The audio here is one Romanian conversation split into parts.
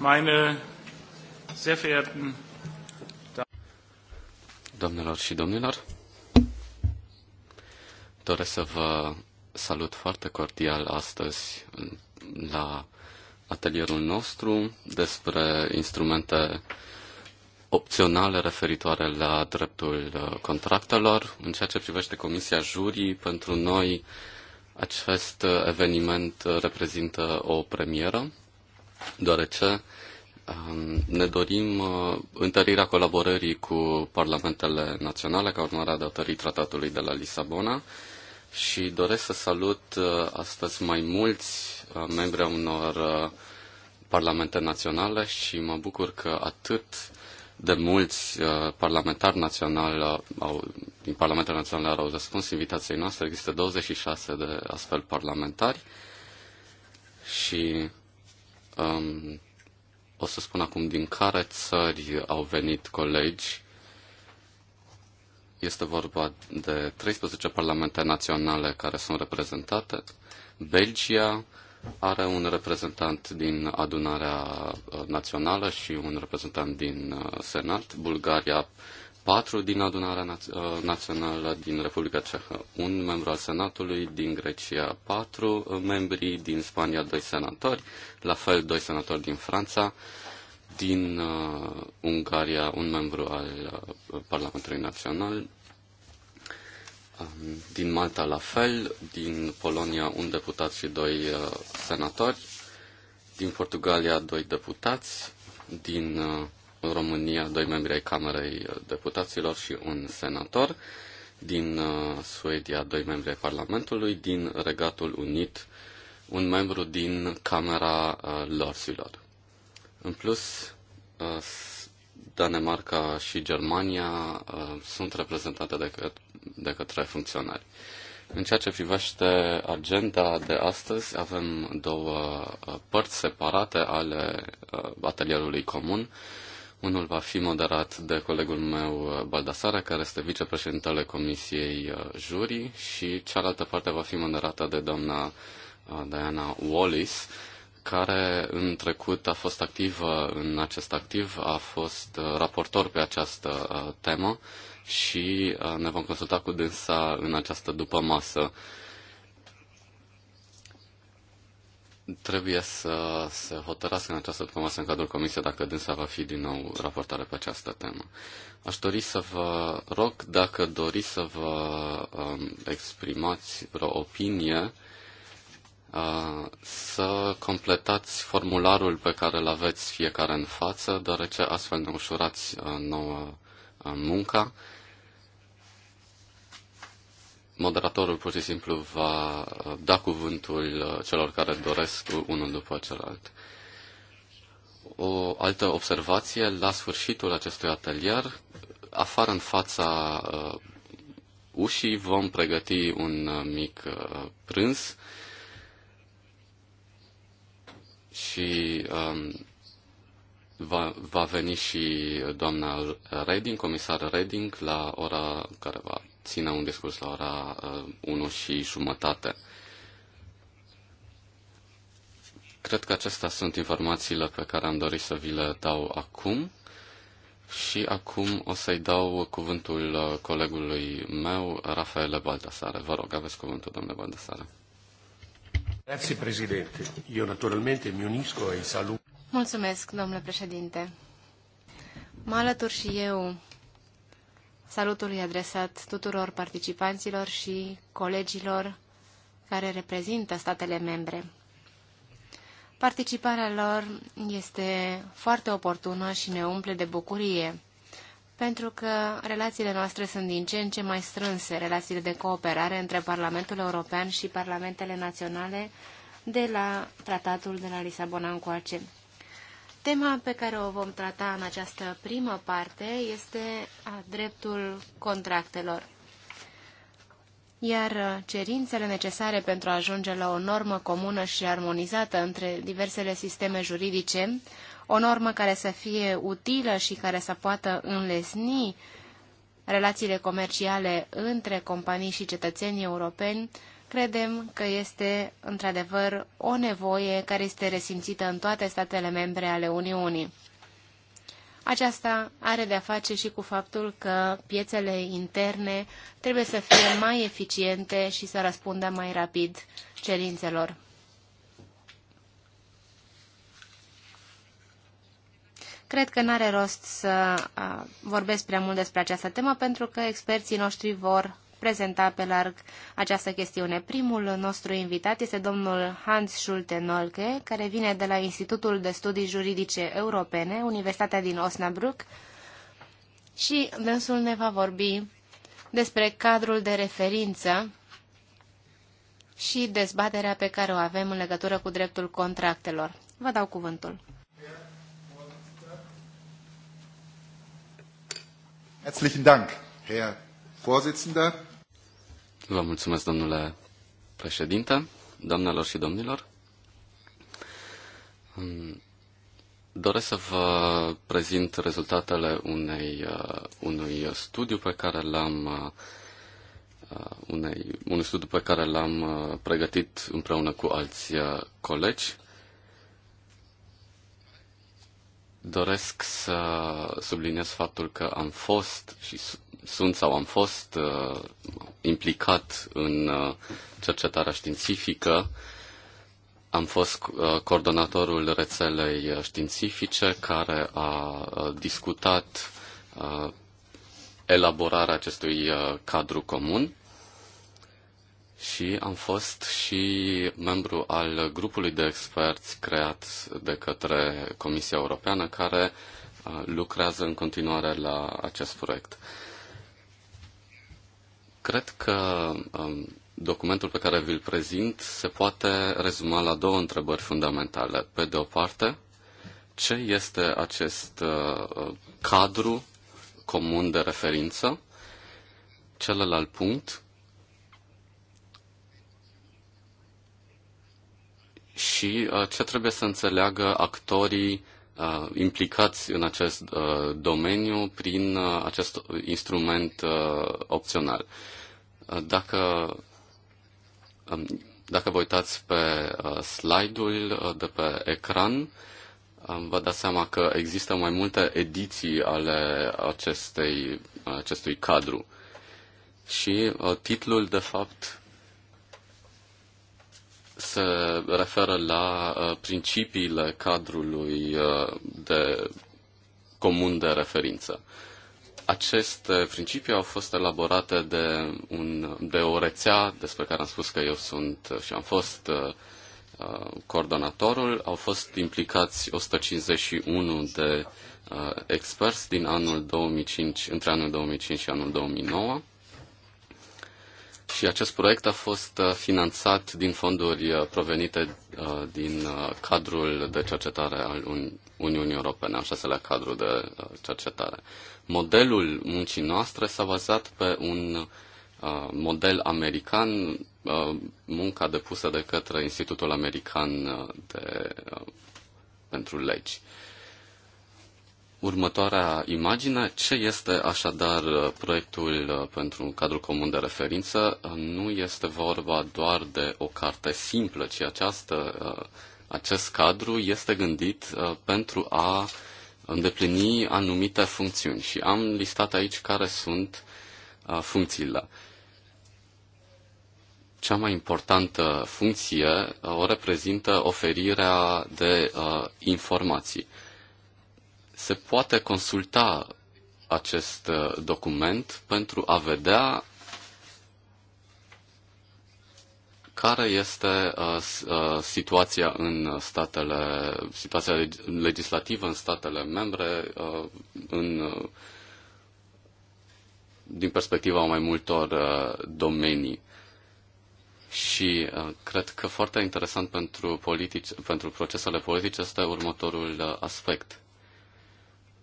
Meine sehr verehrten Doamnelor și domnilor, doresc să vă salut foarte cordial astăzi la atelierul nostru despre instrumente opționale referitoare la dreptul uh, contractelor. În ceea ce privește Comisia Jurii, pentru noi acest uh, eveniment uh, reprezintă o premieră deoarece um, ne dorim uh, întărirea colaborării cu parlamentele naționale ca urmare a datării tratatului de la Lisabona și doresc să salut uh, astăzi mai mulți uh, membri a unor parlamente naționale și mă bucur că atât de mulți parlamentari naționali au, din Parlamentele Naționale au răspuns invitației noastre. Există 26 de astfel parlamentari și Um, o să spun acum din care țări au venit colegi. Este vorba de 13 parlamente naționale care sunt reprezentate. Belgia are un reprezentant din adunarea uh, națională și un reprezentant din uh, Senat. Bulgaria patru din adunarea uh, națională din Republica Cehă, un membru al Senatului, din Grecia patru membri, din Spania doi senatori, la fel doi senatori din Franța, din uh, Ungaria un membru al uh, Parlamentului Național, um, din Malta la fel, din Polonia un deputat și doi uh, senatori, din Portugalia doi deputați, din uh, în România doi membri ai Camerei Deputaților și un senator, din uh, Suedia doi membri ai Parlamentului, din Regatul Unit un membru din Camera uh, Lorsilor. În plus, uh, Danemarca și Germania sunt reprezentate de, că, de către funcționari. În ceea ce privește agenda de astăzi, avem două părți separate ale atelierului comun. Unul va fi moderat de colegul meu Baldasara, care este vicepreședintele Comisiei uh, Jurii și cealaltă parte va fi moderată de doamna uh, Diana Wallis, care în trecut a fost activă în acest activ, a fost uh, raportor pe această temă și ne vom consulta cu dânsa în această după masă. trebuie să se hotărască în această săptămână în cadrul comisiei dacă dânsa va fi din nou raportare pe această temă. Aș dori să vă rog dacă doriți să vă um, exprimați vreo opinie uh, să completați formularul pe care îl aveți fiecare în față, deoarece astfel ne ușurați uh, nouă uh, munca moderatorul pur și simplu va uh, da cuvântul uh, celor care doresc unul după celălalt. O altă observație, la sfârșitul acestui atelier, afară în fața uh, ușii vom pregăti un uh, mic uh, prânz și um, va, va veni și doamna Reding, comisar Reding, la ora care va ține un discurs la ora uh, 1 și jumătate. Cred că acestea sunt informațiile pe care am dorit să vi le dau acum. Și acum o să-i dau cuvântul uh, colegului meu, Rafael Baldassare. Vă rog, aveți cuvântul, domnule Baldassare. Grazie, președinte. Eu, naturalmente, mi unisco ai salut. Mulțumesc, domnule președinte. Mă alătur și eu Salutul e adresat tuturor participanților și colegilor care reprezintă statele membre. Participarea lor este foarte oportună și ne umple de bucurie, pentru că relațiile noastre sunt din ce în ce mai strânse, relațiile de cooperare între Parlamentul European și Parlamentele Naționale de la Tratatul de la Lisabona încoace. Tema pe care o vom trata în această primă parte este a dreptul contractelor. Iar cerințele necesare pentru a ajunge la o normă comună și armonizată între diversele sisteme juridice, o normă care să fie utilă și care să poată înlesni relațiile comerciale între companii și cetățenii europeni, Credem că este într-adevăr o nevoie care este resimțită în toate statele membre ale Uniunii. Aceasta are de-a face și cu faptul că piețele interne trebuie să fie mai eficiente și să răspundă mai rapid cerințelor. Cred că n-are rost să vorbesc prea mult despre această temă pentru că experții noștri vor prezenta pe larg această chestiune. Primul nostru invitat este domnul Hans Schulte-Nolke, care vine de la Institutul de Studii Juridice Europene, Universitatea din Osnabrück, și dânsul ne va vorbi despre cadrul de referință și dezbaterea pe care o avem în legătură cu dreptul contractelor. Vă dau cuvântul. Herzlichen Dank, Herr Vorsitzender. Vă mulțumesc, domnule președinte, doamnelor și domnilor. Doresc să vă prezint rezultatele unei, uh, unui studiu pe care l-am uh, uh, unei, unui studiu pe care l-am pregătit împreună cu alți colegi. Doresc să subliniez faptul că am fost și sunt sau am fost uh, implicat în uh, cercetarea științifică. Am fost uh, coordonatorul rețelei uh, științifice care a uh, discutat uh, elaborarea acestui uh, cadru comun și am fost și membru al grupului de experți creat de către Comisia Europeană care uh, lucrează în continuare la acest proiect. Cred că um, documentul pe care vi-l prezint se poate rezuma la două întrebări fundamentale. Pe de o parte, ce este acest uh, cadru comun de referință? Celălalt punct, și uh, ce trebuie să înțeleagă actorii uh, implicați în acest domeniu prin acest instrument opțional. Dacă, um, dacă vă uitați pe uh, slide-ul uh, de pe ecran, um, vă dați seama că există mai multe ediții ale acestei, acestui cadru. Și uh, titlul, de fapt, se referă la principiile cadrului de comun de referință. Aceste principii au fost elaborate de, un, de o rețea despre care am spus că eu sunt și am fost uh, uh, coordonatorul. Au fost implicați 151 de uh, experți din anul 2005, între anul 2005 și anul 2009. Și acest proiect a fost finanțat din fonduri provenite din cadrul de cercetare al Uniunii Europene, se lea cadru de uh, cercetare. Modelul muncii noastre s-a bazat pe un uh, model american, uh, munca depusă de către Institutul American de, pentru Legi. Următoarea imagine, ce este așadar proiectul pentru un cadru comun de referință? Nu este vorba doar de o carte simplă, ci această acest cadru este gândit uh, pentru a îndeplini anumite funcțiuni și am listat aici care sunt uh, funcțiile. Cea mai importantă funcție uh, o reprezintă oferirea de informații. Se poate consulta acest document pentru a vedea care este uh, uh, situația în statele, situația legislativă în statele membre uh, în, uh, din perspectiva mai multor uh, domenii. Și uh, cred că foarte interesant pentru, politici, pentru procesele politice este următorul uh, aspect.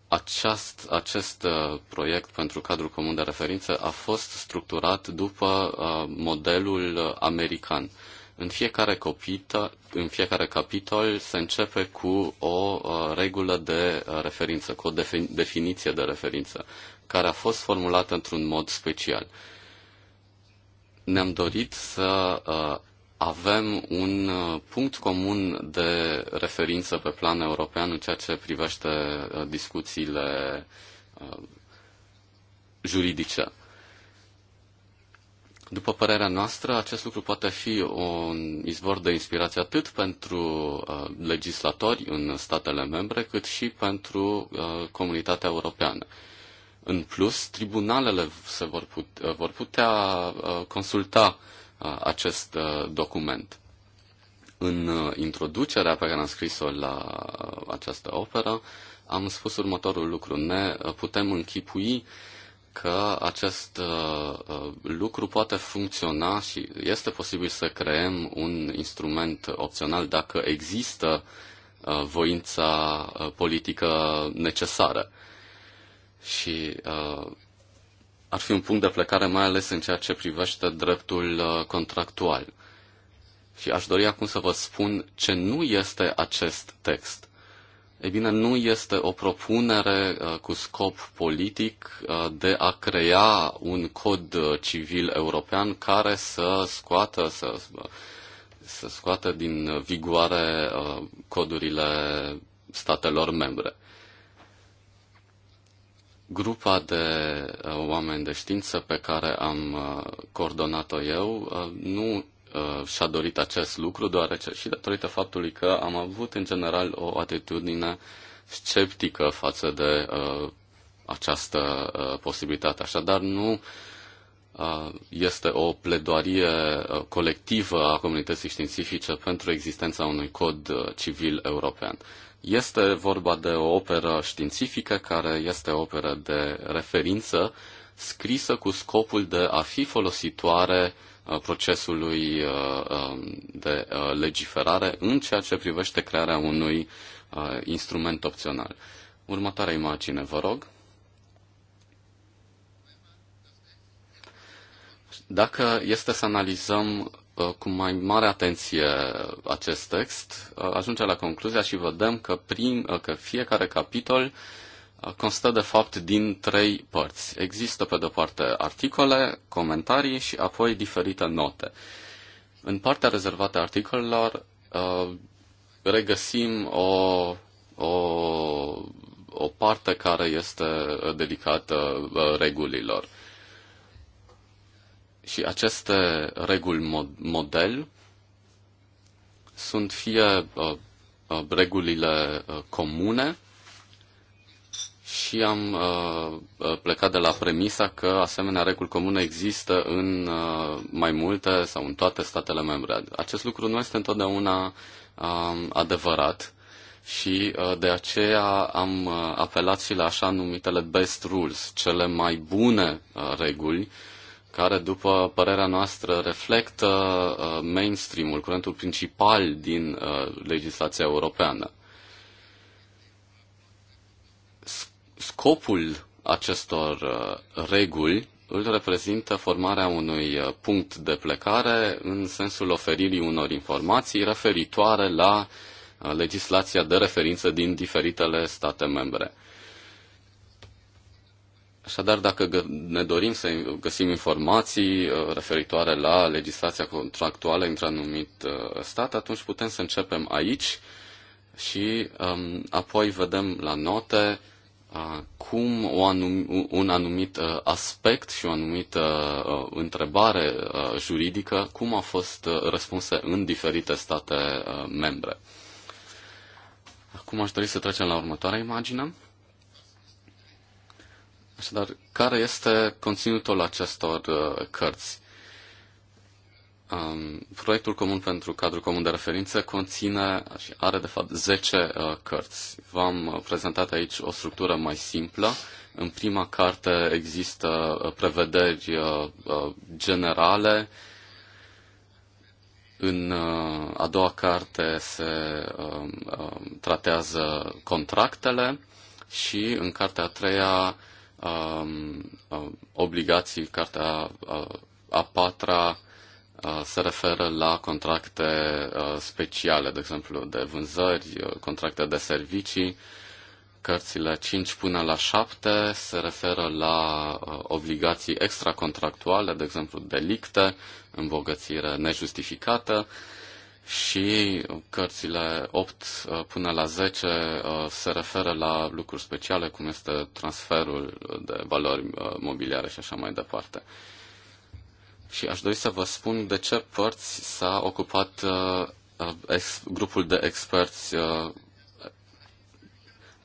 Aceast, acest uh, proiect pentru cadrul comun de referință a fost structurat după uh, modelul american. În fiecare, copita, în fiecare capitol se începe cu o uh, regulă de referință, cu o defin, definiție de referință, care a fost formulată într-un mod special ne-am dorit să uh, avem un uh, punct comun de referință pe plan european în ceea ce privește uh, discuțiile uh, juridice. După părerea noastră, acest lucru poate fi un izvor de inspirație atât pentru legislatori în statele membre, cât și pentru comunitatea europeană. În plus, tribunalele se vor, putea consulta acest document. În introducerea pe care am scris-o la această operă, am spus următorul lucru. Ne putem închipui că acest lucru poate funcționa și este posibil să creăm un instrument opțional dacă există voința politică necesară. Și ar fi un punct de plecare, mai ales în ceea ce privește dreptul uh, contractual. Și aș dori acum să vă spun ce nu este acest text. Ei bine, nu este o propunere uh, cu scop politic uh, de a crea un cod civil european care să scoată, să, să scoată din vigoare codurile statelor membre. Grupa de uh, oameni de știință pe care am uh, coordonat-o eu uh, nu și-a dorit acest lucru, deoarece și datorită faptului că am avut în general o atitudine sceptică față de uh, această uh, posibilitate. Așadar, nu uh, este o pledoarie colectivă a comunității științifice pentru existența unui cod civil european. Este vorba de o operă științifică care este o operă de referință scrisă cu scopul de a fi folositoare uh, procesului uh, um, de uh, legiferare în ceea ce privește crearea unui instrument opțional. Următoarea imagine, vă rog. Dacă este să analizăm Uh, cu mai mare atenție acest text, uh, ajunge la concluzia și vedem că, prim, uh, că fiecare capitol constă de fapt din trei părți. Există pe de-o parte articole, comentarii și apoi diferite note. În partea rezervată articolelor regăsim o, o, o parte care este dedicată regulilor și aceste reguli mod- model sunt fie uh, uh, regulile uh, comune și am uh, uh, plecat de la premisa că asemenea reguli comune există în uh, mai multe sau în toate statele membre. Acest lucru nu este întotdeauna uh, adevărat și uh, de aceea am uh, apelat și la așa numitele best rules, cele mai bune uh, reguli uh, care, după părerea noastră, reflectă uh, mainstream-ul, curentul principal din uh, legislația europeană. Scopul acestor uh, reguli îl reprezintă formarea unui punct de plecare în sensul oferirii unor informații referitoare la legislația de referință din diferitele state membre. Așadar, dacă ne dorim să găsim informații uh, referitoare la legislația contractuală într-un anumit uh, stat, atunci putem să începem aici și um, apoi vedem la note uh, cum o anum- un anumit uh, aspect și o anumită uh, întrebare uh, juridică, cum a fost uh, răspunse în diferite state uh, membre. Acum aș dori să trecem la următoarea imagine. Așadar, care este conținutul acestor uh, cărți? Um, proiectul comun pentru cadrul comun de referință conține și are de fapt 10 uh, cărți. V-am uh, prezentat aici o structură mai simplă. În prima carte există uh, prevederi uh, generale. În uh, a doua carte se uh, uh, tratează contractele și în cartea a treia Um, uh, obligații, cartea uh, a patra uh, se referă la contracte speciale, de exemplu de vânzări, contracte de servicii. Cărțile 5 până la 7 se referă la obligații extracontractuale, de exemplu delicte, îmbogățire nejustificată și cărțile 8 uh, până la 10 uh, se referă la lucruri speciale, cum este transferul de valori uh, mobiliare și așa mai departe. Și aș dori să vă spun de ce părți s-a ocupat grupul de experți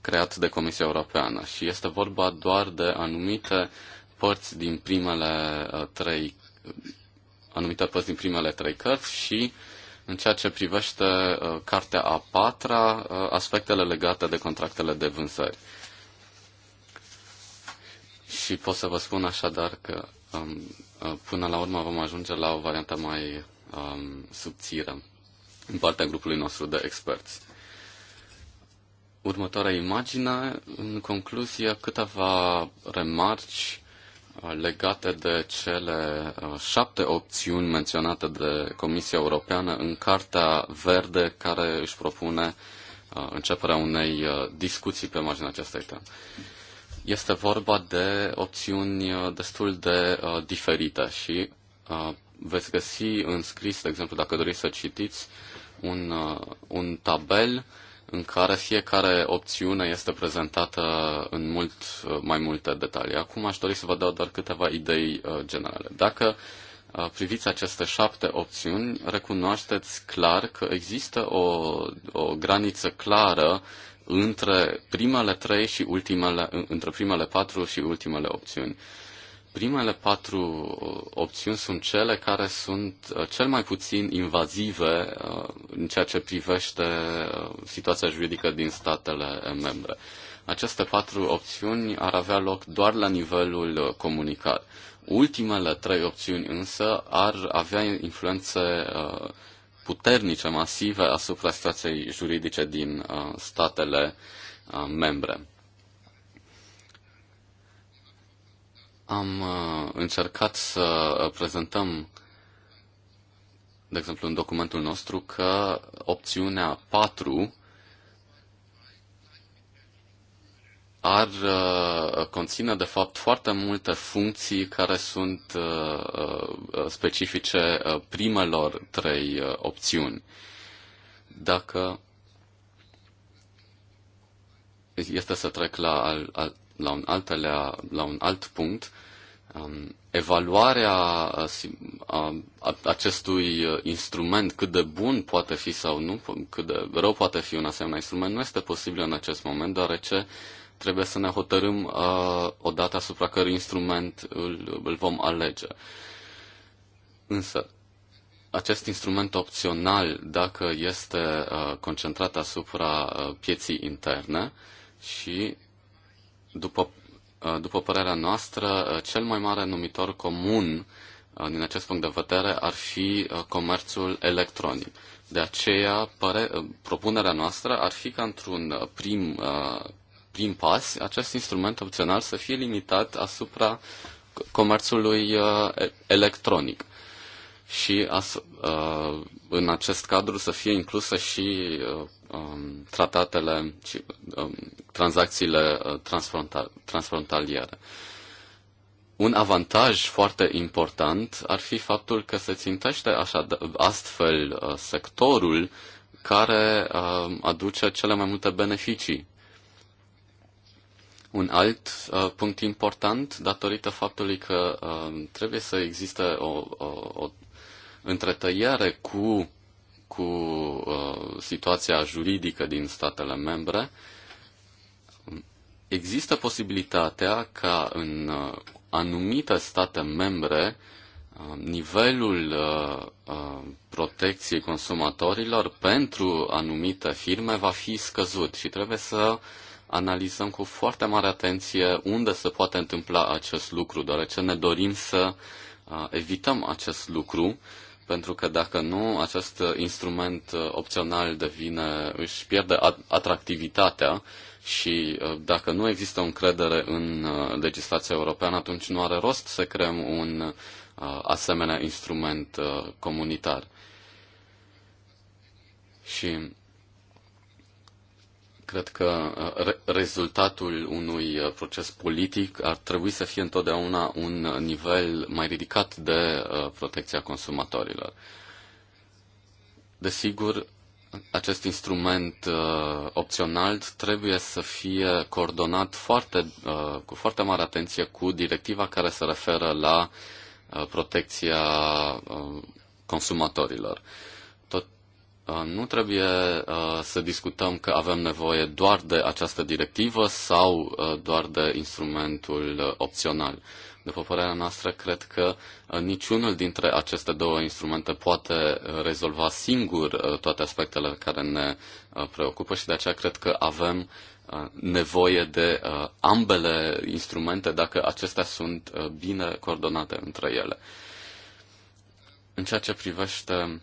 creat de Comisia Europeană și este vorba doar de anumite părți din primele trei anumite părți din primele trei cărți și uh, în ceea ce privește uh, cartea a patra, uh, aspectele legate de contractele de vânzări. Și pot să vă spun așadar că um, uh, până la urmă vom ajunge la o variantă mai um, subțiră în partea grupului nostru de experți. Următoarea imagine, în concluzie, câteva remarci legate de cele uh, șapte opțiuni menționate de Comisia Europeană în Cartea Verde care își propune uh, începerea unei uh, discuții pe marginea acestei teme. Este vorba de opțiuni destul de diferite și veți găsi înscris, de exemplu, dacă doriți să citiți, un, un tabel uh, în care fiecare opțiune este prezentată în mult uh, mai multe detalii. Acum aș dori să vă dau doar câteva idei uh, generale. Dacă uh, priviți aceste șapte opțiuni, recunoașteți clar că există o, o graniță clară între primele trei și ultimele, între primele patru și ultimele opțiuni. Uh, primele patru uh, opțiuni sunt cele care sunt uh, cel mai puțin invazive uh, în ceea ce privește situația juridică din statele membre. Aceste patru opțiuni ar avea loc doar la nivelul comunicat. Ultimele trei opțiuni însă ar avea influențe puternice, masive asupra situației juridice din statele membre. Am uh, încercat să uh, prezentăm, de exemplu, în documentul nostru că opțiunea 4 ar uh, conține, de fapt, foarte multe funcții care sunt specifice primelor trei opțiuni. Dacă este să trec la al, al, la un, alt la un alt punct, um, evaluarea uh, uh, acestui uh, instrument, cât de bun poate fi sau nu, cât de rău poate fi un asemenea instrument, nu este posibil în acest moment, deoarece trebuie să ne hotărâm uh, odată asupra cărui instrument îl, îl vom alege. Însă, acest instrument opțional, dacă este uh, concentrat asupra uh, pieții interne și după, uh, după părerea noastră, uh, cel mai mare numitor comun uh, din acest punct de vedere ar fi comerțul electronic. De aceea, pare, propunerea noastră ar fi ca într-un prim, prim pas acest instrument opțional să fie limitat asupra comerțului electronic și as, în acest cadru să fie inclusă și um, tratatele și um, tranzacțiile uh, transfrontal, transfrontaliere. Un avantaj foarte important ar fi faptul că se țintește așa, astfel uh, sectorul care uh, aduce cele mai multe beneficii. Un alt uh, punct important, datorită faptului că uh, trebuie să existe o, o, o întretăiere cu cu uh, situația juridică din statele membre, există posibilitatea ca în uh, anumite state membre uh, nivelul uh, uh, protecției consumatorilor pentru anumite firme va fi scăzut și trebuie să analizăm cu foarte mare atenție unde se poate întâmpla acest lucru, deoarece ne dorim să evităm acest lucru pentru că dacă nu, acest instrument uh, opțional devine, își pierde atractivitatea și uh, dacă nu există încredere în uh, legislația europeană, atunci nu are rost să creăm un asemenea instrument comunitar. Și Cred că uh, rezultatul unui uh, proces politic ar trebui să fie întotdeauna un uh, nivel mai ridicat de protecția consumatorilor. Desigur, acest instrument uh, opțional trebuie să fie coordonat foarte, uh, cu foarte mare atenție cu directiva care se referă la uh, protecția uh, consumatorilor. Uh, Uh, nu trebuie uh, să discutăm că avem nevoie doar de această directivă sau uh, doar de instrumentul opțional. După părerea noastră, cred că niciunul dintre aceste două instrumente poate rezolva singur toate aspectele care ne preocupă și de aceea cred că avem nevoie de ambele instrumente dacă acestea sunt bine coordonate între ele. În ceea ce privește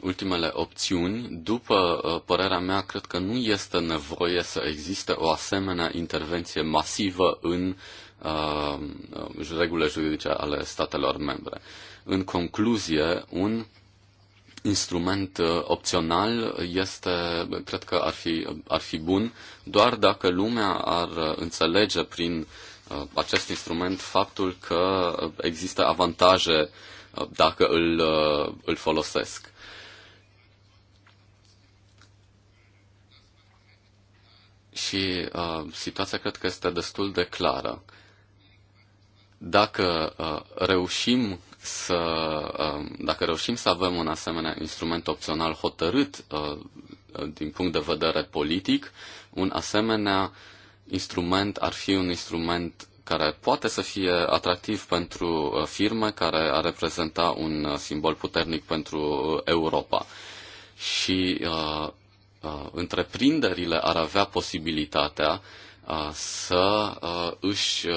ultimele opțiuni, după uh, părerea mea, cred că nu este nevoie să existe o asemenea intervenție masivă în uh, uh regulile juridice ale statelor membre. În concluzie, un instrument uh, opțional este, cred că ar fi, ar fi bun, doar dacă lumea ar înțelege prin acest instrument faptul că există avantaje dacă îl, îl folosesc. Și uh, situația cred că este destul de clară. Dacă uh, reușim să, uh, dacă reușim să avem un asemenea instrument opțional hotărât uh, din punct de vedere politic, un asemenea instrument ar fi un instrument care poate să fie atractiv pentru uh, firme, care ar reprezenta un uh, simbol puternic pentru Europa. Și uh, întreprinderile ar avea posibilitatea să își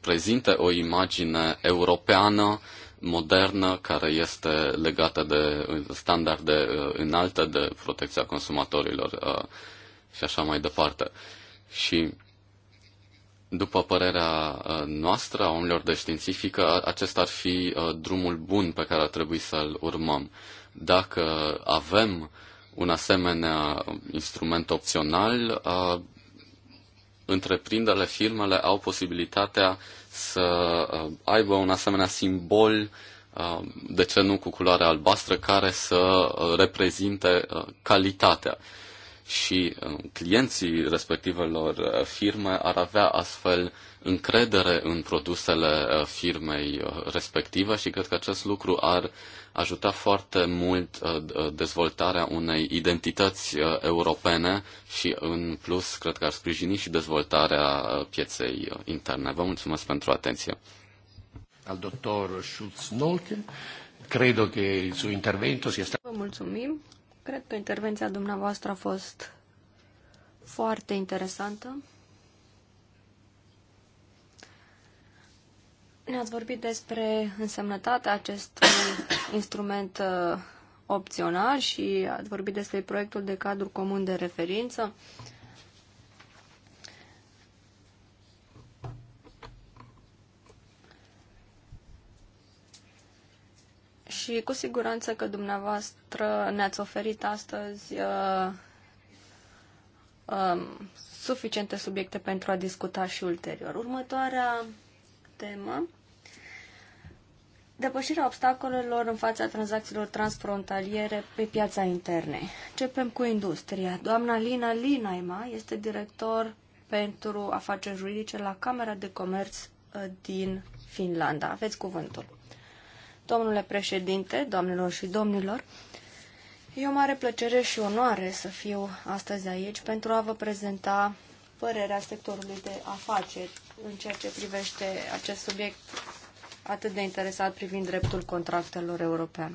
prezinte o imagine europeană modernă care este legată de standarde înalte de protecția consumatorilor și așa mai departe. Și după părerea noastră, a omilor de științifică, acesta ar fi drumul bun pe care ar trebui să-l urmăm. Dacă avem uh, un asemenea instrument opțional, întreprinderile, firmele au posibilitatea să aibă un asemenea simbol, de ce nu cu culoare albastră, care să reprezinte calitatea și uh, clienții respectivelor uh, firme ar avea astfel încredere în produsele uh, firmei respective și cred că acest lucru ar ajuta foarte mult dezvoltarea unei identități europene și în plus cred că ar sprijini și dezvoltarea pieței interne. Vă mulțumesc pentru atenție. Al doctor Schulz-Nolke, cred că suo intervento sia stato... Vă mulțumim. Cred că intervenția dumneavoastră a fost foarte interesantă. Ne-ați vorbit despre însemnătatea acestui instrument uh, opțional și ați vorbit despre proiectul de cadru comun de referință. și cu siguranță că dumneavoastră ne-ați oferit astăzi uh, um, suficiente subiecte pentru a discuta și ulterior. Următoarea temă. Depășirea obstacolelor în fața tranzacțiilor transfrontaliere pe piața interne. Începem cu industria. Doamna Lina Linaima este director pentru afaceri juridice la Camera de Comerț uh, din Finlanda. Aveți cuvântul. Domnule președinte, doamnelor și domnilor, e o mare plăcere și onoare să fiu astăzi aici pentru a vă prezenta părerea sectorului de afaceri în ceea ce privește acest subiect atât de interesat privind dreptul contractelor europene.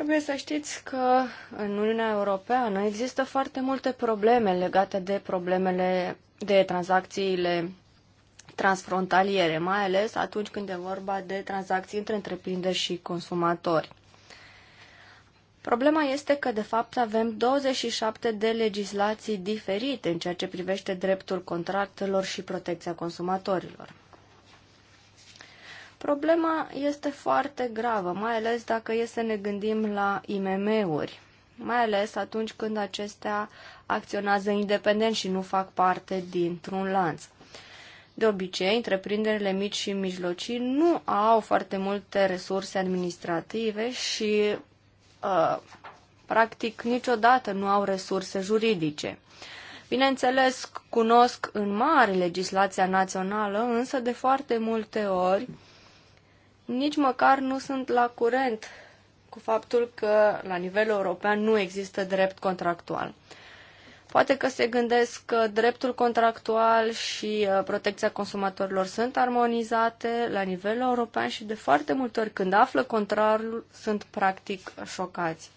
Trebuie să știți că în Uniunea Europeană există foarte multe probleme legate de problemele de tranzacțiile transfrontaliere, mai ales atunci când e vorba de tranzacții între întreprinderi și consumatori. Problema este că, de fapt, avem 27 de legislații diferite în ceea ce privește dreptul contractelor și protecția consumatorilor. Problema este foarte gravă, mai ales dacă e să ne gândim la IMM-uri, mai ales atunci când acestea acționează independent și nu fac parte dintr-un lanț. De obicei, întreprinderile mici și mijlocii nu au foarte multe resurse administrative și, uh, practic, niciodată nu au resurse juridice. Bineînțeles, cunosc în mare legislația națională, însă de foarte multe ori nici măcar nu sunt la curent cu faptul că la nivel european nu există drept contractual. Poate că se gândesc că dreptul contractual și uh, protecția consumatorilor sunt armonizate la nivel european și de foarte multe ori când află contrarul sunt practic șocați.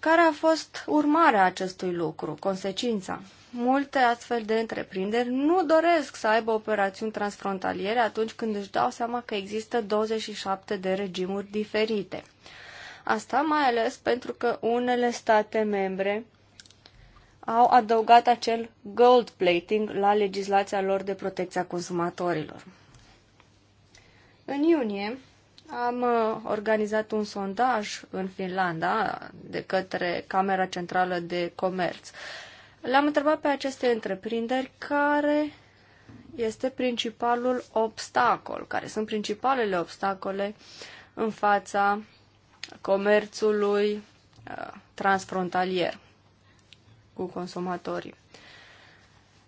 Care a fost urmarea acestui lucru, consecința? Multe astfel de întreprinderi nu doresc să aibă operațiuni transfrontaliere atunci când își dau seama că există 27 de regimuri diferite. Asta mai ales pentru că unele state membre au adăugat acel gold plating la legislația lor de protecția consumatorilor. În iunie, am uh, organizat un sondaj în Finlanda de către Camera Centrală de Comerț. Le-am întrebat pe aceste întreprinderi care este principalul obstacol, care sunt principalele obstacole în fața comerțului uh, transfrontalier cu consumatorii.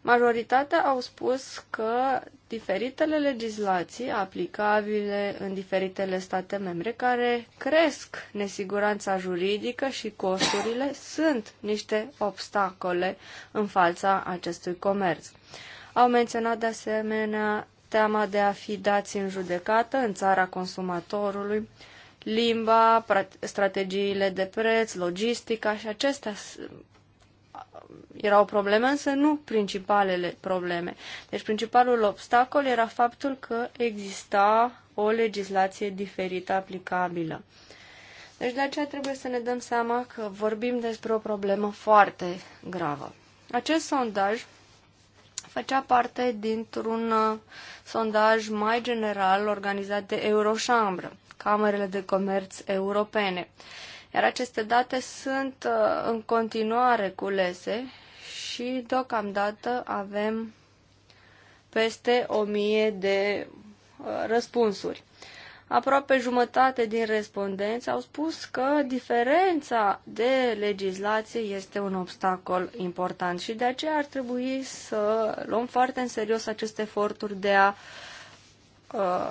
Majoritatea au spus că diferitele legislații aplicabile în diferitele state membre care cresc nesiguranța juridică și costurile sunt niște obstacole în fața acestui comerț. Au menționat de asemenea teama de a fi dați în judecată în țara consumatorului, limba, strategiile de preț, logistica și acestea erau probleme, însă nu principalele probleme. Deci principalul obstacol era faptul că exista o legislație diferită aplicabilă. Deci de aceea trebuie să ne dăm seama că vorbim despre o problemă foarte gravă. Acest sondaj făcea parte dintr-un uh, sondaj mai general organizat de Eurochambre, Camerele de Comerț Europene. Uh, iar aceste date sunt uh, în continuare culese și deocamdată avem peste 1000 de uh, răspunsuri. Aproape jumătate din respondenți au spus că diferența de legislație este un obstacol important și de aceea ar trebui să luăm foarte în serios aceste eforturi de a uh,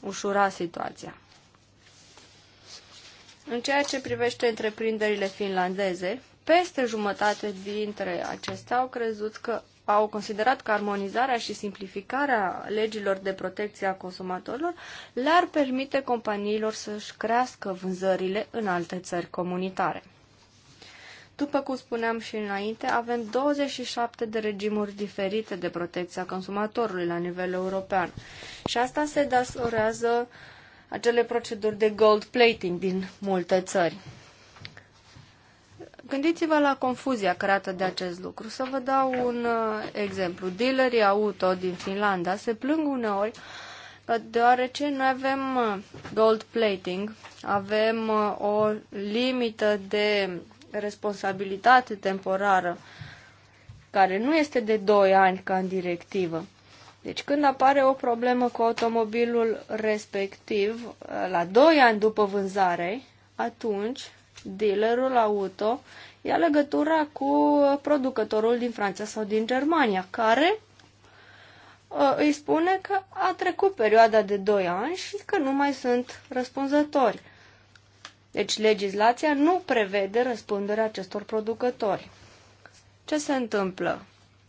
ușura situația. În ceea ce privește întreprinderile finlandeze, peste jumătate dintre acestea au crezut că au considerat că armonizarea și simplificarea legilor de protecție a consumatorilor le-ar permite companiilor să-și crească vânzările în alte țări comunitare. După cum spuneam și înainte, avem 27 de regimuri diferite de protecție a consumatorului la nivel european și asta se datorează uh, acele proceduri de gold plating din multe țări. Gândiți-vă la confuzia creată de acest lucru. Să vă dau un uh, exemplu. Dealerii auto din Finlanda se plâng uneori deoarece noi avem uh, gold plating, avem uh, o limită de responsabilitate temporară care nu este de 2 ani ca în directivă. Deci când apare o problemă cu automobilul respectiv, eh, la 2 ani după vânzare, atunci dealerul auto ia legătura cu producătorul din Franța sau din Germania, care eh, îi spune că a trecut perioada de 2 ani și că nu mai sunt răspunzători. Deci legislația nu prevede răspunderea acestor producători. Ce se întâmplă?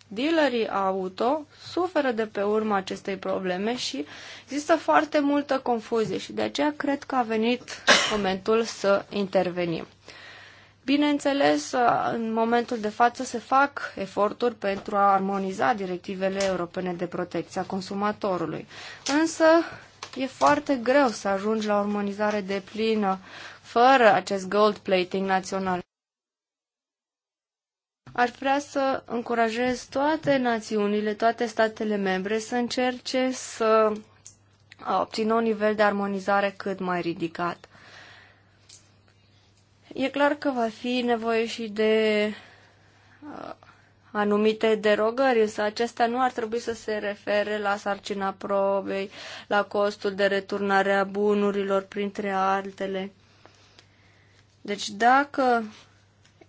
Dealerii auto suferă de pe urma acestei probleme și există foarte multă confuzie și de aceea cred că a venit momentul să intervenim. Bineînțeles, în momentul de față se fac eforturi pentru a armoniza directivele europene de protecție a consumatorului. Însă e foarte greu să ajungi la o armonizare de plină fără acest gold plating național. Ar vrea să încurajez toate națiunile, toate statele membre să încerce să obțină un nivel de armonizare cât mai ridicat. E clar că va fi nevoie și de anumite derogări, însă acestea nu ar trebui să se refere la sarcina probei, la costul de returnare a bunurilor, printre altele. Deci dacă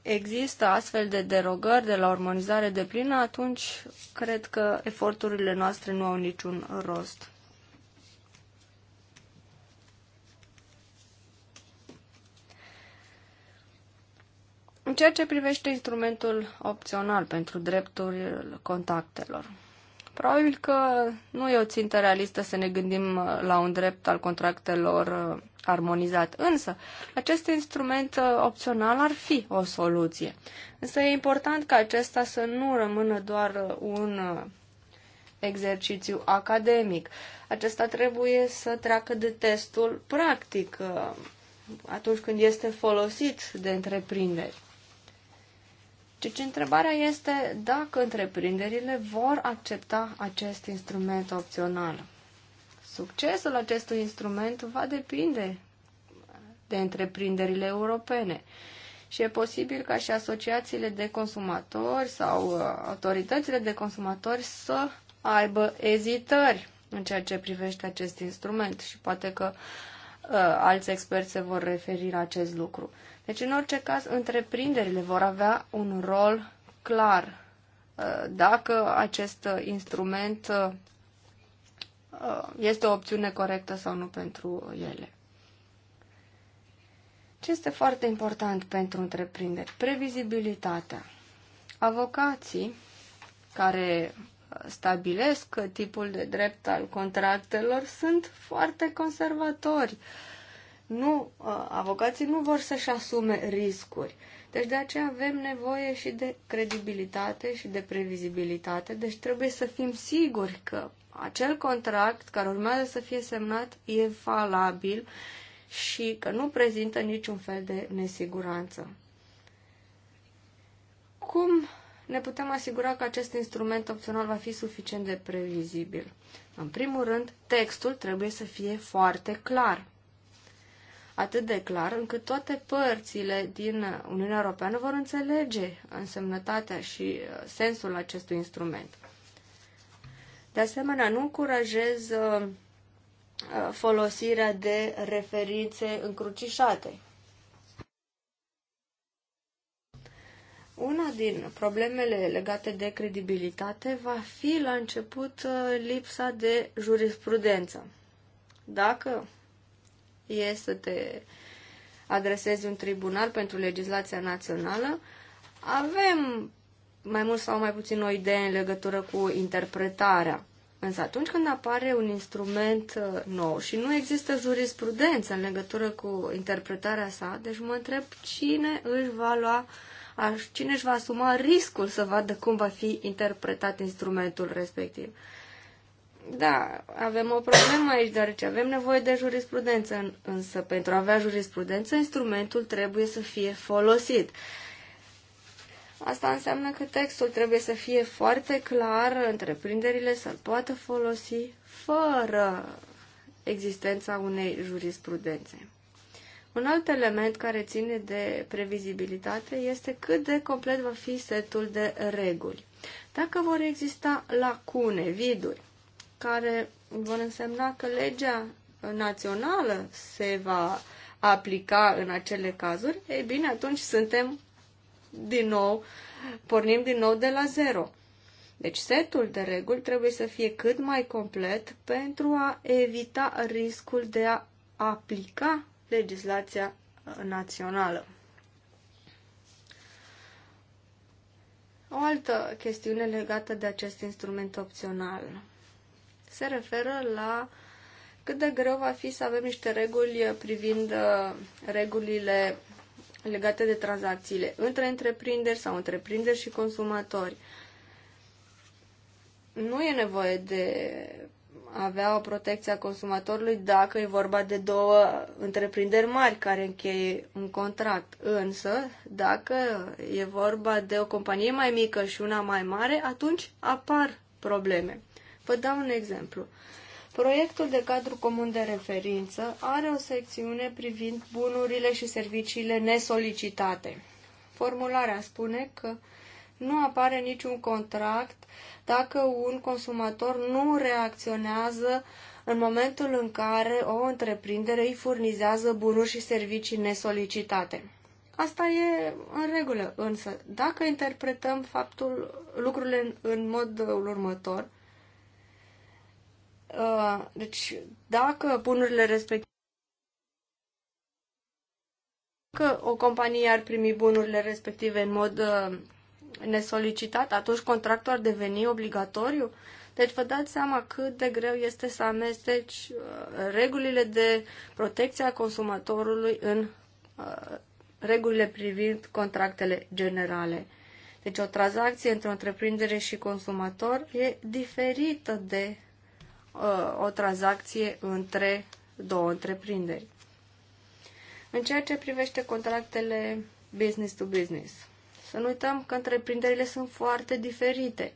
există astfel de derogări de la armonizare de plină, atunci cred că eforturile noastre nu au niciun rost. În ceea ce privește instrumentul opțional pentru dreptul contactelor. Probabil că nu e o țintă realistă să ne gândim uh, la un drept al contractelor uh, armonizat, însă acest instrument uh, opțional ar fi o soluție. Însă e important ca acesta să nu rămână doar un exercițiu academic. Acesta trebuie să treacă de testul practic atunci când este folosit de întreprinderi. Deci întrebarea este dacă întreprinderile vor accepta acest instrument opțional. Succesul acestui instrument va depinde de întreprinderile europene și e posibil ca și asociațiile de consumatori sau uh, autoritățile de consumatori să aibă ezitări în ceea ce privește acest instrument și poate că uh, alți experți se vor referi la acest lucru. Deci, în orice caz, întreprinderile vor avea un rol clar uh, dacă acest uh, instrument uh, este o opțiune corectă sau nu pentru ele. Ce este foarte important pentru întreprinderi? Previzibilitatea. Avocații care stabilesc tipul de drept al contractelor sunt foarte conservatori. Uh, nu, uh, avocații nu vor să-și asume riscuri. Deci de aceea avem nevoie și de credibilitate și de previzibilitate. Deci trebuie să fim siguri că acel contract care urmează să fie semnat e valabil și că nu prezintă niciun fel de nesiguranță. Cum ne putem asigura că acest instrument opțional va fi suficient de previzibil? În primul rând, textul trebuie să fie foarte clar atât de clar încât toate părțile din Uniunea Europeană vor înțelege însemnătatea și uh, sensul acestui instrument. De asemenea, nu încurajez uh, uh, folosirea de referințe încrucișate. Una din problemele legate de credibilitate va fi la început lipsa de jurisprudență. Dacă e să te adresezi un tribunal pentru legislația națională, avem mai mult sau mai puțin o idee în legătură cu interpretarea. Însă atunci când apare un instrument uh, nou și nu există jurisprudență în legătură cu interpretarea sa, deci mă întreb cine își va lua, cine își va asuma riscul să vadă cum va fi interpretat instrumentul respectiv. Da, avem o problemă aici, deoarece avem nevoie de jurisprudență, însă pentru a avea jurisprudență, instrumentul trebuie să fie folosit. Asta înseamnă că textul trebuie să fie foarte clar, întreprinderile să-l poată folosi fără existența unei jurisprudențe. Un alt element care ține de previzibilitate este cât de complet va fi setul de reguli. Dacă vor exista lacune, viduri, care vor însemna că legea națională se va aplica în acele cazuri, ei bine, atunci suntem din nou, pornim din nou de la zero. Deci setul de reguli trebuie să fie cât mai complet pentru a evita riscul de a aplica legislația națională. O altă chestiune legată de acest instrument opțional se referă la cât de greu va fi să avem niște reguli privind uh, regulile legate de tranzacțiile între întreprinderi sau întreprinderi și consumatori. Nu e nevoie de avea o protecție a consumatorului dacă e vorba de două întreprinderi mari care încheie un contract. Însă, dacă e vorba de o companie mai mică și una mai mare, atunci apar probleme. Vă dau un exemplu. Proiectul de cadru comun de referință are o secțiune privind bunurile și serviciile nesolicitate. Formularea spune că nu apare niciun contract dacă un consumator nu reacționează în momentul în care o întreprindere îi furnizează bunuri și servicii nesolicitate. Asta e în regulă, însă dacă interpretăm faptul lucrurile în, în modul următor, Uh, deci, dacă bunurile respective dacă o companie ar primi bunurile respective în mod uh, nesolicitat, atunci contractul ar deveni obligatoriu? Deci vă dați seama cât de greu este să amesteci uh, regulile de protecție a consumatorului în uh, regulile privind contractele generale. Deci o tranzacție între o întreprindere și consumator e diferită de uh, o tranzacție între două întreprinderi. În ceea ce privește contractele business to business, să nu uităm că întreprinderile sunt foarte diferite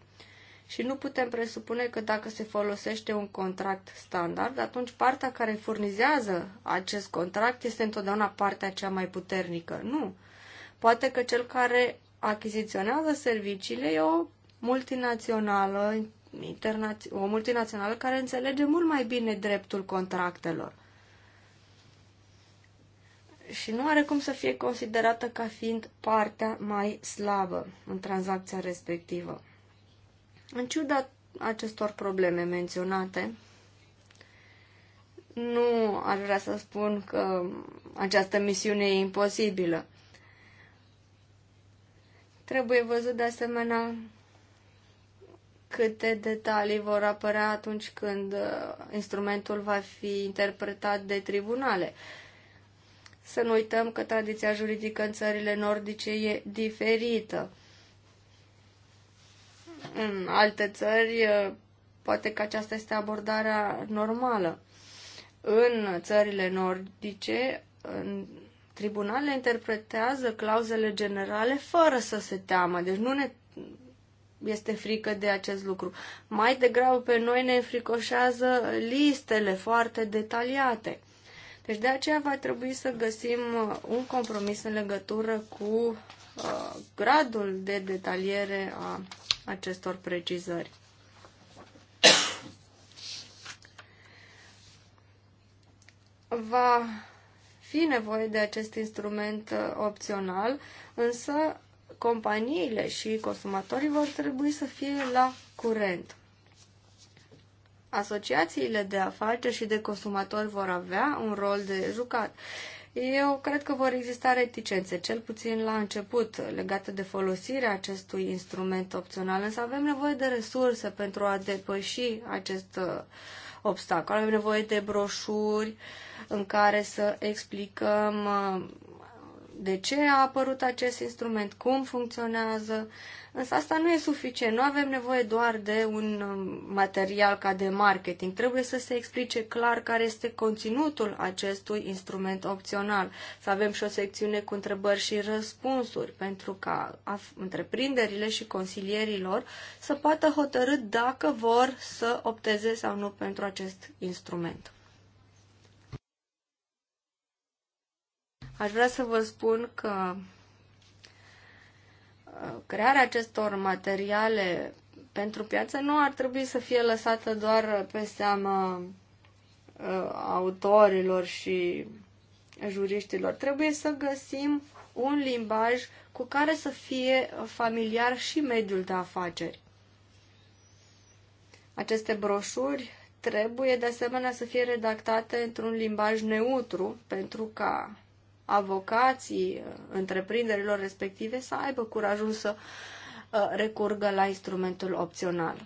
și nu putem presupune că dacă se folosește un contract standard, atunci partea care furnizează acest contract este întotdeauna partea cea mai puternică. Nu. Poate că cel care achiziționează serviciile e o multinațională o multinațională care înțelege mult mai bine dreptul contractelor și nu are cum să fie considerată ca fiind partea mai slabă în tranzacția respectivă. În ciuda acestor probleme menționate, nu ar vrea să spun că această misiune e imposibilă. Trebuie văzut de asemenea câte detalii vor apărea atunci când uh, instrumentul va fi interpretat de tribunale. Să nu uităm că tradiția juridică în țările nordice e diferită. În alte țări, uh, poate că aceasta este abordarea normală. În țările nordice, în tribunale interpretează clauzele generale fără să se teamă, deci nu ne este frică de acest lucru. Mai degrabă pe noi ne fricoșează listele foarte detaliate. Deci de aceea va trebui să găsim uh, un compromis în legătură cu uh, gradul de detaliere a acestor precizări. Va fi nevoie de acest instrument uh, opțional, însă companiile și consumatorii vor trebui să fie la curent. Asociațiile de afaceri și de consumatori vor avea un rol de jucat. Eu cred că vor exista reticențe, cel puțin la început, legate de folosirea acestui instrument opțional, însă avem nevoie de resurse pentru a depăși acest uh, obstacol. Avem nevoie de broșuri în care să explicăm uh, de ce a apărut acest instrument, cum funcționează, însă asta nu e suficient. Nu avem nevoie doar de un um, material ca de marketing. Trebuie să se explice clar care este conținutul acestui instrument opțional. Să avem și o secțiune cu întrebări și răspunsuri pentru ca întreprinderile și consilierilor să poată hotărâ dacă vor să opteze sau nu pentru acest instrument. Aș vrea să vă spun că uh, crearea acestor materiale pentru piață nu ar trebui să fie lăsată doar pe seama uh, autorilor și juriștilor. Trebuie să găsim un limbaj cu care să fie familiar și mediul de afaceri. Aceste broșuri trebuie de asemenea să fie redactate într-un limbaj neutru pentru ca avocații uh, întreprinderilor respective să aibă curajul să uh, recurgă la instrumentul opțional.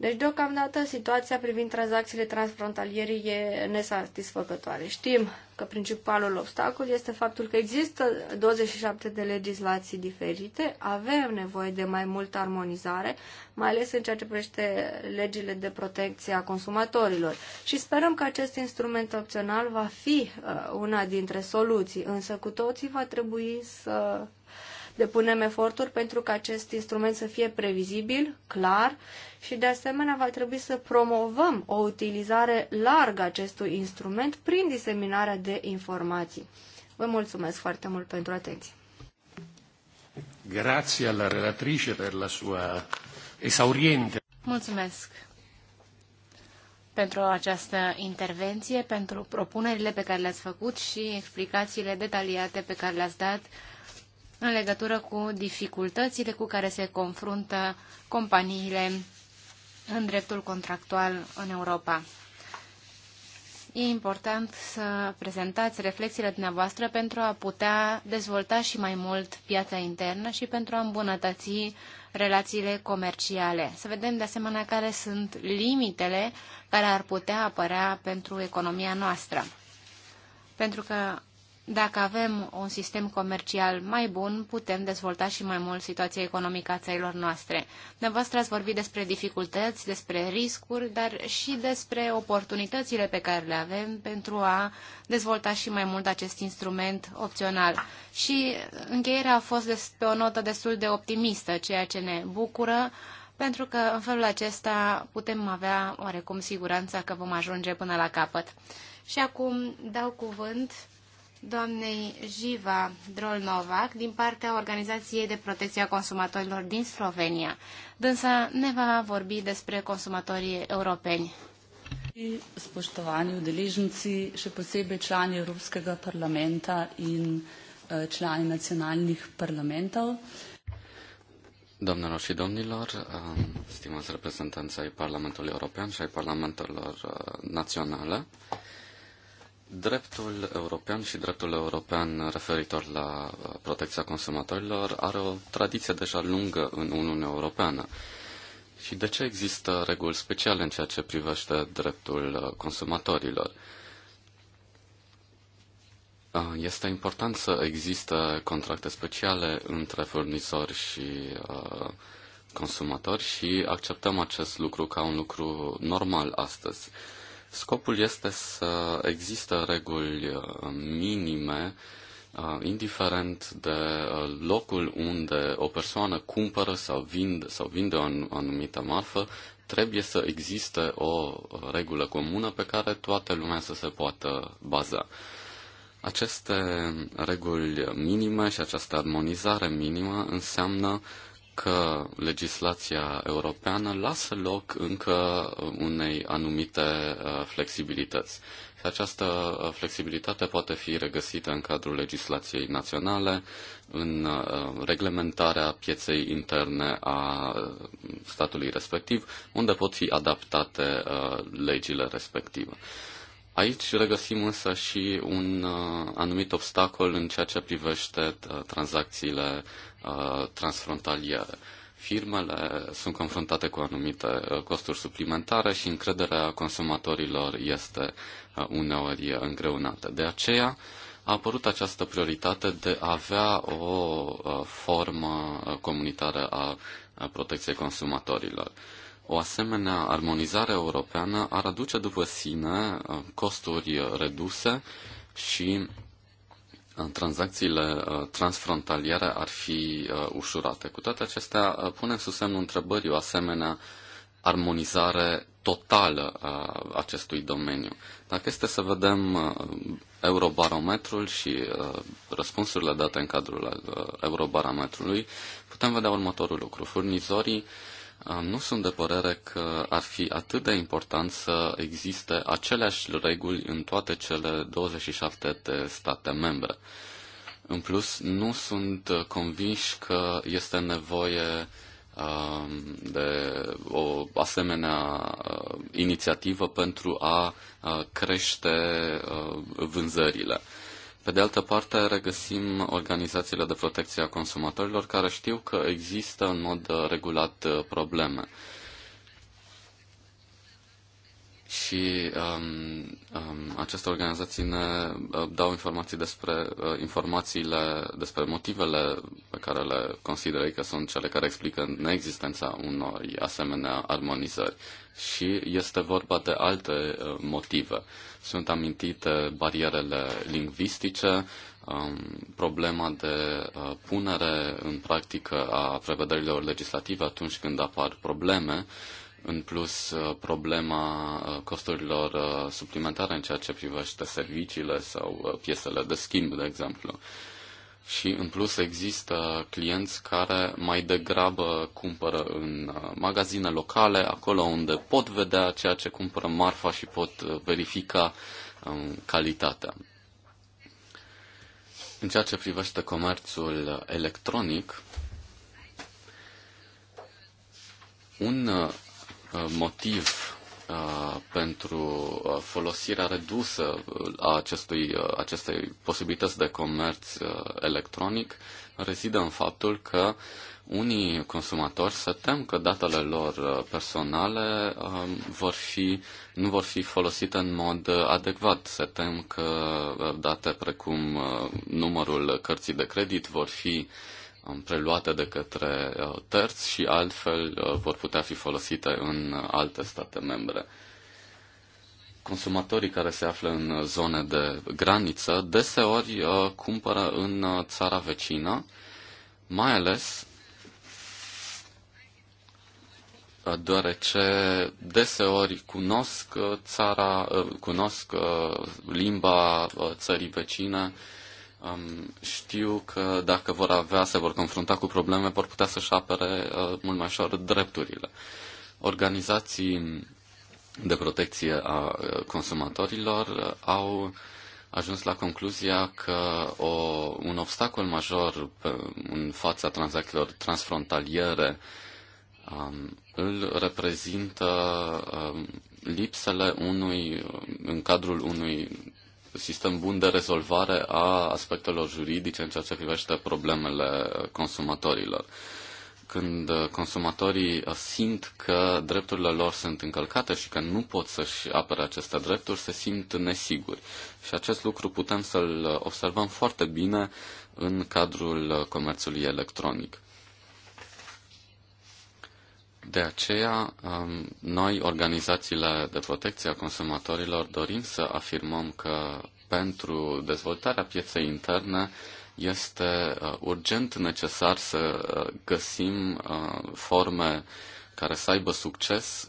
Deci, deocamdată, situația privind tranzacțiile transfrontaliere e nesatisfăcătoare. Știm că principalul obstacol este faptul că există 27 de legislații diferite, avem nevoie de mai multă armonizare, mai ales în ceea ce privește legile de protecție a consumatorilor. Și sperăm că acest instrument opțional va fi uh, una dintre soluții, însă cu toții va trebui să depunem eforturi pentru ca acest instrument să fie previzibil, clar și de asemenea va trebui să promovăm o utilizare largă acestui instrument prin diseminarea de informații. Vă mulțumesc foarte mult pentru atenție. Grazie alla relatrice per la sua esauriente. Mulțumesc pentru această intervenție, pentru propunerile pe care le-ați făcut și explicațiile detaliate pe care le-ați dat în legătură cu dificultățile cu care se confruntă companiile în dreptul contractual în Europa. E important să prezentați reflexiile dumneavoastră pentru a putea dezvolta și mai mult piața internă și pentru a îmbunătăți relațiile comerciale. Să vedem de asemenea care sunt limitele care ar putea apărea pentru economia noastră. Pentru că dacă avem un sistem comercial mai bun, putem dezvolta și mai mult situația economică a țărilor noastre. Dumneavoastră ați vorbit despre dificultăți, despre riscuri, dar și despre oportunitățile pe care le avem pentru a dezvolta și mai mult acest instrument opțional. Și încheierea a fost pe o notă destul de optimistă, ceea ce ne bucură, pentru că în felul acesta putem avea oarecum siguranța că vom ajunge până la capăt. Și acum dau cuvânt doamnei Jiva Drolnovac din partea Organizației de Protecție a Consumatorilor din Slovenia. Dânsa ne va vorbi despre consumatorii europeni. Spoștovani udeleșnici și posebe člani Europskega parlamenta in eh, člani naționalnih parlamentov. Doamnelor și domnilor, eh, stimați reprezentanți ai Parlamentului European și ai Parlamentelor eh, Naționale, Dreptul european și dreptul european referitor la uh, protecția consumatorilor are o tradiție deja lungă în Uniunea Europeană. Și de ce există reguli speciale în ceea ce privește dreptul uh, consumatorilor? Uh, este important să există contracte speciale între furnizori și consumatori și acceptăm acest lucru ca un lucru normal astăzi. Scopul este să există reguli uh, minime, uh, indiferent de uh, locul unde o persoană cumpără sau vinde, sau vinde o anumită marfă, trebuie să existe o regulă comună pe care toată lumea să se poată baza. Aceste reguli minime și această armonizare minimă înseamnă uh, că legislația europeană lasă loc încă unei anumite uh, flexibilități. Și această uh, flexibilitate poate fi regăsită în cadrul legislației naționale, în uh, reglementarea pieței interne a statului respectiv, unde pot fi adaptate legile respective. Aici regăsim însă și un anumit obstacol în ceea ce privește tranzacțiile transfrontalieră. Uh, transfrontaliere. Firmele sunt confruntate cu anumite uh, costuri suplimentare și încrederea consumatorilor este uh, uneori îngreunată. De aceea a apărut această prioritate de a avea o formă comunitară a protecției consumatorilor. O asemenea armonizare europeană ar aduce după sine costuri reduse și tranzacțiile uh, transfrontaliere ar fi uh, ușurate. Cu toate acestea, uh, punem sub semnul întrebării o asemenea armonizare totală a acestui domeniu. Dacă este să vedem eurobarometrul și răspunsurile date în cadrul eurobarometrului, putem vedea următorul lucru. Furnizorii nu sunt de părere că ar fi atât de important să existe aceleași reguli în toate cele 27 de state membre. În plus, nu sunt convinși că este nevoie um, de o asemenea uh, inițiativă pentru a uh, crește uh, vânzările. Pe de altă parte, regăsim organizațiile de protecție a consumatorilor care știu că există în mod uh, regulat uh, probleme și um, um, aceste organizații ne uh, dau informații despre uh, informațiile, despre motivele pe care le consideră că sunt cele care explică neexistența unor asemenea armonizări. Și este vorba de alte uh, motive. Sunt amintite barierele lingvistice, um, problema de uh, punere în practică a prevederilor legislative atunci când apar probleme, în plus, uh, problema uh, costurilor uh, suplimentare în ceea ce privește serviciile sau piesele de schimb, de exemplu. Și în plus există clienți care mai degrabă cumpără în magazine locale, acolo unde pot vedea ceea ce cumpără marfa și pot verifica um, calitatea. În ceea ce privește comerțul electronic, un Uh, motiv uh, pentru uh, folosirea redusă a acestui, acestei posibilități de comerț electronic rezidă în faptul că unii consumatori se tem că datele lor personale um, vor fi, nu vor fi folosite în mod adecvat. Se tem că date precum numărul cărții de credit vor fi uh, preluate de către uh, terți și altfel uh, vor putea fi folosite în uh, alte state membre. Consumatorii care se află în zone de graniță deseori cumpără în țara vecină, mai ales deoarece deseori cunosc țara, cunosc limba țării vecine, Um, știu că dacă vor avea, se vor confrunta cu probleme, vor putea să-și apere uh, mult mai ușor drepturile. Organizații de protecție a uh, consumatorilor au ajuns la concluzia că o, un obstacol major pe, în fața tranzacțiilor transfrontaliere um, îl reprezintă um, lipsele unui, în cadrul unui sistem bun de rezolvare a aspectelor juridice în ceea ce privește problemele consumatorilor. Când consumatorii simt că drepturile lor sunt încălcate și că nu pot să-și apere aceste drepturi, se simt nesiguri. Și acest lucru putem să-l observăm foarte bine în cadrul comerțului electronic. De aceea, um, noi, organizațiile de protecție a consumatorilor, dorim să afirmăm că pentru dezvoltarea pieței interne este uh, urgent necesar să uh, găsim uh, forme care să aibă succes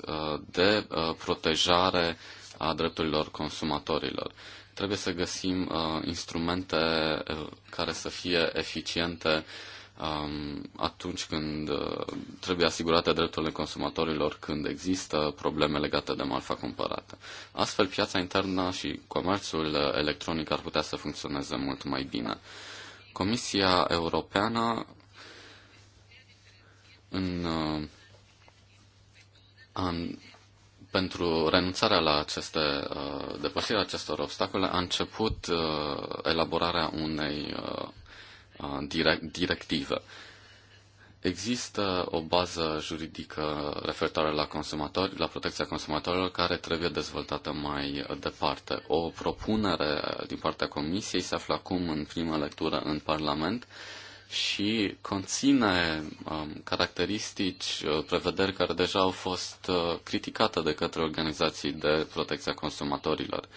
de protejare a drepturilor consumatorilor. Trebuie să găsim instrumente care să fie eficiente atunci când uh, trebuie asigurate drepturile consumatorilor când există probleme legate de marfa cumpărată. Astfel, piața internă și comerțul uh, electronic ar putea să funcționeze mult mai bine. Comisia Europeană în, în, uh, pentru renunțarea la aceste, depășirea acestor obstacole a început elaborarea unei direct, directivă. Există o bază juridică referitoare la consumatori, la protecția consumatorilor, care trebuie dezvoltată mai departe. O propunere din partea Comisiei se află acum în prima lectură în Parlament și conține um, caracteristici, prevederi care deja au fost criticate de către organizații de protecția consumatorilor. Uh,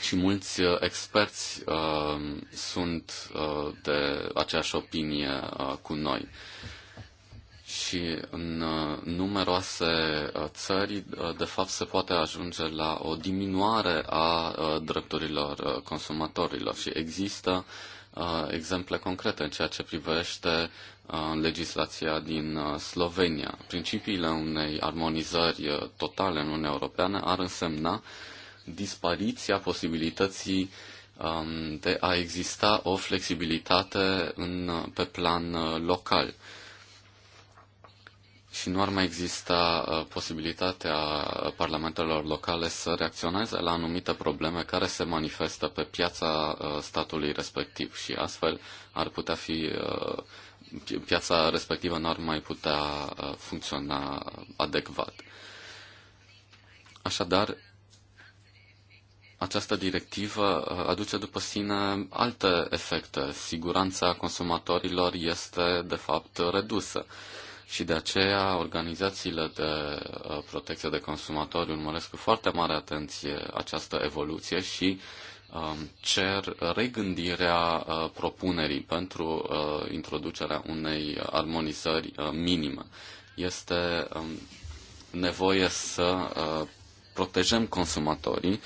și mulți uh, experți uh, sunt uh, de aceeași opinie uh, cu noi. Și în uh, numeroase uh, țări, uh, de fapt, se poate ajunge la o diminuare a uh, drepturilor uh, consumatorilor și există uh, exemple concrete în ceea ce privește uh, legislația din uh, Slovenia. Principiile unei armonizări uh, totale în Uniunea Europeană ar însemna uh, dispariția posibilității um, de a exista o flexibilitate în, pe plan uh, local. Și nu ar mai exista uh, posibilitatea parlamentelor locale să reacționeze la anumite probleme care se manifestă pe piața uh, statului respectiv și astfel ar putea fi piața respectivă nu ar mai putea funcționa adecvat. Așadar, această directivă uh, aduce după sine alte efecte. Siguranța consumatorilor este, de fapt, redusă. Și de aceea organizațiile de uh, protecție de consumatori urmăresc cu foarte mare atenție această evoluție și um, cer regândirea uh, propunerii pentru uh, introducerea unei armonizări uh, minime. Este um, nevoie să uh, protejăm consumatorii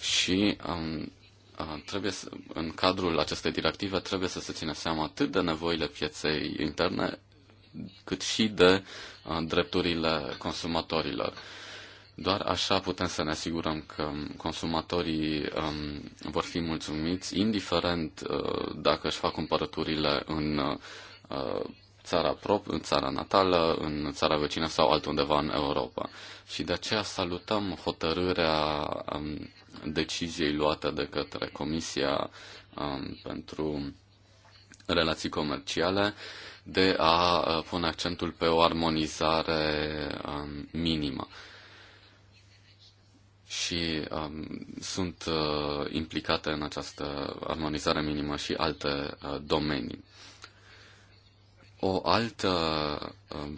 și um, uh, trebuie să, în cadrul acestei directive trebuie să se țină seama atât de nevoile pieței interne, cât și de uh, drepturile consumatorilor. Doar așa putem să ne asigurăm că consumatorii um, vor fi mulțumiți, indiferent uh, dacă își fac cumpărăturile în uh, țara prop, în țara natală, în țara vecină sau altundeva în Europa. Și de aceea salutăm hotărârea um, deciziei luate de către Comisia um, pentru relații comerciale de a uh, pune accentul pe o armonizare um, minimă. Și um, sunt uh, implicate în această armonizare minimă și alte uh, domenii. O altă uh,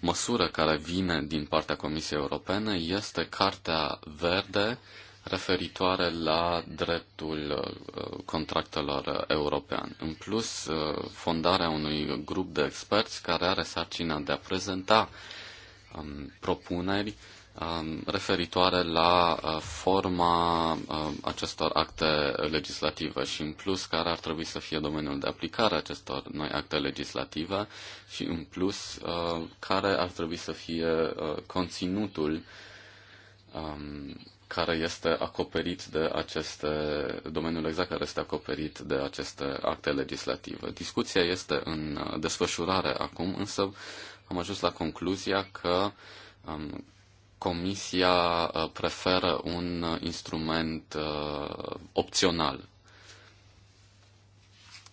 măsură care vine din partea Comisiei Europene este Cartea Verde uh, referitoare la dreptul uh, contractelor uh, european. În plus, uh, fondarea unui grup de experți care are sarcina de a prezenta um, propuneri um, referitoare la forma acestor acte legislative și în plus care ar trebui să fie domeniul de aplicare acestor noi acte legislative și în plus care ar trebui să fie conținutul um, care este acoperit de aceste, domeniul exact care este acoperit de aceste acte legislative. Discuția este în desfășurare acum, însă am ajuns la concluzia că um, Comisia uh, preferă un instrument uh, opțional.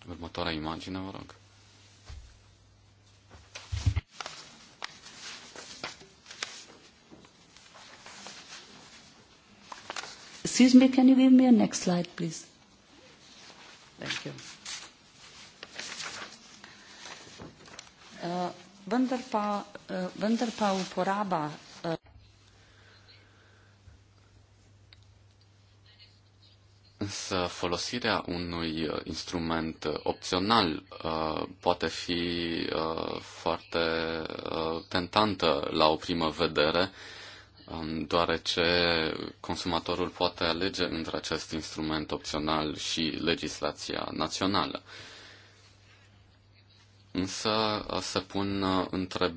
Următoarea imagine, vă rog. Excuse me, can you give me a next slide, please? Thank you. Uh, vendar pa, uh, vendar pa uporaba uh, Însă folosirea unui uh, instrument uh, opțional uh, poate fi uh, foarte uh, tentantă la o primă vedere, Um, deoarece consumatorul poate alege între acest instrument opțional și legislația națională. Însă uh, se pun uh, întreb,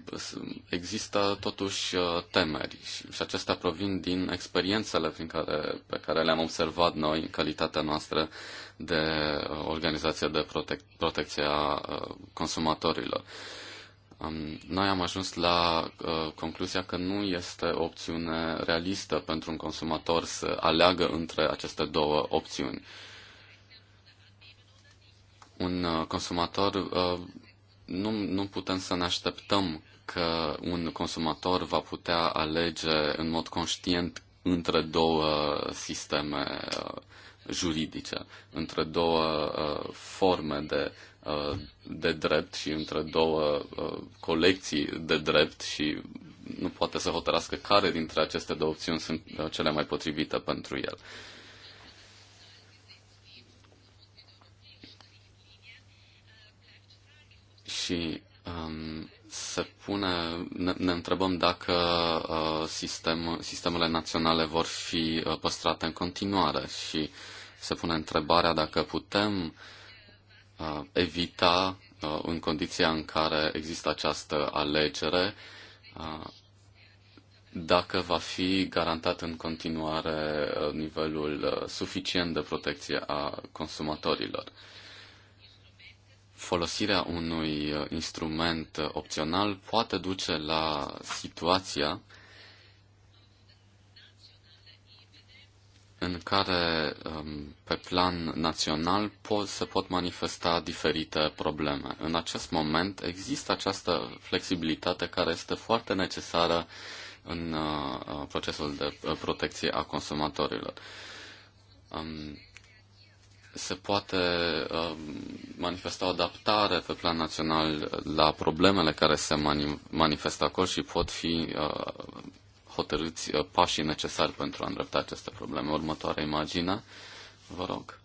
există totuși uh, temeri și acestea provin din experiențele prin care, pe care le-am observat noi în calitatea noastră de organizație de protec- protecție a consumatorilor. Uh, Um, noi am ajuns la uh, concluzia că nu este o opțiune realistă pentru un consumator să aleagă între aceste două opțiuni. Un uh, consumator, uh, nu, nu putem să ne așteptăm că un consumator va putea alege în mod conștient între două sisteme uh, juridice, între două uh, forme de Uh, de drept și între două uh, colecții de drept și nu poate să hotărască care dintre aceste două opțiuni sunt uh, cele mai potrivite pentru el. Și um, se pune, ne, ne întrebăm dacă uh, sistem, sistemele naționale vor fi uh, păstrate în continuare și se pune întrebarea dacă putem uh, Uh, evita uh, în condiția în care există această alegere uh, dacă va fi garantat în continuare nivelul suficient de protecție a consumatorilor. Folosirea unui instrument opțional poate duce la situația în care, um, pe plan național, se pot manifesta diferite probleme. În acest moment există această flexibilitate care este foarte necesară în uh, uh, procesul de uh, protecție a consumatorilor. Um, se poate manifesta o adaptare pe plan național la problemele care se manifestă acolo și pot fi hotărâți uh, pașii necesari pentru a îndrepta aceste probleme. Următoarea imagine, vă rog.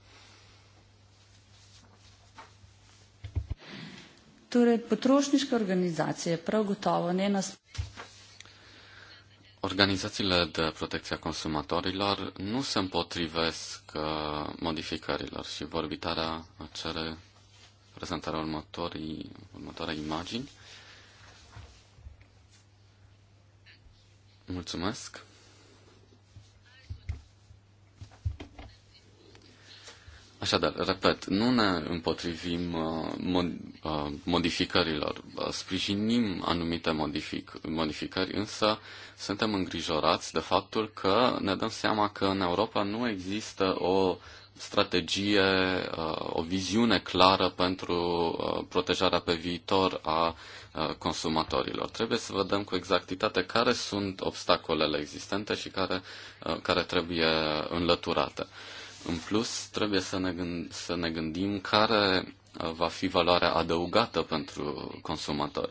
Organizațiile de protecție a consumatorilor nu se împotrivesc uh, modificărilor și vorbitarea cere prezentarea următorii, următoarei imagini. Mulțumesc. Așadar, repet, nu ne împotrivim uh, uh, modificărilor, uh, sprijinim anumite modific, modificări, însă suntem îngrijorați de faptul că ne dăm seama că în Europa nu există o strategie, uh, o viziune clară pentru uh, protejarea pe viitor a uh, consumatorilor. Trebuie să vedem cu exactitate care sunt obstacolele existente și care, care trebuie înlăturate. În plus, trebuie să ne, gând- să ne gândim care va fi valoarea adăugată pentru consumator.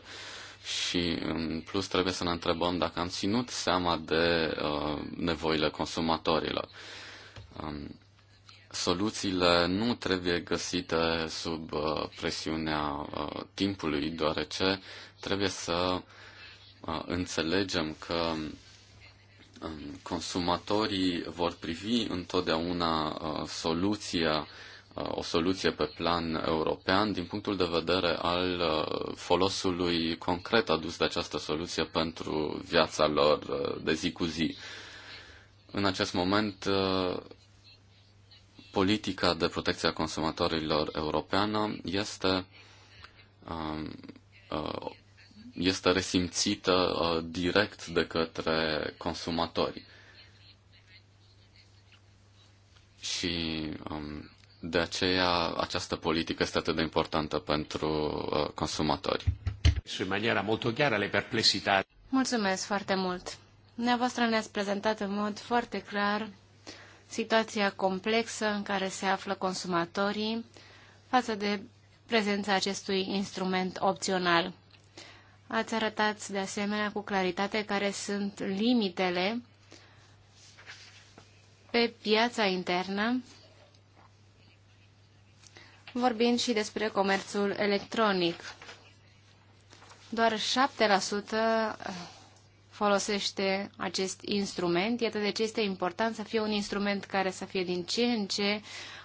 Și în plus trebuie să ne întrebăm dacă am ținut seama de uh, nevoile consumatorilor. Um, Soluțiile nu trebuie găsite sub uh, presiunea uh, timpului, deoarece trebuie să uh, înțelegem că um, consumatorii vor privi întotdeauna soluția, o soluție pe plan european din punctul de vedere al folosului concret adus de această soluție pentru viața lor de zi cu zi. În acest moment politica de protecție a consumatorilor europeană este, um, uh, este resimțită uh, direct de către consumatori. Și um, de aceea această politică este atât de importantă pentru uh, consumatori. În maniera chiară Mulțumesc foarte mult. Dumneavoastră ne-ați prezentat în mod foarte clar situația complexă în care se află consumatorii față de prezența acestui instrument opțional. Ați arătat de asemenea cu claritate care sunt limitele pe piața internă, vorbind și despre comerțul electronic. Doar 7% folosește acest instrument. Iată de ce este important să fie un instrument care să fie din ce în ce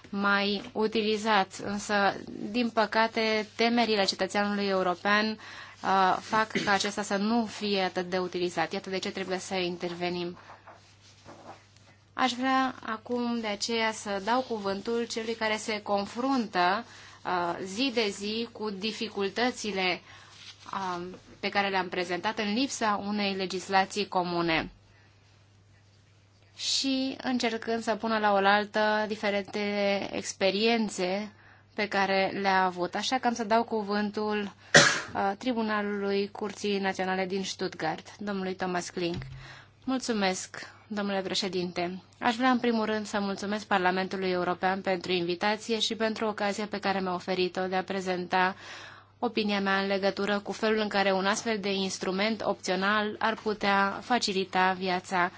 mai utilizat. Însă, din păcate, temerile cetățeanului european uh, fac ca acesta să nu fie atât de utilizat. Iată de ce trebuie să intervenim. Aș vrea acum de aceea să dau cuvântul celui care se confruntă uh, zi de zi cu dificultățile uh, pe care le-am prezentat în lipsa unei legislații comune și încercând să pună la oaltă diferite experiențe pe care le-a avut. Așa că am să dau cuvântul uh, Tribunalului Curții Naționale din Stuttgart, domnului Thomas Kling. Mulțumesc, domnule președinte. Aș vrea în primul rând să mulțumesc Parlamentului European pentru invitație și pentru ocazia pe care mi-a oferit-o de a prezenta opinia mea în legătură cu felul în care un astfel de instrument opțional ar putea facilita viața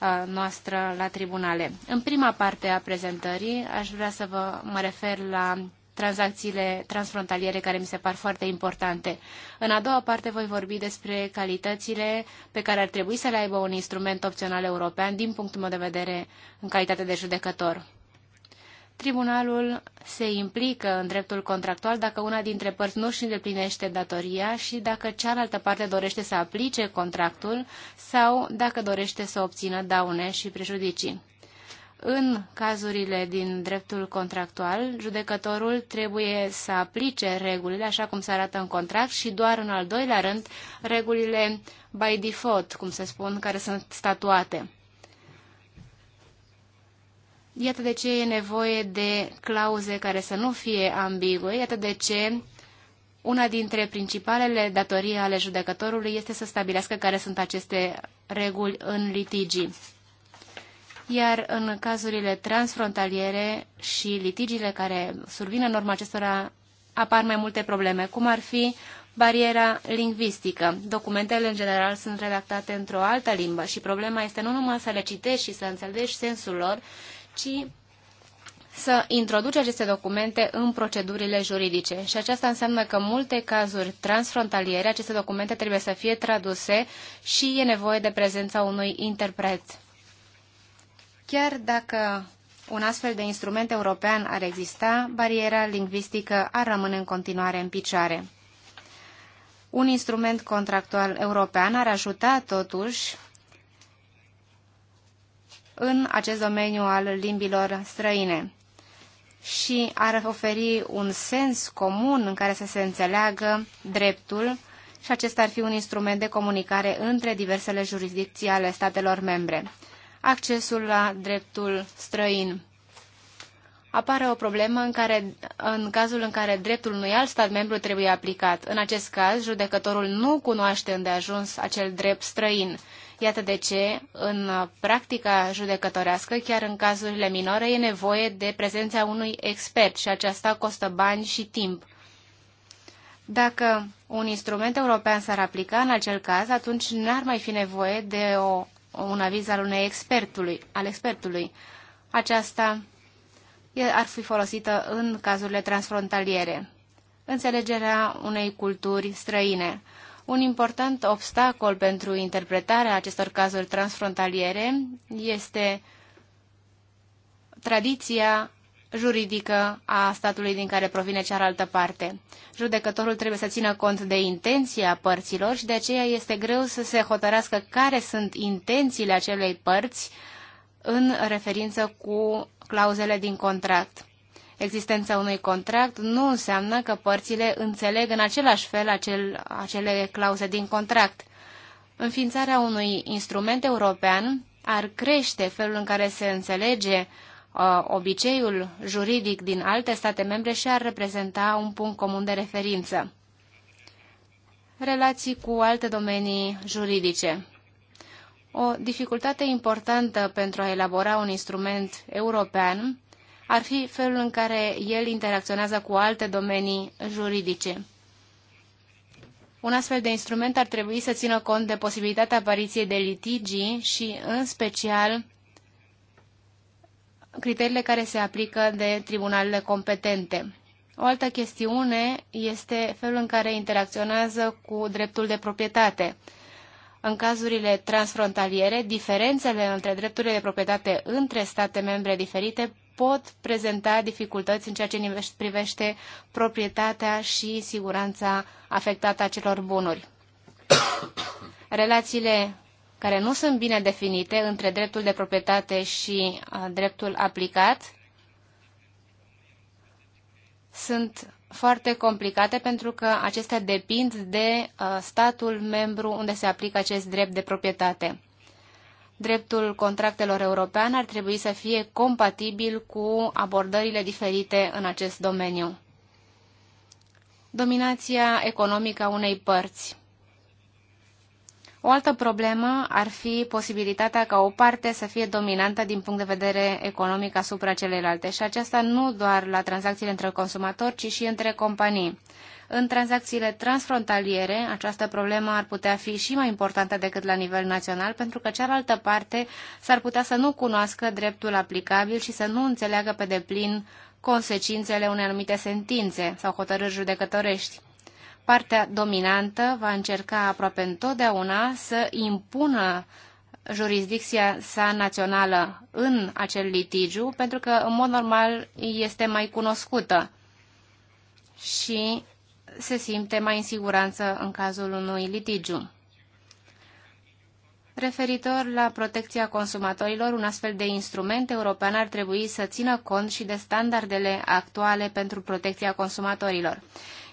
uh, noastră la tribunale. În prima parte a prezentării aș vrea să vă mă refer la tranzacțiile transfrontaliere care mi se par foarte importante. În a doua parte voi vorbi despre calitățile pe care ar trebui să le aibă un instrument opțional european din punctul meu de vedere în calitate de judecător. Tribunalul se implică în dreptul contractual dacă una dintre părți nu își îndeplinește datoria și dacă cealaltă parte dorește să aplice contractul sau dacă dorește să obțină daune și prejudicii. În cazurile din dreptul contractual, judecătorul trebuie să aplice regulile așa cum se arată în contract și doar în al doilea rând regulile by default, cum se spun, care sunt statuate. Iată de ce e nevoie de clauze care să nu fie ambigue, iată de ce una dintre principalele datorii ale judecătorului este să stabilească care sunt aceste reguli în litigi. Iar în cazurile transfrontaliere și litigiile care survin în urma acestora apar mai multe probleme, cum ar fi bariera lingvistică. Documentele, în general, sunt redactate într-o altă limbă și problema este nu numai să le citești și să înțelegi sensul lor, ci să introduce aceste documente în procedurile juridice. Și aceasta înseamnă că în multe cazuri transfrontaliere aceste documente trebuie să fie traduse și e nevoie de prezența unui interpret. Chiar dacă un astfel de instrument european ar exista, bariera lingvistică ar rămâne în continuare în picioare. Un instrument contractual european ar ajuta, totuși, în acest domeniu al limbilor străine și ar oferi un sens comun în care să se înțeleagă dreptul și acesta ar fi un instrument de comunicare între diversele jurisdicții ale statelor membre. Accesul la dreptul străin. Apare o problemă în, care, în cazul în care dreptul unui alt stat membru trebuie aplicat. În acest caz, judecătorul nu cunoaște îndeajuns acel drept străin Iată de ce, în practica judecătorească, chiar în cazurile minore, e nevoie de prezența unui expert și aceasta costă bani și timp. Dacă un instrument european s-ar aplica în acel caz, atunci n-ar mai fi nevoie de o, un aviz al unei expertului, al expertului. Aceasta ar fi folosită în cazurile transfrontaliere. Înțelegerea unei culturi străine. Un important obstacol pentru interpretarea acestor cazuri transfrontaliere este tradiția juridică a statului din care provine cealaltă parte. Judecătorul trebuie să țină cont de intenția părților și de aceea este greu să se hotărească care sunt intențiile acelei părți în referință cu clauzele din contract. Existența unui contract nu înseamnă că părțile înțeleg în același fel acel, acele clauze din contract. Înființarea unui instrument european ar crește felul în care se înțelege uh, obiceiul juridic din alte state membre și ar reprezenta un punct comun de referință. Relații cu alte domenii juridice. O dificultate importantă pentru a elabora un instrument european ar fi felul în care el interacționează cu alte domenii juridice. Un astfel de instrument ar trebui să țină cont de posibilitatea apariției de litigii și, în special, criteriile care se aplică de tribunalele competente. O altă chestiune este felul în care interacționează cu dreptul de proprietate. În cazurile transfrontaliere, diferențele între drepturile de proprietate între state membre diferite pot prezenta dificultăți în ceea ce privește proprietatea și siguranța afectată a celor bunuri. Relațiile care nu sunt bine definite între dreptul de proprietate și uh, dreptul aplicat sunt foarte complicate pentru că acestea depind de uh, statul membru unde se aplică acest drept de proprietate dreptul contractelor european ar trebui să fie compatibil cu abordările diferite în acest domeniu. Dominația economică a unei părți. O altă problemă ar fi posibilitatea ca o parte să fie dominantă din punct de vedere economic asupra celelalte și aceasta nu doar la tranzacțiile între consumatori, ci și între companii. În tranzacțiile transfrontaliere, această problemă ar putea fi și mai importantă decât la nivel național, pentru că cealaltă parte s-ar putea să nu cunoască dreptul aplicabil și să nu înțeleagă pe deplin consecințele unei anumite sentințe sau hotărâri judecătorești. Partea dominantă va încerca aproape întotdeauna să impună jurisdicția sa națională în acel litigiu, pentru că, în mod normal, este mai cunoscută și se simte mai în siguranță în cazul unui litigiu. Referitor la protecția consumatorilor, un astfel de instrument european ar trebui să țină cont și de standardele actuale pentru protecția consumatorilor.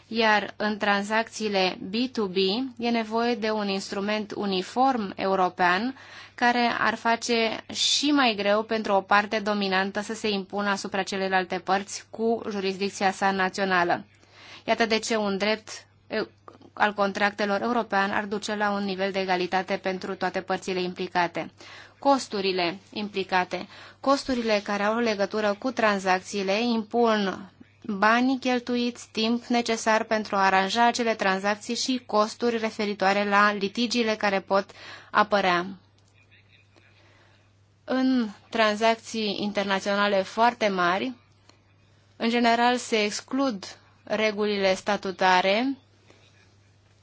Iar în tranzacțiile B2B e nevoie de un instrument uniform european care ar face și mai greu pentru o parte dominantă să se impună asupra celelalte părți cu jurisdicția sa națională. Iată de ce un drept al contractelor european ar duce la un nivel de egalitate pentru toate părțile implicate. Costurile implicate. Costurile care au legătură cu tranzacțiile impun banii cheltuiți, timp necesar pentru a aranja acele tranzacții și costuri referitoare la litigiile care pot apărea. În tranzacții internaționale foarte mari, în general se exclud regulile statutare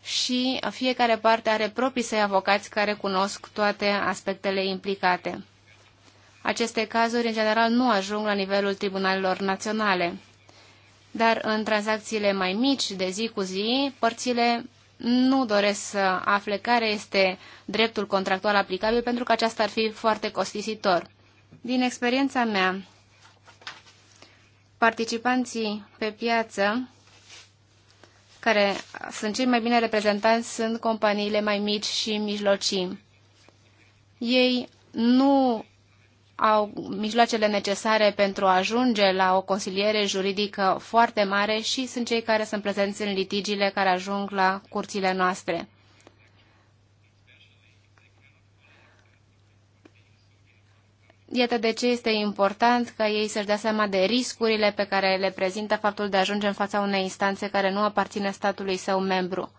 și fiecare parte are proprii săi avocați care cunosc toate aspectele implicate. Aceste cazuri, în general, nu ajung la nivelul tribunalelor naționale, dar în tranzacțiile mai mici, de zi cu zi, părțile nu doresc să afle care este dreptul contractual aplicabil pentru că aceasta ar fi foarte costisitor. Din experiența mea, Participanții pe piață, care sunt cei mai bine reprezentanți, sunt companiile mai mici și mijlocii. Ei nu au mijloacele necesare pentru a ajunge la o consiliere juridică foarte mare și sunt cei care sunt prezenți în litigiile care ajung la curțile noastre. Iată de ce este important ca ei să-și dea seama de riscurile pe care le prezintă faptul de a ajunge în fața unei instanțe care nu aparține statului său membru.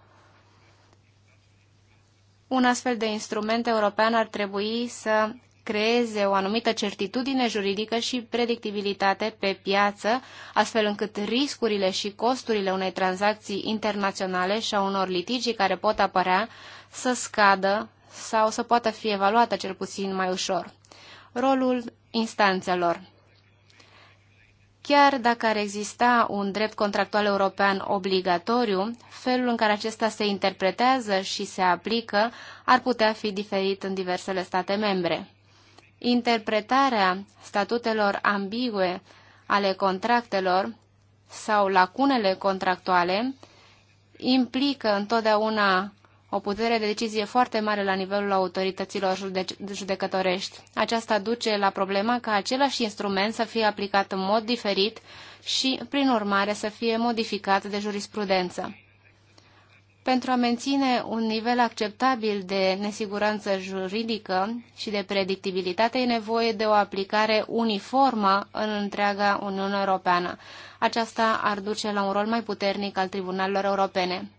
Un astfel de instrument european ar trebui să creeze o anumită certitudine juridică și predictibilitate pe piață, astfel încât riscurile și costurile unei tranzacții internaționale și a unor litigii care pot apărea să scadă sau să poată fi evaluată cel puțin mai ușor rolul instanțelor. Chiar dacă ar exista un drept contractual european obligatoriu, felul în care acesta se interpretează și se aplică ar putea fi diferit în diversele state membre. Interpretarea statutelor ambigue ale contractelor sau lacunele contractuale implică întotdeauna o putere de decizie foarte mare la nivelul autorităților judecătorești. Aceasta duce la problema ca același instrument să fie aplicat în mod diferit și, prin urmare, să fie modificat de jurisprudență. Pentru a menține un nivel acceptabil de nesiguranță juridică și de predictibilitate, e nevoie de o aplicare uniformă în întreaga Uniune Europeană. Aceasta ar duce la un rol mai puternic al tribunalelor europene.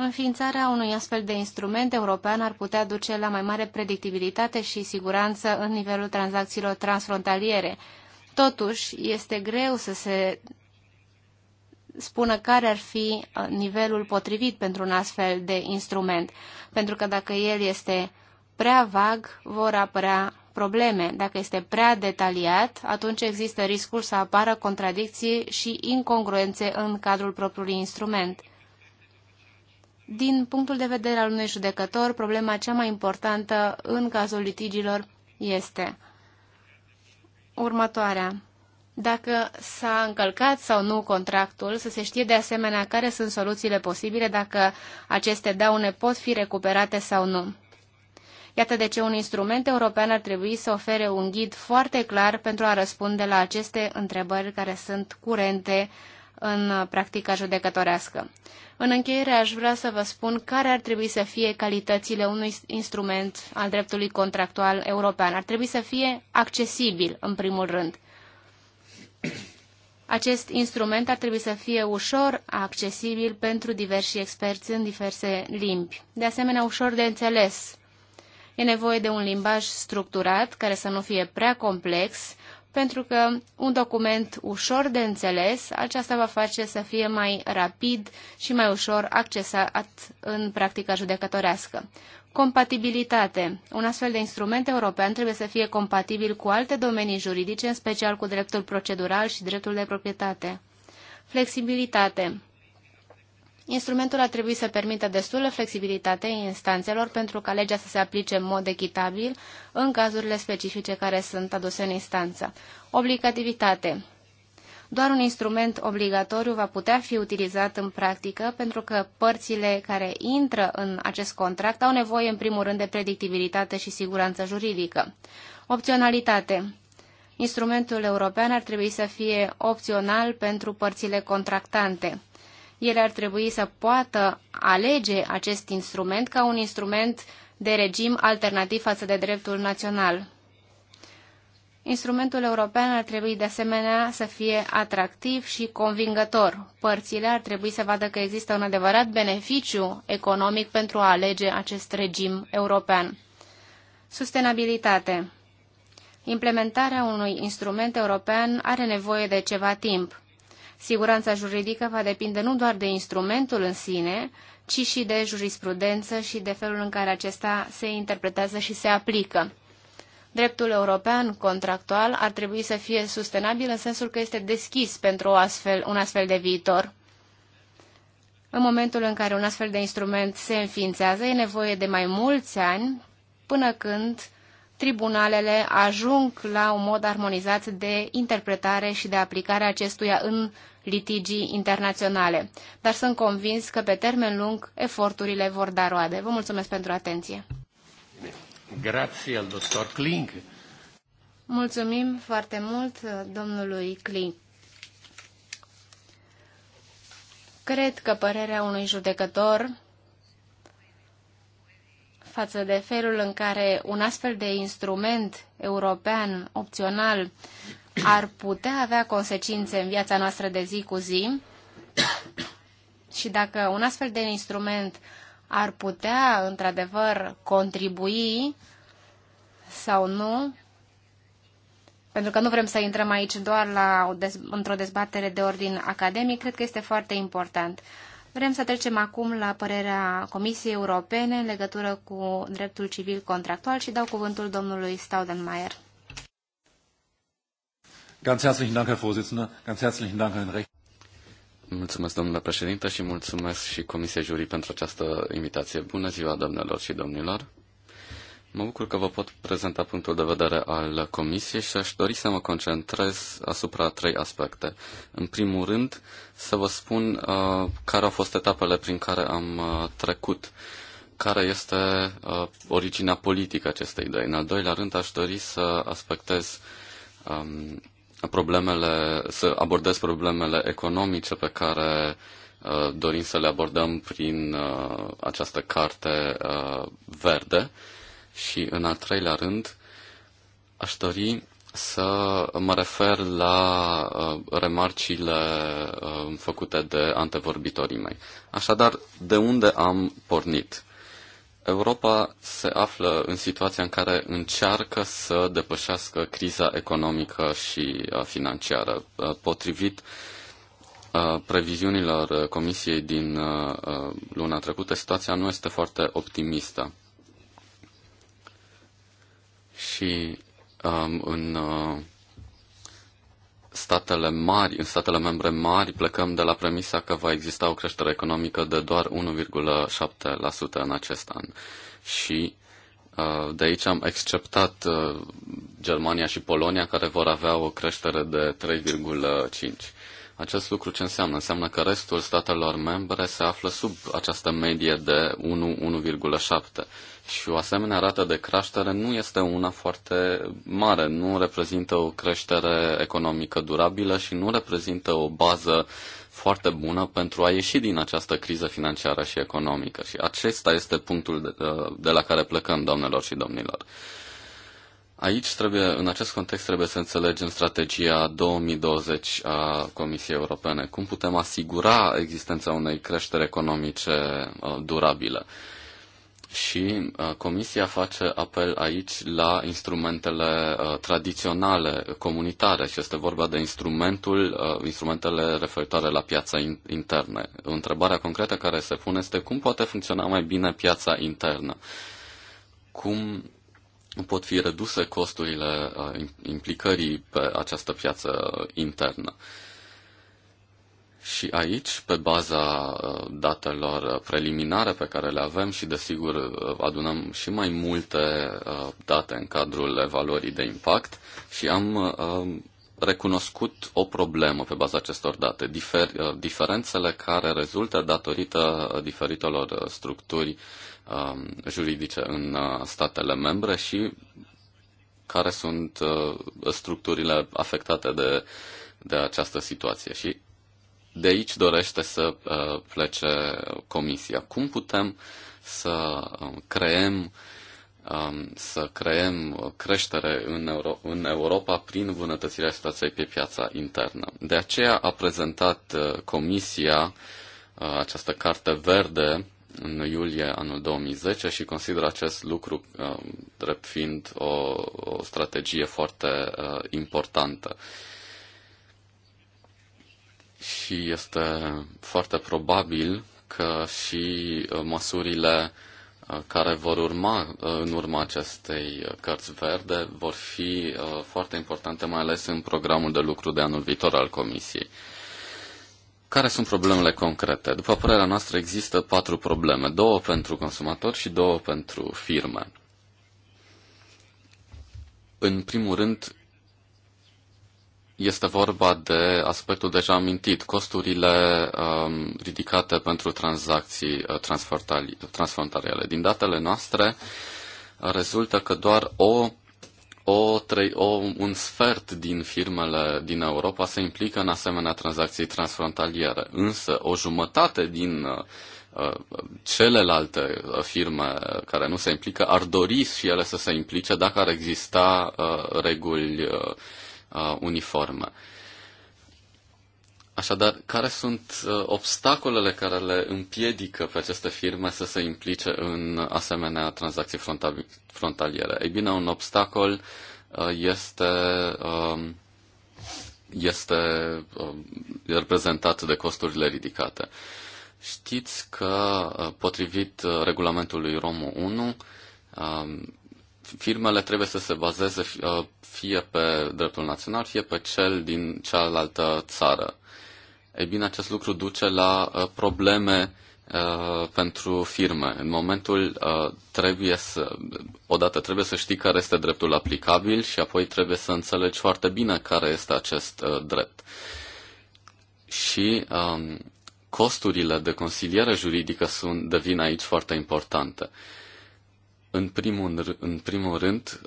Înființarea unui astfel de instrument european ar putea duce la mai mare predictibilitate și siguranță în nivelul tranzacțiilor transfrontaliere. Totuși, este greu să se spună care ar fi uh, nivelul potrivit pentru un astfel de instrument, pentru că dacă el este prea vag, vor apărea probleme. Dacă este prea detaliat, atunci există riscul să apară contradicții și incongruențe în cadrul propriului instrument. Din punctul de vedere al unui judecător, problema cea mai importantă în cazul litigilor este următoarea. Dacă s-a încălcat sau nu contractul, să se știe de asemenea care sunt soluțiile posibile, dacă aceste daune pot fi recuperate sau nu. Iată de ce un instrument european ar trebui să ofere un ghid foarte clar pentru a răspunde la aceste întrebări care sunt curente în practica judecătorească. În încheiere aș vrea să vă spun care ar trebui să fie calitățile unui instrument al dreptului contractual european. Ar trebui să fie accesibil, în primul rând. Acest instrument ar trebui să fie ușor accesibil pentru diversi experți în diverse limbi. De asemenea, ușor de înțeles. E nevoie de un limbaj structurat, care să nu fie prea complex, pentru că un document ușor de înțeles, aceasta va face să fie mai rapid și mai ușor accesat în practica judecătorească. Compatibilitate. Un astfel de instrument european trebuie să fie compatibil cu alte domenii juridice, în special cu dreptul procedural și dreptul de proprietate. Flexibilitate. Instrumentul ar trebui să permită destulă flexibilitate instanțelor pentru ca legea să se aplice în mod echitabil în cazurile specifice care sunt aduse în instanță. Obligativitate. Doar un instrument obligatoriu va putea fi utilizat în practică pentru că părțile care intră în acest contract au nevoie în primul rând de predictibilitate și siguranță juridică. Opționalitate. Instrumentul european ar trebui să fie opțional pentru părțile contractante ele ar trebui să poată alege acest instrument ca un instrument de regim alternativ față de dreptul național. Instrumentul european ar trebui de asemenea să fie atractiv și convingător. Părțile ar trebui să vadă că există un adevărat beneficiu economic pentru a alege acest regim european. Sustenabilitate Implementarea unui instrument european are nevoie de ceva timp. Siguranța juridică va depinde nu doar de instrumentul în sine, ci și de jurisprudență și de felul în care acesta se interpretează și se aplică. Dreptul european contractual ar trebui să fie sustenabil în sensul că este deschis pentru o astfel, un astfel de viitor. În momentul în care un astfel de instrument se înființează, e nevoie de mai mulți ani până când tribunalele ajung la un mod armonizat de interpretare și de aplicare a acestuia în litigii internaționale. Dar sunt convins că pe termen lung eforturile vor da roade. Vă mulțumesc pentru atenție. Grazie al Kling. Mulțumim foarte mult domnului Kling. Cred că părerea unui judecător față de felul în care un astfel de instrument european opțional ar putea avea consecințe în viața noastră de zi cu zi și dacă un astfel de instrument ar putea, într-adevăr, contribui sau nu, pentru că nu vrem să intrăm aici doar la o dez- într-o dezbatere de ordin academic, cred că este foarte important. Vrem să trecem acum la părerea Comisiei Europene în legătură cu dreptul civil contractual și dau cuvântul domnului Staudenmayer. Ganz herzlichen Dank, Herr Vorsitzender. Ganz herzlichen Dank Recht. Mulțumesc, domnule președinte, și mulțumesc și Comisiei Jurii pentru această invitație. Bună ziua, doamnelor și domnilor! Mă bucur că vă pot prezenta punctul de vedere al Comisiei și aș dori să mă concentrez asupra trei aspecte. În primul rând, să vă spun uh, care au fost etapele prin care am uh, trecut, care este uh, originea politică acestei idei. În al doilea rând, aș dori să aspectez um, problemele, să abordez problemele economice pe care uh, dorim să le abordăm prin uh, această carte uh, verde. Și în al treilea rând, aș dori să mă refer la uh, remarcile uh, făcute de antevorbitorii mei. Așadar, de unde am pornit? Europa se află în situația în care încearcă să depășească criza economică și uh, financiară. Potrivit previziunilor Comisiei din luna trecută, situația nu este foarte optimistă și um, în uh, statele mari, în statele membre mari, plecăm de la premisa că va exista o creștere economică de doar 1,7% în acest an. Și uh, de aici am exceptat uh, Germania și Polonia, care vor avea o creștere de 3,5. Acest lucru ce înseamnă? Înseamnă că restul statelor membre se află sub această medie de 1,7. Și o asemenea rată de creștere nu este una foarte mare, nu reprezintă o creștere economică durabilă și nu reprezintă o bază foarte bună pentru a ieși din această criză financiară și economică. Și acesta este punctul de, de la care plecăm, doamnelor și domnilor. Aici trebuie, în acest context trebuie să înțelegem strategia 2020 a Comisiei Europene. Cum putem asigura existența unei creșteri economice uh, durabile? și uh, Comisia face apel aici la instrumentele uh, tradiționale, comunitare, și este vorba de instrumentul, uh, instrumentele referitoare la piața internă. Întrebarea concretă care se pune este cum poate funcționa mai bine piața internă? Cum pot fi reduse costurile implicării pe această piață internă? Uh, și aici, pe baza uh, datelor uh, preliminare pe care le avem și, desigur, uh, adunăm și mai multe date în cadrul evaluării de impact și am um, recunoscut o problemă pe baza acestor date, difer, diferențele care rezultă datorită diferitelor structuri um, juridice în statele membre și care sunt structurile afectate de, de această situație. Și de aici dorește să uh, plece comisia. Cum putem să uh, creăm um, să creăm creștere în, Euro- în Europa prin îmbunătățirea situației pe piața internă. De aceea a prezentat uh, Comisia această carte verde în iulie anul 2010 și consider acest lucru um, drept fiind o, o strategie foarte importantă și este foarte probabil că și uh, măsurile uh, care vor urma uh, în urma acestei cărți verde vor fi foarte importante, mai ales în programul de lucru de anul viitor al Comisiei. Care sunt problemele concrete? După părerea noastră există patru probleme, două pentru consumatori și două pentru firme. În primul rând, este vorba de aspectul deja amintit, costurile um, ridicate pentru tranzacții uh, transfrontaliere. Din datele noastre rezultă că doar o, o, trei, o, un sfert din firmele din Europa se implică în asemenea tranzacții transfrontaliere, însă o jumătate din uh, uh, celelalte firme care nu se implică ar dori și ele să se implice dacă ar exista uh, reguli uh, uh, uniformă. Așadar, care sunt uh, obstacolele care le împiedică pe aceste firme să se implice în asemenea tranzacții frontaliere? Ei bine, un obstacol uh, este, um, este um, reprezentat de costurile ridicate. Știți că, uh, potrivit regulamentului ROMO 1, um, firmele trebuie să se bazeze fie pe dreptul național, fie pe cel din cealaltă țară. Ei bine, acest lucru duce la uh, probleme uh, pentru firme. În momentul uh, trebuie să, odată trebuie să știi care este dreptul aplicabil și apoi trebuie să înțelegi foarte bine care este acest drept. Și um, costurile de consiliere juridică sunt, devin aici foarte importante. În primul, în primul rând,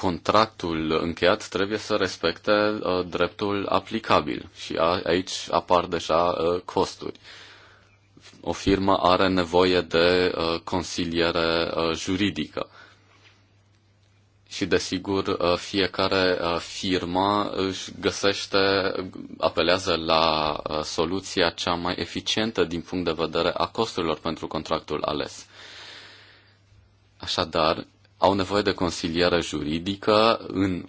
contractul încheiat trebuie să respecte uh, dreptul aplicabil și aici apar deja uh, costuri. O firmă are nevoie de uh, consiliere juridică. Și, desigur, fiecare firmă își găsește, apelează la soluția cea mai eficientă din punct de vedere a costurilor pentru contractul ales. Așadar, au nevoie de consilieră juridică în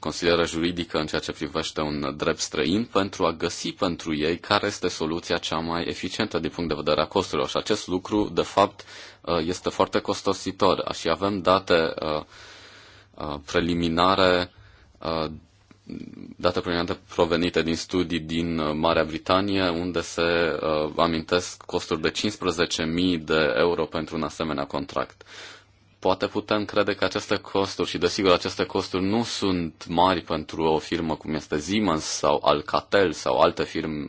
uh, juridică în ceea ce privește un drept străin pentru a găsi pentru ei care este soluția cea mai eficientă din punct de vedere a costurilor. Și acest lucru, de fapt, uh, este foarte costositor. Și avem date uh, uh, preliminare uh, date provenite, provenite din studii din uh, Marea Britanie, unde se uh, amintesc costuri de 15.000 de euro pentru un asemenea contract poate putem crede că aceste costuri, și desigur aceste costuri nu sunt mari pentru o firmă cum este Siemens sau Alcatel sau alte firme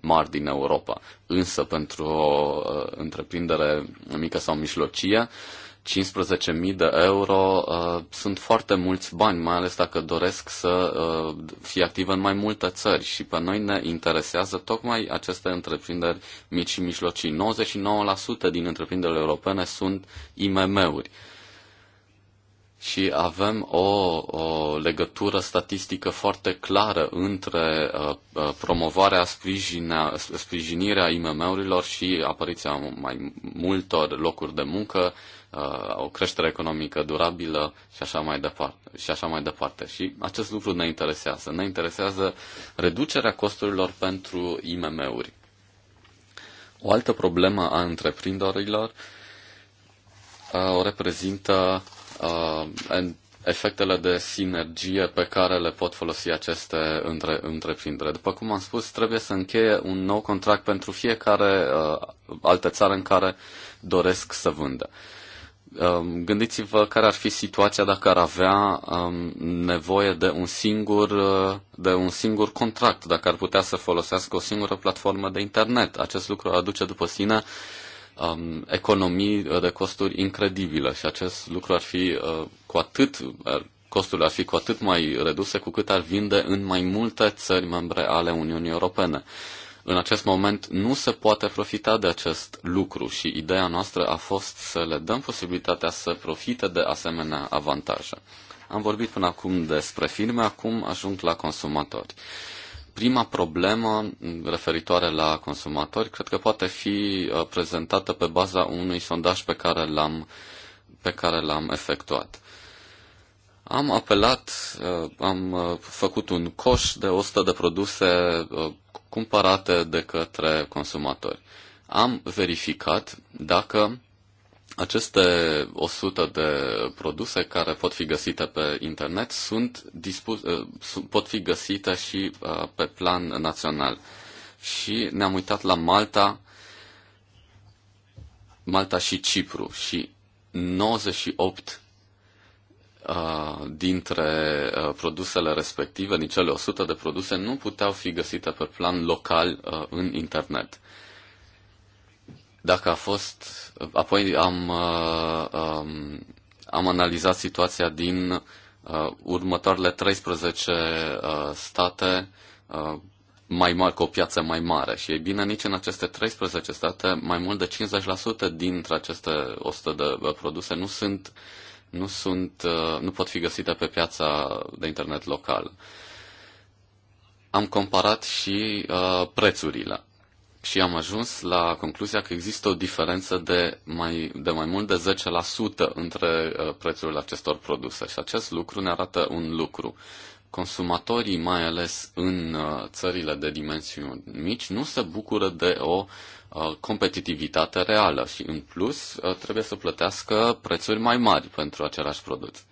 mari din Europa, însă pentru o uh, întreprindere mică sau mijlocie, uh, 15.000 de euro uh, sunt foarte mulți bani, mai ales dacă doresc să uh, fie activ în mai multe țări și pe noi ne interesează tocmai aceste întreprinderi mici și mijlocii. 99% din întreprinderile europene sunt IMM-uri și avem o, o legătură statistică foarte clară între uh, uh promovarea, sprijinirea IMM-urilor și apariția mai multor locuri de muncă, Uh, o creștere economică durabilă și așa mai departe. Și așa mai departe. Și acest lucru ne interesează. Ne interesează reducerea costurilor pentru IMM-uri. O altă problemă a întreprinderilor uh, o reprezintă uh, efectele de sinergie pe care le pot folosi aceste între, întreprindere. După cum am spus, trebuie să încheie un nou contract pentru fiecare uh, altă țară în care doresc să vândă. Uh, Um, gândiți-vă care ar fi situația dacă ar avea um, nevoie de un, singur, uh, de un singur contract, dacă ar putea să folosească o singură platformă de internet. Acest lucru aduce după sine um, economii de costuri incredibile și acest lucru ar fi uh, cu atât, costurile ar fi cu atât mai reduse cu cât ar vinde în mai multe țări membre ale Uniunii Europene în acest moment nu se poate profita de acest lucru și ideea noastră a fost să le dăm posibilitatea să profite de asemenea avantaje. Am vorbit până acum despre firme, acum ajung la consumatori. Prima problemă referitoare la consumatori cred că poate fi uh, prezentată pe baza unui sondaj pe care l-am, pe care l-am efectuat. Am apelat, uh, am uh, făcut un coș de 100 de produse cumpărate de către consumatori. Am verificat dacă aceste 100 de produse care pot fi găsite pe internet sunt dispus, eh, pot fi găsite și eh, pe plan național. Și ne-am uitat la Malta, Malta și Cipru și 98 Uh, dintre uh, produsele respective, din cele 100 de produse, nu puteau fi găsite pe plan local uh, în internet. Dacă a fost. Apoi am, um, am analizat situația din următoarele 13 state mai mari, cu o piață mai mare. Și e bine, nici în aceste 13 state, mai mult de 50% dintre aceste 100 de produse nu sunt uh, nu, sunt, uh, nu pot fi găsite pe piața de internet local. Am comparat și uh, prețurile și am ajuns la concluzia că există o diferență de mai, de mai mult de 10% între uh, prețurile acestor produse. Și acest lucru ne arată un lucru. Uh, consumatorii, mai ales în uh, țările de dimensiuni mici, nu se bucură de o uh, competitivitate reală și, în plus, uh, trebuie să plătească prețuri mai mari pentru același produs.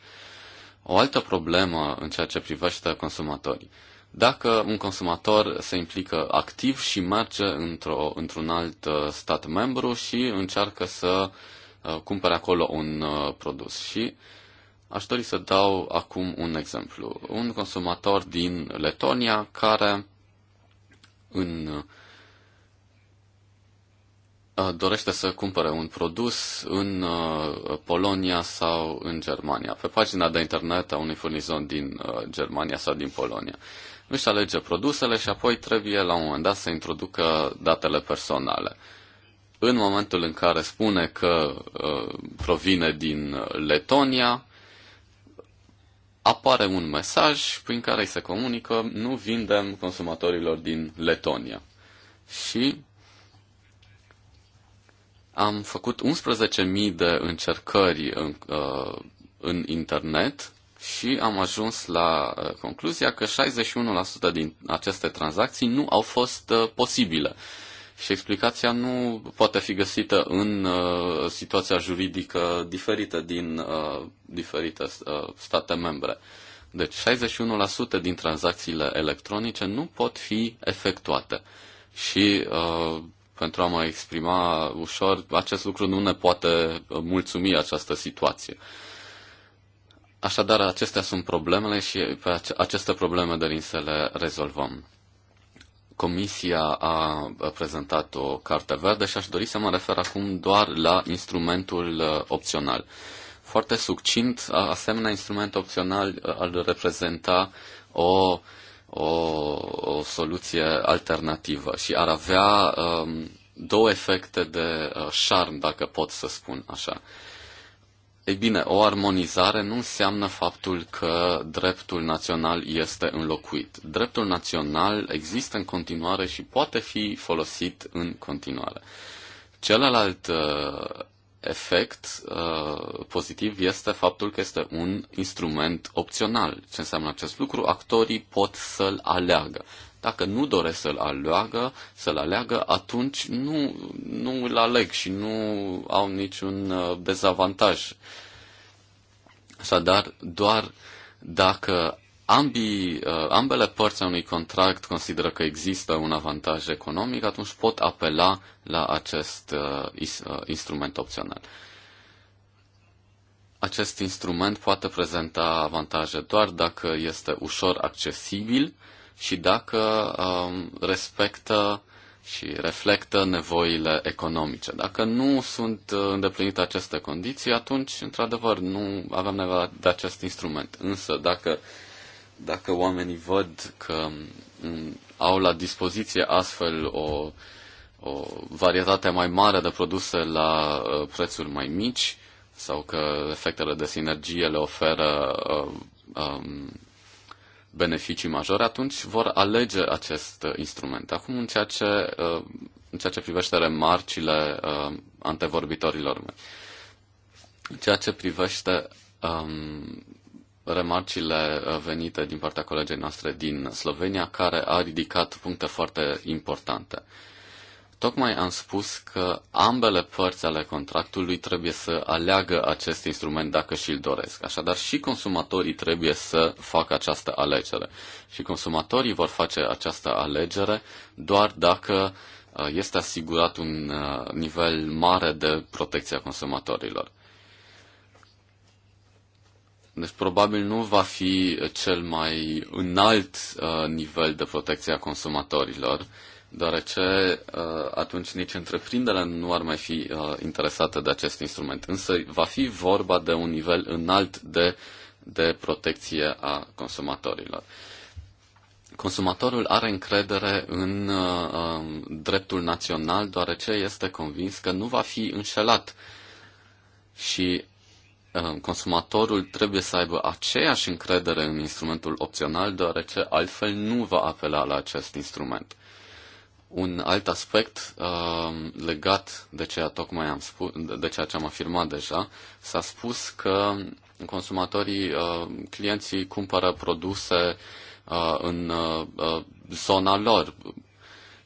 O altă problemă în ceea ce privește consumatorii. Dacă un consumator se implică activ și merge într-o, într-un alt stat membru și încearcă să cumpere acolo un produs și uh, Aș dori să dau acum un exemplu. Un consumator din Letonia care în, dorește să cumpere un produs în Polonia sau în Germania, pe pagina de internet a unui furnizor din Germania sau din Polonia. Își alege produsele și apoi trebuie la un moment dat să introducă datele personale în momentul în care spune că uh, provine din Letonia, apare un mesaj prin care se comunică nu vindem consumatorilor din Letonia. Și am făcut 11.000 de încercări în, uh, în internet și am ajuns la uh, concluzia că 61% din aceste tranzacții nu au fost uh, posibile și explicația nu poate fi găsită în uh, situația juridică diferită din uh, diferite uh, state membre. Deci 61% din tranzacțiile electronice nu pot fi efectuate. Și uh, pentru a mă exprima ușor, acest lucru nu ne poate uh, mulțumi această situație. Așadar, acestea sunt problemele și pe aceste probleme dorim să le rezolvăm. Comisia a prezentat o carte verde și aș dori să mă refer acum doar la instrumentul uh, opțional. Foarte succint, asemenea instrument opțional uh, ar reprezenta o, o, o soluție alternativă și ar avea um, două efecte de uh, dacă pot să spun așa. Uh, ei bine, o armonizare nu înseamnă faptul că dreptul național este înlocuit. Dreptul național există în continuare și poate fi folosit în continuare. Celălalt uh, efect uh, pozitiv este faptul că este un instrument opțional. Ce înseamnă acest lucru? Actorii pot să-l aleagă. Dacă nu doresc să-l aleagă, să-l aleagă, atunci nu, nu îl aleg și nu au niciun uh, dezavantaj. Așadar, doar dacă ambii, uh, ambele părți a unui contract consideră că există un avantaj economic, atunci pot apela la acest uh, uh, instrument opțional. Acest instrument poate prezenta avantaje doar dacă este ușor accesibil și dacă um, respectă și reflectă nevoile economice. Dacă nu sunt îndeplinite aceste condiții, atunci, într-adevăr, nu avem nevoie de acest instrument. Însă, dacă uh, dacă oamenii văd că mm, au la dispoziție astfel o, o varietate mai mare de produse la uh, prețuri mai mici sau că efectele de sinergie le oferă uh, um, beneficii majore, atunci vor alege acest uh, instrument. Acum, în ceea ce, în ceea ce privește remarcile antevorbitorilor mei, în ceea ce privește um, remarcile uh, venite din partea colegei noastre din Slovenia, care a ridicat puncte foarte importante. Tocmai am spus că ambele părți ale contractului trebuie să aleagă acest instrument dacă și-l doresc. Așadar, și consumatorii trebuie să facă această alegere. Și consumatorii vor face această alegere doar dacă uh, este asigurat un uh, nivel mare de protecție a consumatorilor. Deci probabil nu va fi cel mai înalt uh, nivel de protecție a consumatorilor, deoarece uh, atunci nici întreprinderea nu ar mai fi uh, interesată de acest instrument. Însă va fi vorba de un nivel înalt de, de protecție a consumatorilor. Consumatorul are încredere în uh, um, dreptul național, deoarece este convins că nu va fi înșelat și Um, consumatorul trebuie să aibă aceeași încredere în instrumentul opțional, deoarece altfel nu va apela la acest instrument. Un alt aspect uh, legat de ceea, tocmai am spus, de ceea ce am afirmat deja, s-a spus că consumatorii, uh, clienții cumpără produse uh, în uh, uh zona lor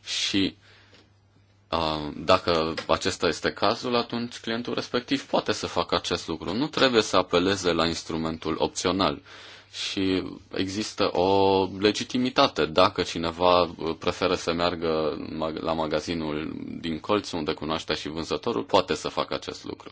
și Ah, dacă acesta este cazul, atunci clientul respectiv poate să facă acest lucru. Nu trebuie să apeleze la instrumentul opțional. Și există o legitimitate. Dacă cineva uh, preferă să meargă la magazinul din colț unde cunoaște și vânzătorul, poate să facă acest lucru.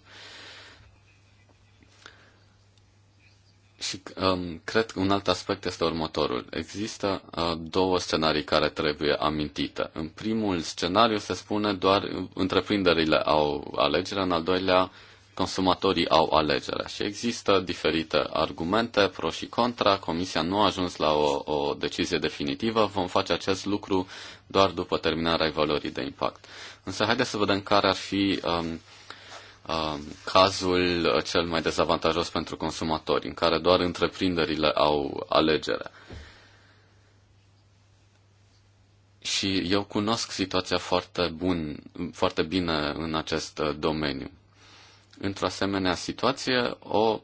Și um, cred că un alt aspect este următorul. Există uh, două scenarii care trebuie amintite. În primul scenariu se spune doar întreprinderile au alegere, în al doilea consumatorii au alegerea. Și există diferite argumente, pro și contra. Comisia nu a ajuns la o, o decizie definitivă. Vom face acest lucru doar după terminarea evaluării de impact. Însă haideți să vedem care ar fi um, Uh, cazul uh, cel mai dezavantajos pentru consumatori, în care doar întreprinderile au alegerea. Și eu cunosc situația foarte, bun, foarte bine în acest uh, domeniu. Într-o asemenea situație, o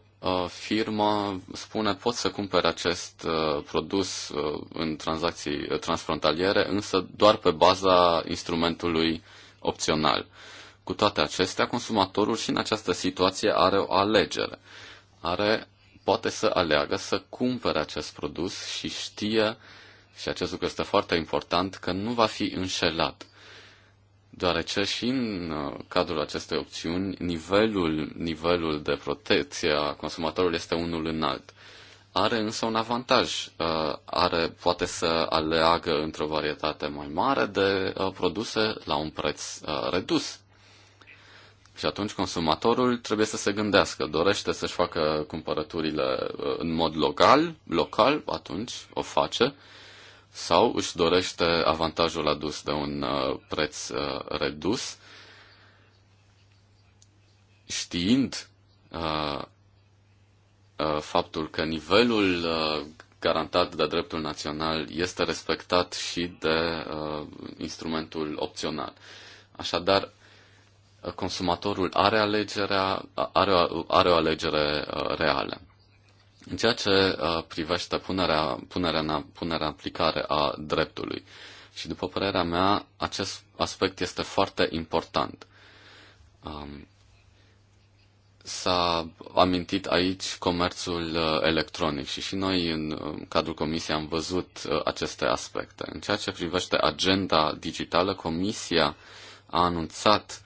firmă spune pot să cumpere acest produs în tranzacții transfrontaliere, însă doar pe baza instrumentului opțional. Cu toate acestea, consumatorul și în această situație are o alegere. Are, poate să aleagă să cumpere acest produs și știe, și acest lucru este foarte important, că nu va fi înșelat deoarece și în uh, cadrul acestei opțiuni nivelul, nivelul de protecție a consumatorului este unul înalt. Are însă un avantaj. Uh, are, poate să aleagă într-o varietate mai mare de uh, produse la un preț redus și atunci consumatorul trebuie să se gândească, dorește să-și facă cumpărăturile uh, în mod local, local, atunci o face, sau își dorește avantajul adus de un uh, preț uh, redus, știind faptul că nivelul garantat de dreptul național este respectat și de instrumentul opțional. Așadar, consumatorul are, alegerea, are, are o alegere uh, reală. În ceea ce uh, privește punerea, punerea, în, punerea în aplicare a dreptului. Și după părerea mea, acest aspect este foarte important. Um, s-a amintit aici comerțul uh, electronic și și noi în cadrul comisiei am văzut aceste aspecte. În ceea ce privește agenda digitală, comisia a anunțat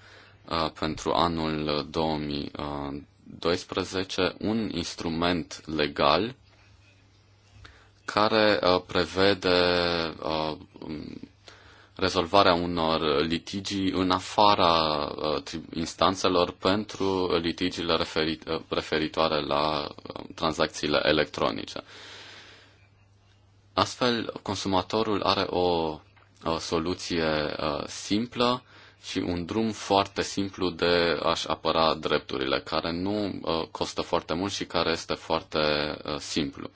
pentru anul 2012 un instrument legal care prevede rezolvarea unor litigii în afara instanțelor pentru litigiile referitoare la tranzacțiile electronice. Astfel, consumatorul are o, o soluție simplă și un drum foarte simplu de a-și apăra drepturile, care nu uh, costă foarte mult și care este foarte uh, simplu.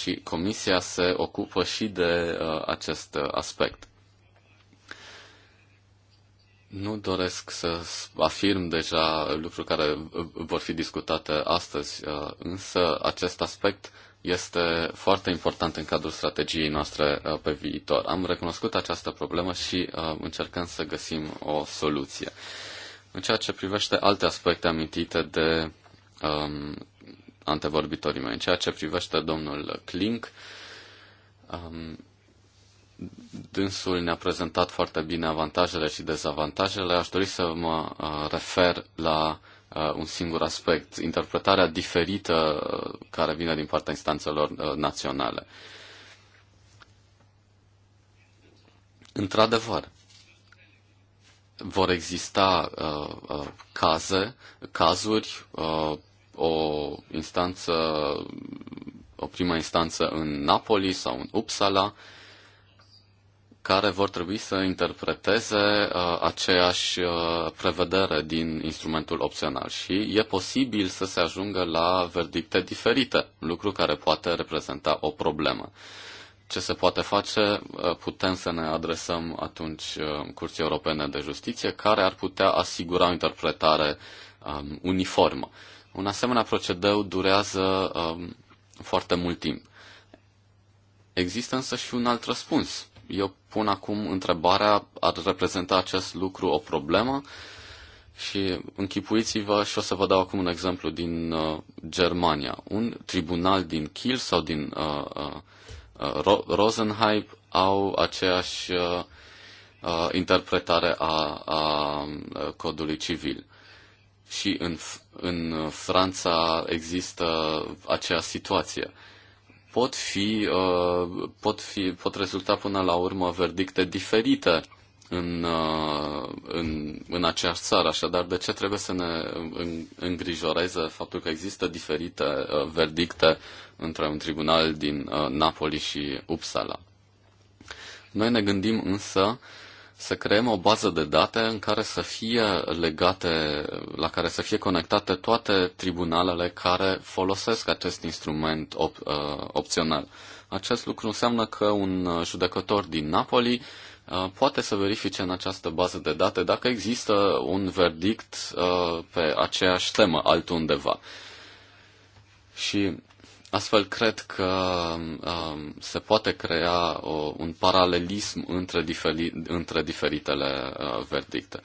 Și comisia se ocupă și de uh, acest aspect. Nu doresc să afirm deja lucruri care vor fi discutate astăzi, însă acest aspect este foarte important în cadrul strategiei noastre uh, pe viitor. Am recunoscut această problemă și uh, încercăm să găsim o soluție. În ceea ce privește alte aspecte amintite de um, antevorbitorii mei, în ceea ce privește domnul Klink, um, dânsul ne-a prezentat foarte bine avantajele și dezavantajele. Aș dori să mă uh, refer la Uh, un singur aspect, interpretarea diferită uh, care vine din partea instanțelor uh, naționale. Într-adevăr, vor exista uh, uh, caze, cazuri, uh, o instanță, o primă instanță în Napoli sau în Uppsala, care vor trebui să interpreteze uh, aceeași uh, prevedere din instrumentul opțional și e posibil să se ajungă la verdicte diferite, lucru care poate reprezenta o problemă. Ce se poate face? Uh, putem să ne adresăm atunci uh, Curții Europene de Justiție, care ar putea asigura o interpretare um, uniformă. Un asemenea procedeu durează um, foarte mult timp. Există însă și un alt răspuns eu pun acum întrebarea, ar reprezenta acest lucru o problemă? Și închipuiți-vă și o să vă dau acum un exemplu din uh, Germania. Un tribunal din Kiel sau din uh, uh, Ro- Rosenheim au aceeași uh, uh, interpretare a, a codului civil. Și în, în Franța există aceeași situație. Uh, pot, fi, uh, pot, fi, pot rezulta până la urmă verdicte diferite în, uh, în, în aceeași țară. Așadar, de ce trebuie să ne îngrijoreze faptul că există diferite uh, verdicte între un tribunal din Napoli și Uppsala? Noi ne gândim însă uh, să creăm o bază de date în care să fie legate, la care să fie conectate toate tribunalele care folosesc acest instrument op- uh, opțional. Acest lucru înseamnă că un judecător din Napoli uh, poate să verifice în această bază de date dacă există un verdict uh, pe aceeași temă altundeva. Și Astfel, cred că um, se poate crea o, un paralelism între, diferi, între diferitele uh, verdicte.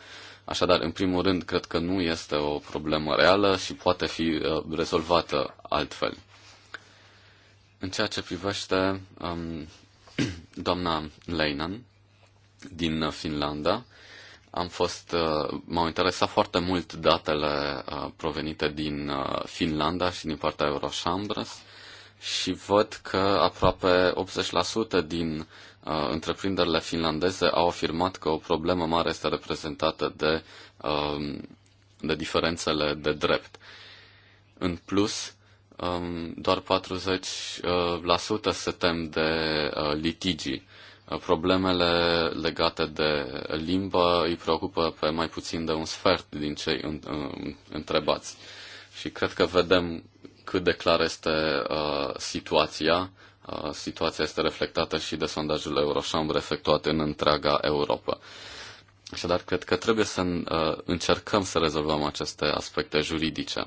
Așadar, în primul rând, cred că nu este o problemă reală și poate fi uh, rezolvată altfel. În ceea ce privește um, doamna Leinan din Finlanda, am fost, uh, m-au interesat foarte mult datele uh, provenite din uh, Finlanda și din partea Eurochambres și văd că aproape 80% din uh, întreprinderile finlandeze au afirmat că o problemă mare este reprezentată de, uh, de diferențele de drept. În plus, um, doar 40% uh, se tem de uh, litigii. Uh, problemele legate de limbă îi preocupă pe mai puțin de un sfert din cei uh, întrebați. Și cred că vedem cât de clar este uh, situația. Uh, situația este reflectată și de sondajul Eurochambre efectuat în întreaga Europa. Așadar, cred că trebuie să uh, încercăm să rezolvăm aceste aspecte juridice.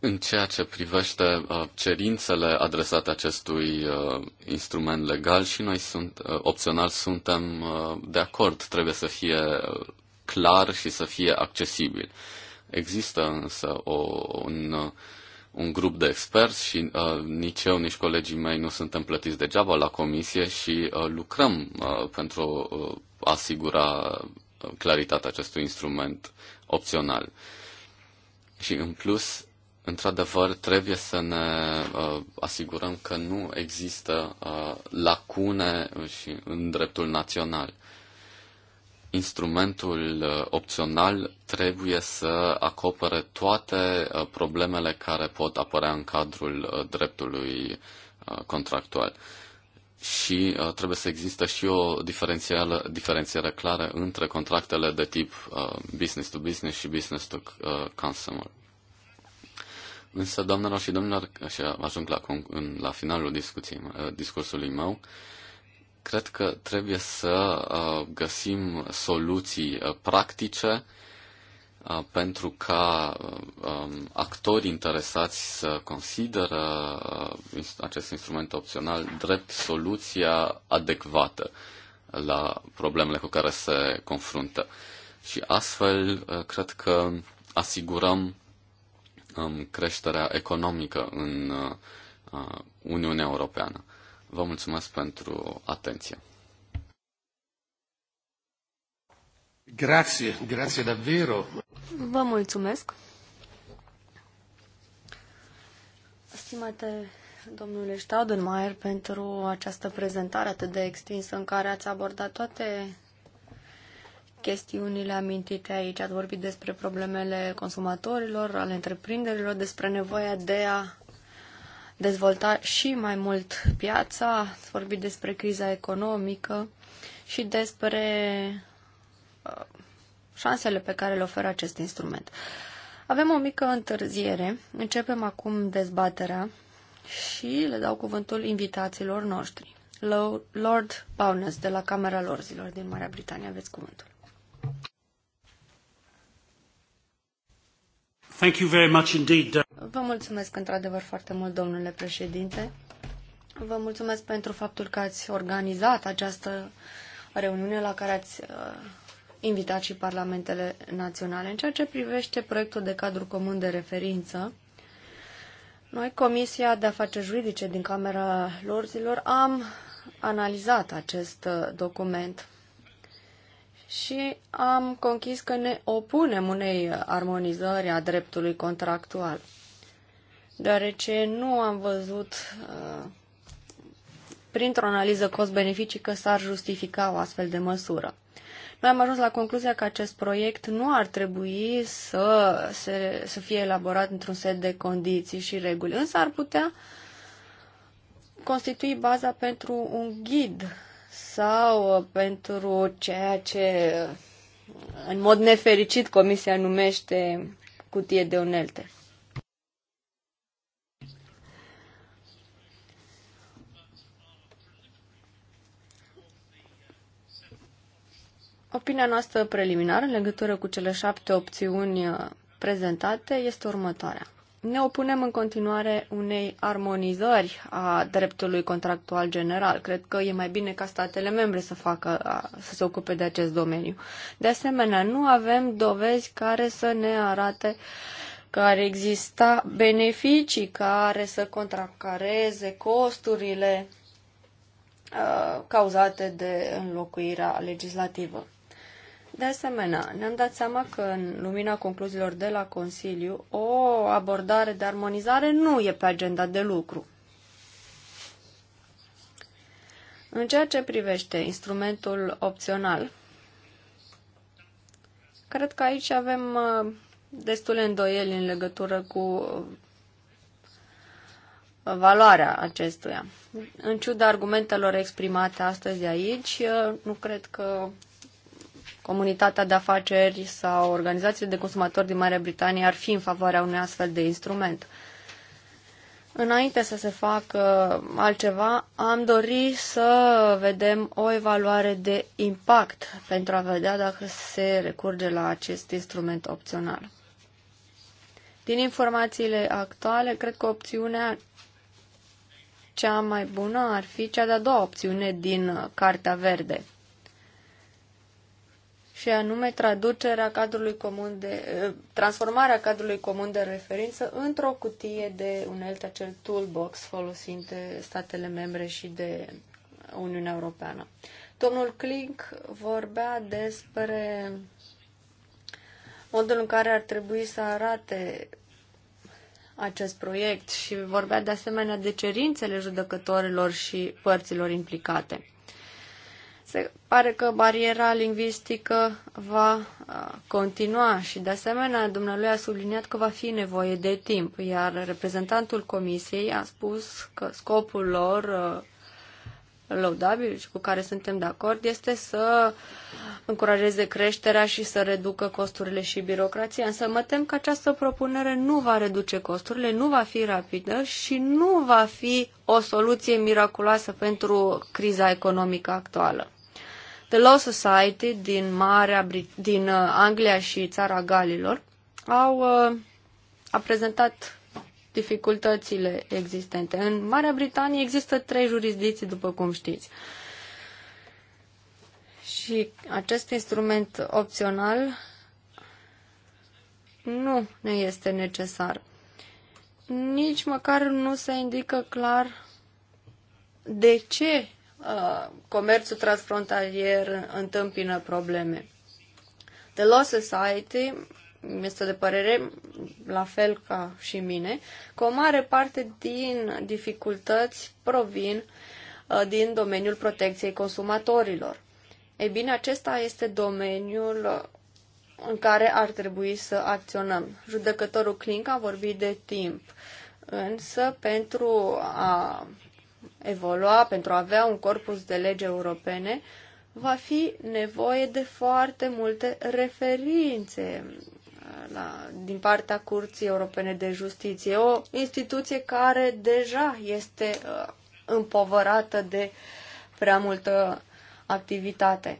În ceea ce privește uh, cerințele adresate acestui uh, instrument legal și noi sunt, uh, opțional suntem de acord, trebuie să fie clar și să fie accesibil. Există însă o, un, un grup de experți și uh, nici eu, nici colegii mei nu suntem plătiți degeaba la comisie și uh, lucrăm uh, pentru uh, a asigura uh, claritatea acestui instrument opțional. Și în plus, într-adevăr, trebuie să ne uh, asigurăm că nu există uh, lacune și în dreptul național instrumentul uh, opțional trebuie să acopere toate uh, problemele care pot apărea în cadrul uh, dreptului contractual. Și trebuie să există și o diferențiere clară între contractele de tip business to business și business to consumer. Însă, doamnelor și domnilor, și ajung la, la finalul discuției, discursului meu, uh, Cred că trebuie să uh, găsim soluții uh, practice uh, pentru ca um, actorii interesați să consideră acest instrument opțional drept soluția adecvată la problemele cu care se confruntă. Și astfel, cred că asigurăm um, creșterea economică în Uniunea Europeană. Vă mulțumesc pentru atenție. Grazie, grazie davvero. Vă mulțumesc. Stimate domnule Staudenmaier pentru această prezentare atât de extinsă în care ați abordat toate chestiunile amintite aici. Ați vorbit despre problemele consumatorilor, ale întreprinderilor, despre nevoia de a dezvolta și mai mult piața, ați vorbit despre criza economică și despre uh, șansele pe care le oferă acest instrument. Avem o mică întârziere, începem acum dezbaterea și le dau cuvântul invitațiilor noștri. Lord Bowness de la Camera Lorzilor din Marea Britanie, aveți cuvântul. Thank you very much indeed. Uh, Vă mulțumesc într-adevăr foarte mult, domnule președinte. Vă mulțumesc pentru faptul că ați organizat această reuniune la care ați uh, invitat și parlamentele naționale. În ceea ce privește proiectul de cadru comun de referință, noi, Comisia de Afaceri Juridice din Camera Lorzilor, am analizat acest uh, document și am conchis că ne opunem unei armonizări a dreptului contractual, deoarece nu am văzut uh, printr-o analiză cost-beneficii că s-ar justifica o astfel de măsură. Noi am ajuns la concluzia că acest proiect nu ar trebui să, se, să fie elaborat într-un set de condiții și reguli, însă ar putea constitui baza pentru un ghid sau uh, pentru ceea ce uh, în mod nefericit comisia numește cutie de unelte. Opinia noastră preliminară în legătură cu cele șapte opțiuni uh, prezentate este următoarea. Ne opunem în continuare unei armonizări a dreptului contractual general. Cred că e mai bine ca statele membre să, facă, să se ocupe de acest domeniu. De asemenea, nu avem dovezi care să ne arate că ar exista beneficii care să contracareze costurile uh, cauzate de înlocuirea legislativă. De asemenea, ne-am dat seama că în lumina concluziilor de la Consiliu, o abordare de armonizare nu e pe agenda de lucru. În ceea ce privește instrumentul opțional, cred că aici avem uh, destule îndoieli în legătură cu uh, valoarea acestuia. În ciuda argumentelor exprimate astăzi aici, uh, nu cred că comunitatea de afaceri sau organizațiile de consumatori din Marea Britanie ar fi în favoarea unui astfel de instrument. Înainte să se facă altceva, am dorit să vedem o evaluare de impact pentru a vedea dacă se recurge la acest instrument opțional. Din informațiile actuale, cred că opțiunea cea mai bună ar fi cea de-a doua opțiune din Cartea Verde – și anume traducerea cadrului comun de, eh, transformarea cadrului comun de referință într-o cutie de unelte, acel toolbox folosit de statele membre și de Uniunea Europeană. Domnul Klink vorbea despre modul în care ar trebui să arate acest proiect și vorbea de asemenea de cerințele judecătorilor și părților implicate. Se pare că bariera lingvistică va uh, continua și, de asemenea, dumnealui a subliniat că va fi nevoie de timp, iar reprezentantul comisiei a spus că scopul lor uh, laudabil și cu care suntem de acord este să încurajeze creșterea și să reducă costurile și birocrația. Însă mă tem că această propunere nu va reduce costurile, nu va fi rapidă și nu va fi o soluție miraculoasă pentru criza economică actuală. The Law Society din, Marea Brit- din uh, Anglia și Țara Galilor au uh, a prezentat dificultățile existente. În Marea Britanie există trei jurisdicții, după cum știți. Și acest instrument opțional nu ne este necesar. Nici măcar nu se indică clar de ce Uh, comerțul transfrontalier întâmpină probleme. The Law Society este de părere, la fel ca și mine, că o mare parte din dificultăți provin uh, din domeniul protecției consumatorilor. Ei bine, acesta este domeniul uh, în care ar trebui să acționăm. Judecătorul Clink a vorbit de timp, însă pentru a evolua, pentru a avea un corpus de legi europene, va fi nevoie de foarte multe referințe uh, la, din partea Curții Europene de Justiție, o instituție care deja este uh, împovărată de prea multă activitate.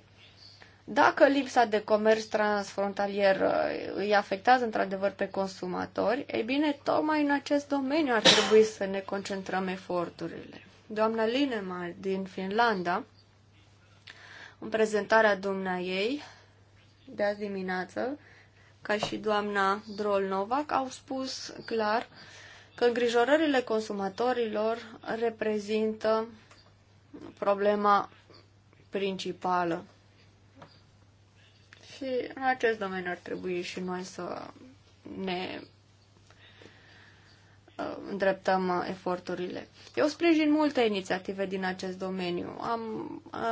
Dacă lipsa de comerț transfrontalier uh, îi afectează într-adevăr pe consumatori, ei bine, tocmai în acest domeniu ar trebui să ne concentrăm eforturile doamna Linemal din Finlanda, în prezentarea doamna ei de azi dimineață, ca și doamna Drolnovac, au spus clar că îngrijorările consumatorilor reprezintă problema principală. Și în acest domeniu ar trebui și noi să ne îndreptăm uh, eforturile. Eu sprijin multe inițiative din acest domeniu. Am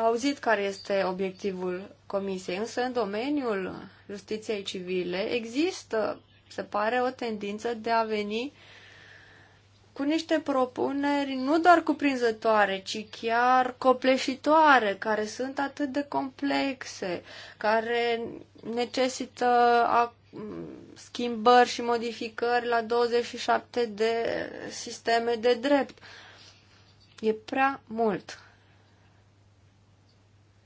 auzit care este obiectivul Comisiei, însă în domeniul justiției civile există, se pare, o tendință de a veni cu niște propuneri nu doar cuprinzătoare, ci chiar copleșitoare, care sunt atât de complexe, care necesită a schimbări și modificări la 27 de sisteme de drept. E prea mult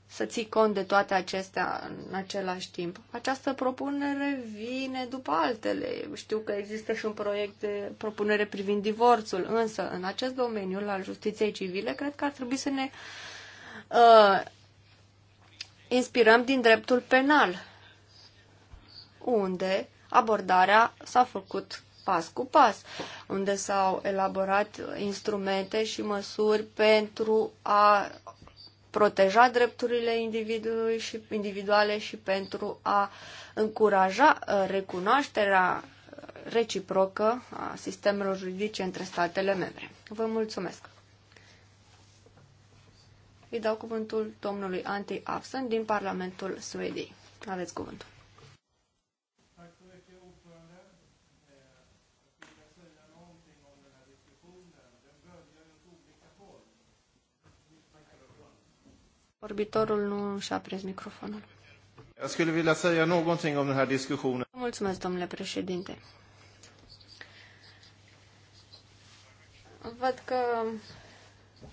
să ții cont de toate acestea în același timp. Această propunere vine după altele. Știu că există și un proiect de propunere privind divorțul, însă în acest domeniu, la justiției civile, cred că ar trebui să ne uh, inspirăm din dreptul penal unde abordarea s-a făcut pas cu pas, unde s-au elaborat instrumente și măsuri pentru a proteja drepturile individului și individuale și pentru a încuraja uh, recunoașterea uh, reciprocă a sistemelor juridice între statele membre. Vă mulțumesc! Îi dau cuvântul domnului Anti Afsen din Parlamentul Suediei. Aveți cuvântul. Orbitorul nu și-a prins microfonul. Jag skulle vilja säga någonting om den här diskussionen. Mulțumesc, domnule președinte. Văd că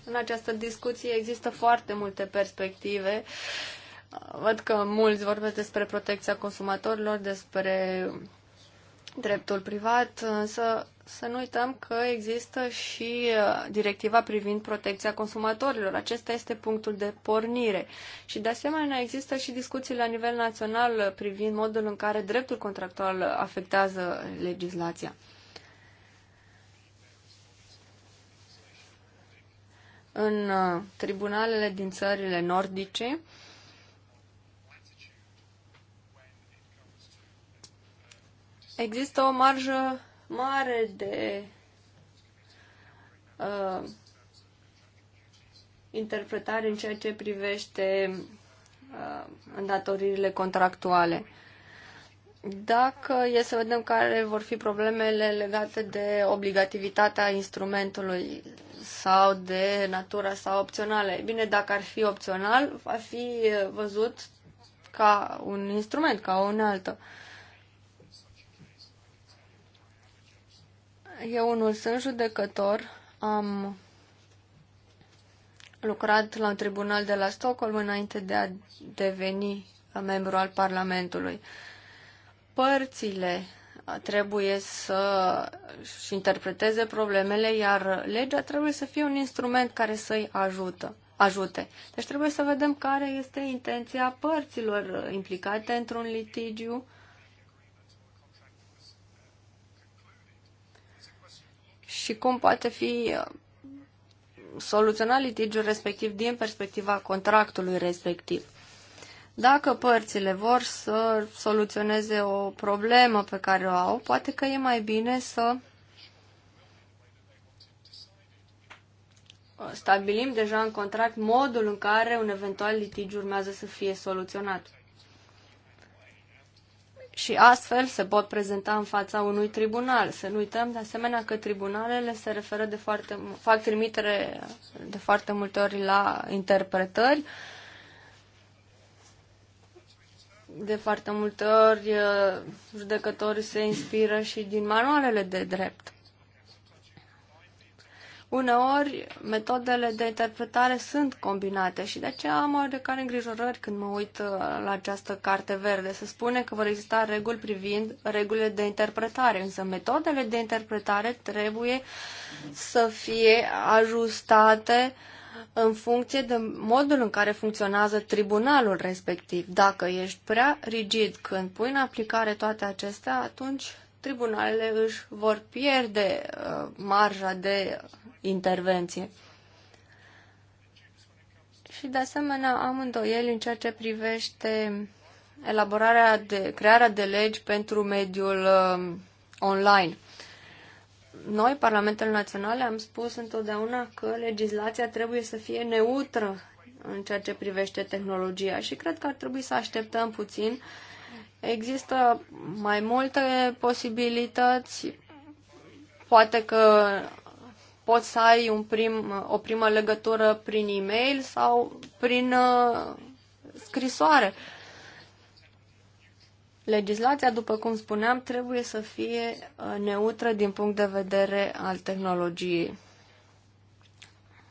în această discuție există foarte multe perspective. Văd că mulți vorbesc despre protecția consumatorilor, despre dreptul privat, însă să nu uităm că există și uh, directiva privind protecția consumatorilor. Acesta este punctul de pornire. Și de asemenea există și discuții la nivel național privind modul în care dreptul contractual afectează legislația. În uh, tribunalele din țările nordice, există o marjă mare de uh, interpretare în ceea ce privește uh, îndatoririle contractuale. Dacă e să vedem care vor fi problemele legate de obligativitatea instrumentului sau de natura sau opțională. bine, dacă ar fi opțional, va fi uh, văzut ca un instrument, ca o unealtă. Uh, Eu unul sunt judecător, am lucrat la un tribunal de la Stockholm înainte de a deveni membru al Parlamentului. Părțile trebuie să și interpreteze problemele, iar legea trebuie să fie un instrument care să-i ajută, ajute. Deci trebuie să vedem care este intenția părților implicate într-un litigiu și cum poate fi uh, soluționat litigiul respectiv din perspectiva contractului respectiv. Dacă părțile vor să soluționeze o problemă pe care o au, poate că e mai bine să stabilim deja în contract modul în care un eventual litigiu urmează să fie soluționat și astfel se pot prezenta în fața unui tribunal. Să nu uităm de asemenea că tribunalele se referă de foarte, fac trimitere de foarte multe ori la interpretări. De foarte multe ori eh, judecătorii se inspiră și din manualele de drept. Uneori, metodele de interpretare sunt combinate și de aceea am oarecare îngrijorări când mă uit uh, la această carte verde. Se spune că vor exista reguli privind regulile de interpretare, însă metodele de interpretare trebuie să fie ajustate în funcție de modul în care funcționează tribunalul respectiv. Dacă ești prea rigid când pui în aplicare toate acestea, atunci tribunalele își vor pierde uh, marja de intervenție. Și de asemenea am îndoieli în ceea ce privește elaborarea de, crearea de legi pentru mediul uh, online. Noi, Parlamentul Național am spus întotdeauna că legislația trebuie să fie neutră în ceea ce privește tehnologia și cred că ar trebui să așteptăm puțin. Există mai multe posibilități. Poate că poți să ai un prim, o primă legătură prin e-mail sau prin uh, scrisoare. Legislația, după cum spuneam, trebuie să fie uh, neutră din punct de vedere al tehnologiei.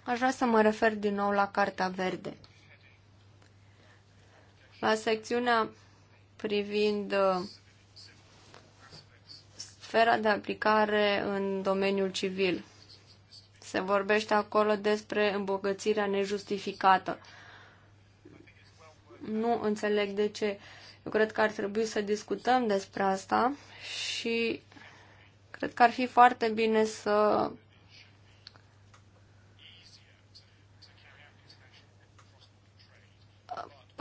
Aș vrea să mă refer din nou la Cartea Verde. La secțiunea privind uh, sfera de aplicare în domeniul civil. Se vorbește acolo despre îmbogățirea nejustificată. Nu înțeleg de ce. Eu cred că ar trebui să discutăm despre asta și cred că ar fi foarte bine să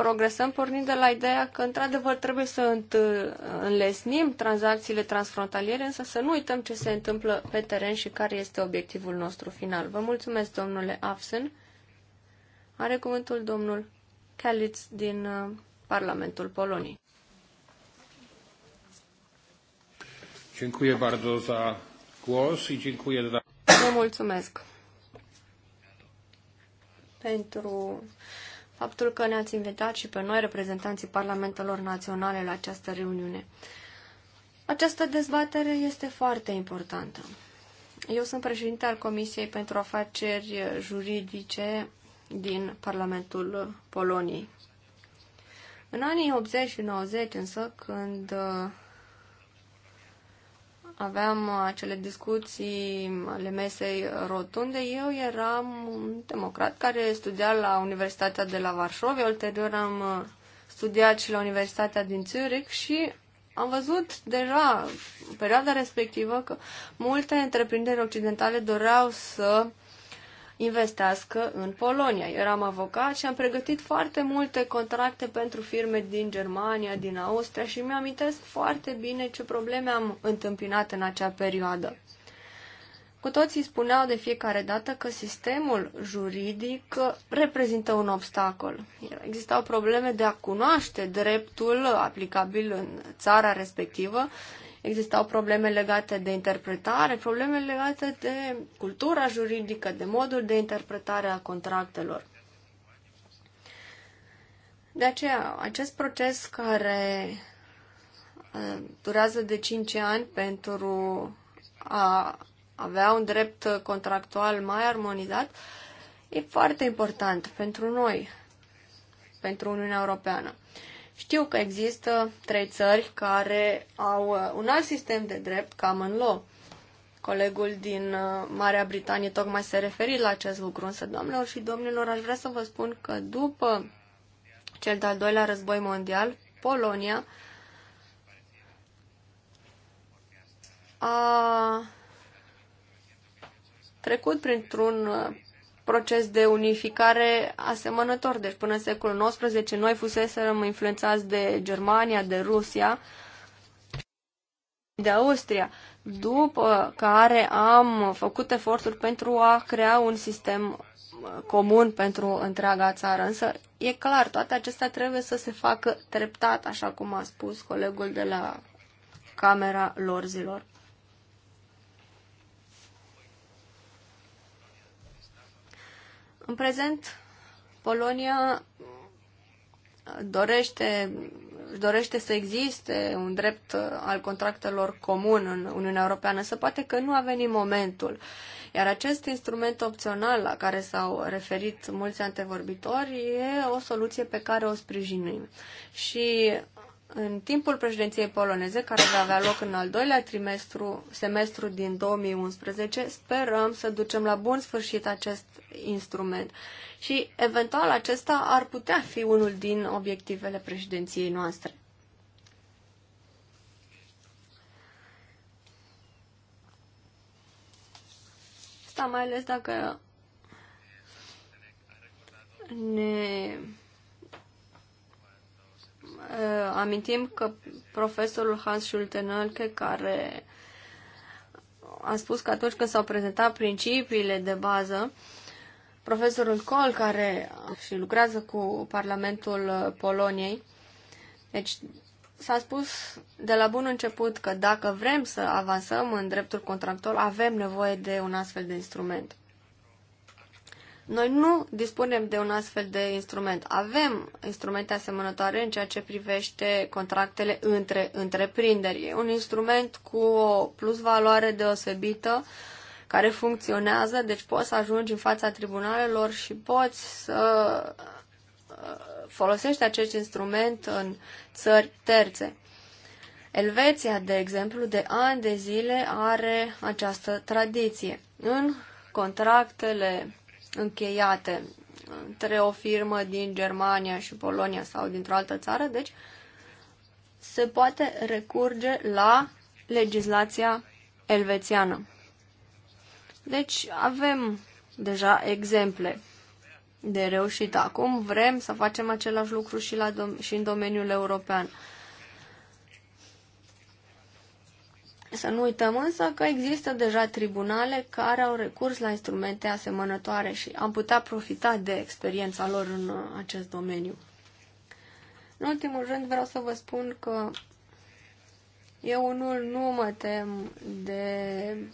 progresăm pornind de la ideea că, într-adevăr, trebuie să înlesnim tranzacțiile transfrontaliere, însă să nu uităm ce se întâmplă pe teren și care este obiectivul nostru final. Vă mulțumesc, domnule Afsen. Are cuvântul domnul Kalitz din uh, Parlamentul Poloniei. Vă mulțumesc pentru faptul că ne-ați invitat și pe noi, reprezentanții parlamentelor naționale, la această reuniune. Această dezbatere este foarte importantă. Eu sunt președinte al Comisiei pentru Afaceri Juridice din Parlamentul Poloniei. În anii 80 și 90, însă, când aveam uh, acele discuții ale mesei rotunde, eu eram un democrat care studia la Universitatea de la Varșovia, ulterior am uh, studiat și la Universitatea din Zurich și am văzut deja în perioada respectivă că multe întreprinderi occidentale doreau să uh, investească în Polonia. Eram avocat și am pregătit foarte multe contracte pentru firme din Germania, din Austria și mi-amintesc am foarte bine ce probleme am întâmpinat în acea perioadă. Cu toții spuneau de fiecare dată că sistemul juridic reprezintă un obstacol. Existau probleme de a cunoaște dreptul aplicabil în țara respectivă Existau probleme legate de interpretare, probleme legate de cultura juridică, de modul de interpretare a contractelor. De aceea, acest proces care uh, durează de 5 ani pentru a avea un drept contractual mai armonizat, e foarte important pentru noi, pentru Uniunea Europeană. Știu că există trei țări care au uh, un alt sistem de drept, common law. Colegul din uh, Marea Britanie tocmai se referi la acest lucru, însă, doamnelor și domnilor, aș vrea să vă spun că după cel de-al doilea război mondial, Polonia a trecut printr-un uh, proces de unificare asemănător. Deci până în secolul XIX noi fuseserăm influențați de Germania, de Rusia, de Austria, după care am făcut eforturi pentru a crea un sistem uh, comun pentru întreaga țară. Însă, e clar, toate acestea trebuie să se facă treptat, așa cum a spus colegul de la Camera Lorzilor. În prezent, Polonia dorește, dorește să existe un drept al contractelor comun în Uniunea Europeană, să poate că nu a venit momentul. Iar acest instrument opțional la care s-au referit mulți antevorbitori e o soluție pe care o sprijinim. Și în timpul președinției poloneze, care va avea loc în al doilea trimestru, semestru din 2011, sperăm să ducem la bun sfârșit acest instrument și, eventual, acesta ar putea fi unul din obiectivele președinției noastre. Asta mai ales dacă ne Eh, amintim că profesorul Hans Schultenelke, care a spus că atunci când s-au prezentat principiile de bază, profesorul Kohl, care și lucrează cu Parlamentul eh, Poloniei, deci s-a spus de la bun început că dacă vrem să avansăm în dreptul contractual, avem nevoie de un astfel de instrument. Noi nu dispunem de un astfel de instrument. Avem instrumente asemănătoare în ceea ce privește contractele între întreprinderi. E un instrument cu o plusvaloare deosebită care funcționează, deci poți să ajungi în fața tribunalelor și poți să uh, folosești acest instrument în țări terțe. Elveția, de exemplu, de ani de zile are această tradiție. În contractele încheiate între o firmă din Germania și Polonia sau dintr-o altă țară, deci se poate recurge la legislația elvețiană. Deci avem deja exemple de reușită. Acum vrem să facem același lucru și, la dom- și în domeniul european. Să nu uităm însă că există deja tribunale care au recurs la instrumente asemănătoare și am putea profita de experiența lor în acest domeniu. În ultimul rând vreau să vă spun că eu unul nu mă tem de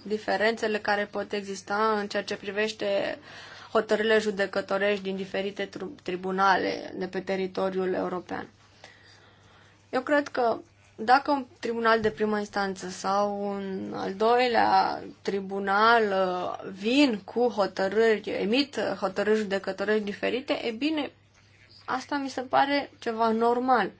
diferențele care pot exista în ceea ce privește hotărârile judecătorești din diferite tribunale de pe teritoriul european. Eu cred că dacă un tribunal de primă instanță sau un al doilea tribunal uh, vin cu hotărâri, emit hotărâri judecătorești diferite, e bine, asta mi se pare ceva normal.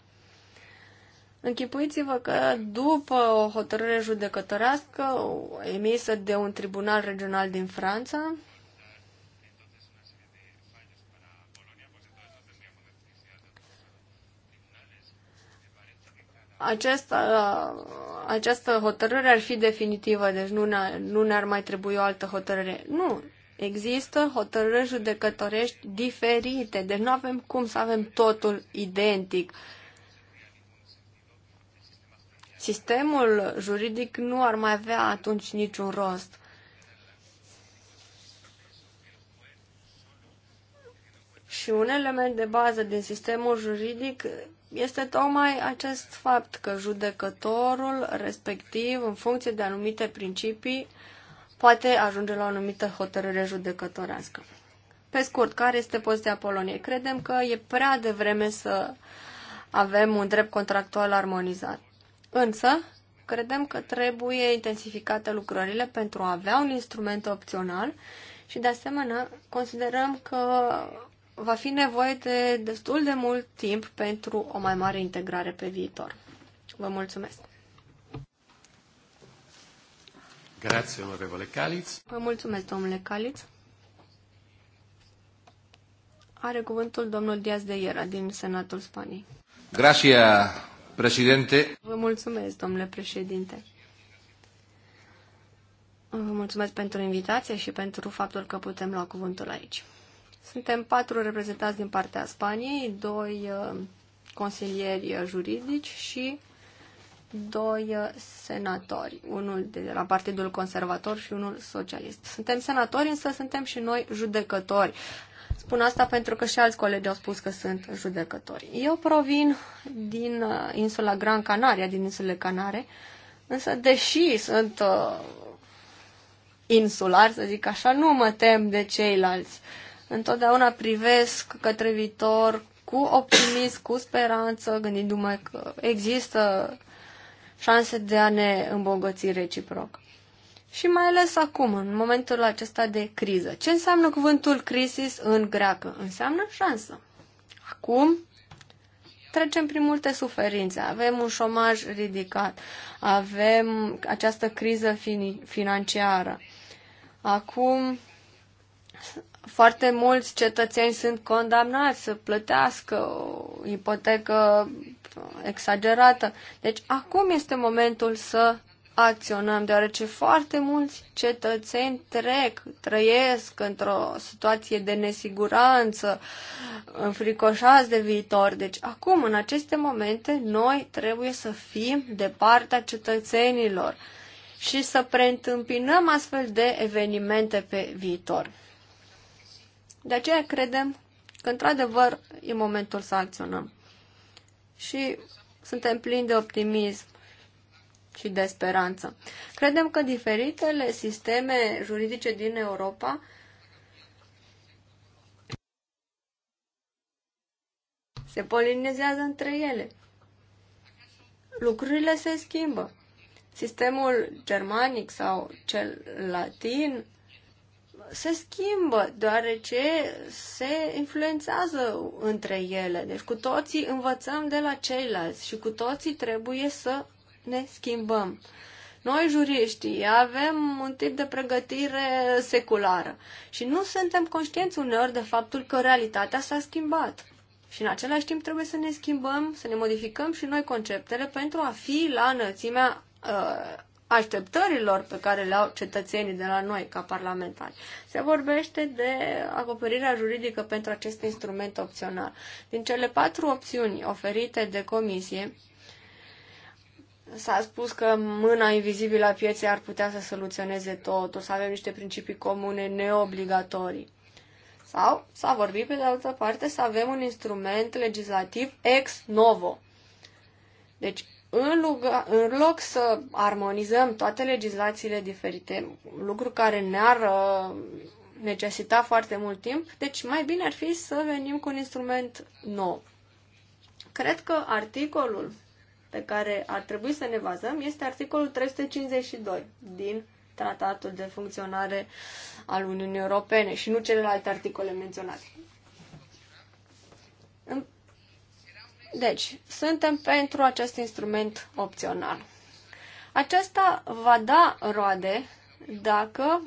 Închipuiți-vă că după o hotărâre judecătorească emisă de un tribunal regional din Franța, acest, uh, această hotărâre ar fi definitivă, deci nu, ne, nu ne-ar mai trebui o altă hotărâre. Nu, există hotărâri judecătorești diferite, deci nu avem cum să avem totul identic. Sistemul juridic nu ar mai avea atunci niciun rost. Și un element de bază din sistemul juridic este tocmai acest fapt că judecătorul respectiv, în funcție de anumite principii, poate ajunge la o anumită hotărâre judecătorească. Pe scurt, care este poziția Poloniei? Credem că e prea devreme să avem un drept contractual armonizat. Însă, credem că trebuie intensificate lucrările pentru a avea un instrument opțional și, de asemenea, considerăm că va fi nevoie de destul de mult timp pentru o mai mare integrare pe viitor. Vă mulțumesc! Grazie, onorevole Caliț. Vă mulțumesc, domnule Caliț. Are cuvântul domnul Diaz de Iera din Senatul Spaniei. Grazie, președinte. Vă mulțumesc, domnule președinte. Vă mulțumesc pentru invitație și pentru faptul că putem lua cuvântul aici. Suntem patru reprezentați din partea Spaniei, doi uh, consilieri juridici și doi uh, senatori, unul de la Partidul Conservator și unul socialist. Suntem senatori, însă suntem și noi judecători. Spun asta pentru că și alți colegi au spus că sunt judecători. Eu provin din uh, insula Gran Canaria, din insulele Canare, însă deși sunt uh, insular, să zic așa, nu mă tem de ceilalți uh, întotdeauna privesc către viitor cu optimism, cu speranță, gândindu-mă că există șanse de a ne îmbogăți reciproc. Și mai ales acum, în momentul acesta de criză. Ce înseamnă cuvântul crisis în greacă? Înseamnă șansă. Acum trecem prin multe suferințe, avem un șomaj ridicat, avem această criză financiară. Acum foarte mulți cetățeni sunt condamnați să plătească o ipotecă exagerată. Deci acum este momentul să acționăm, deoarece foarte mulți cetățeni trec, trăiesc într-o situație de nesiguranță, înfricoșați de viitor. Deci acum, în aceste momente, noi trebuie să fim de partea cetățenilor și să preîntâmpinăm astfel de evenimente pe viitor. De aceea credem că, într-adevăr, e momentul să acționăm. Și suntem plini de optimism și de speranță. Credem că diferitele sisteme juridice din Europa se polinizează între ele. Lucrurile se schimbă. Sistemul germanic sau cel latin se schimbă, deoarece se influențează între ele. Deci cu toții învățăm de la ceilalți și cu toții trebuie să ne schimbăm. Noi, juriștii, avem un tip de pregătire seculară și nu suntem conștienți uneori de faptul că realitatea s-a schimbat. Și în același timp trebuie să ne schimbăm, să ne modificăm și noi conceptele pentru a fi la înălțimea uh, așteptărilor pe care le au cetățenii de la noi ca parlamentari. Se vorbește de acoperirea juridică pentru acest instrument opțional. Din cele patru opțiuni oferite de comisie, S-a spus că mâna invizibilă a pieței ar putea să soluționeze totul, să avem niște principii comune neobligatorii. Sau s-a vorbit, pe de altă parte, să avem un instrument legislativ ex novo. Deci, în, în loc să armonizăm toate legislațiile diferite, lucru care ne-ar uh, necesita foarte mult timp, deci mai bine ar fi să venim cu un instrument nou. Cred că articolul pe care ar trebui să ne bazăm este articolul 352 din Tratatul de Funcționare al Uniunii Europene și nu celelalte articole menționate. Deci, suntem pentru acest instrument opțional. Acesta va da roade dacă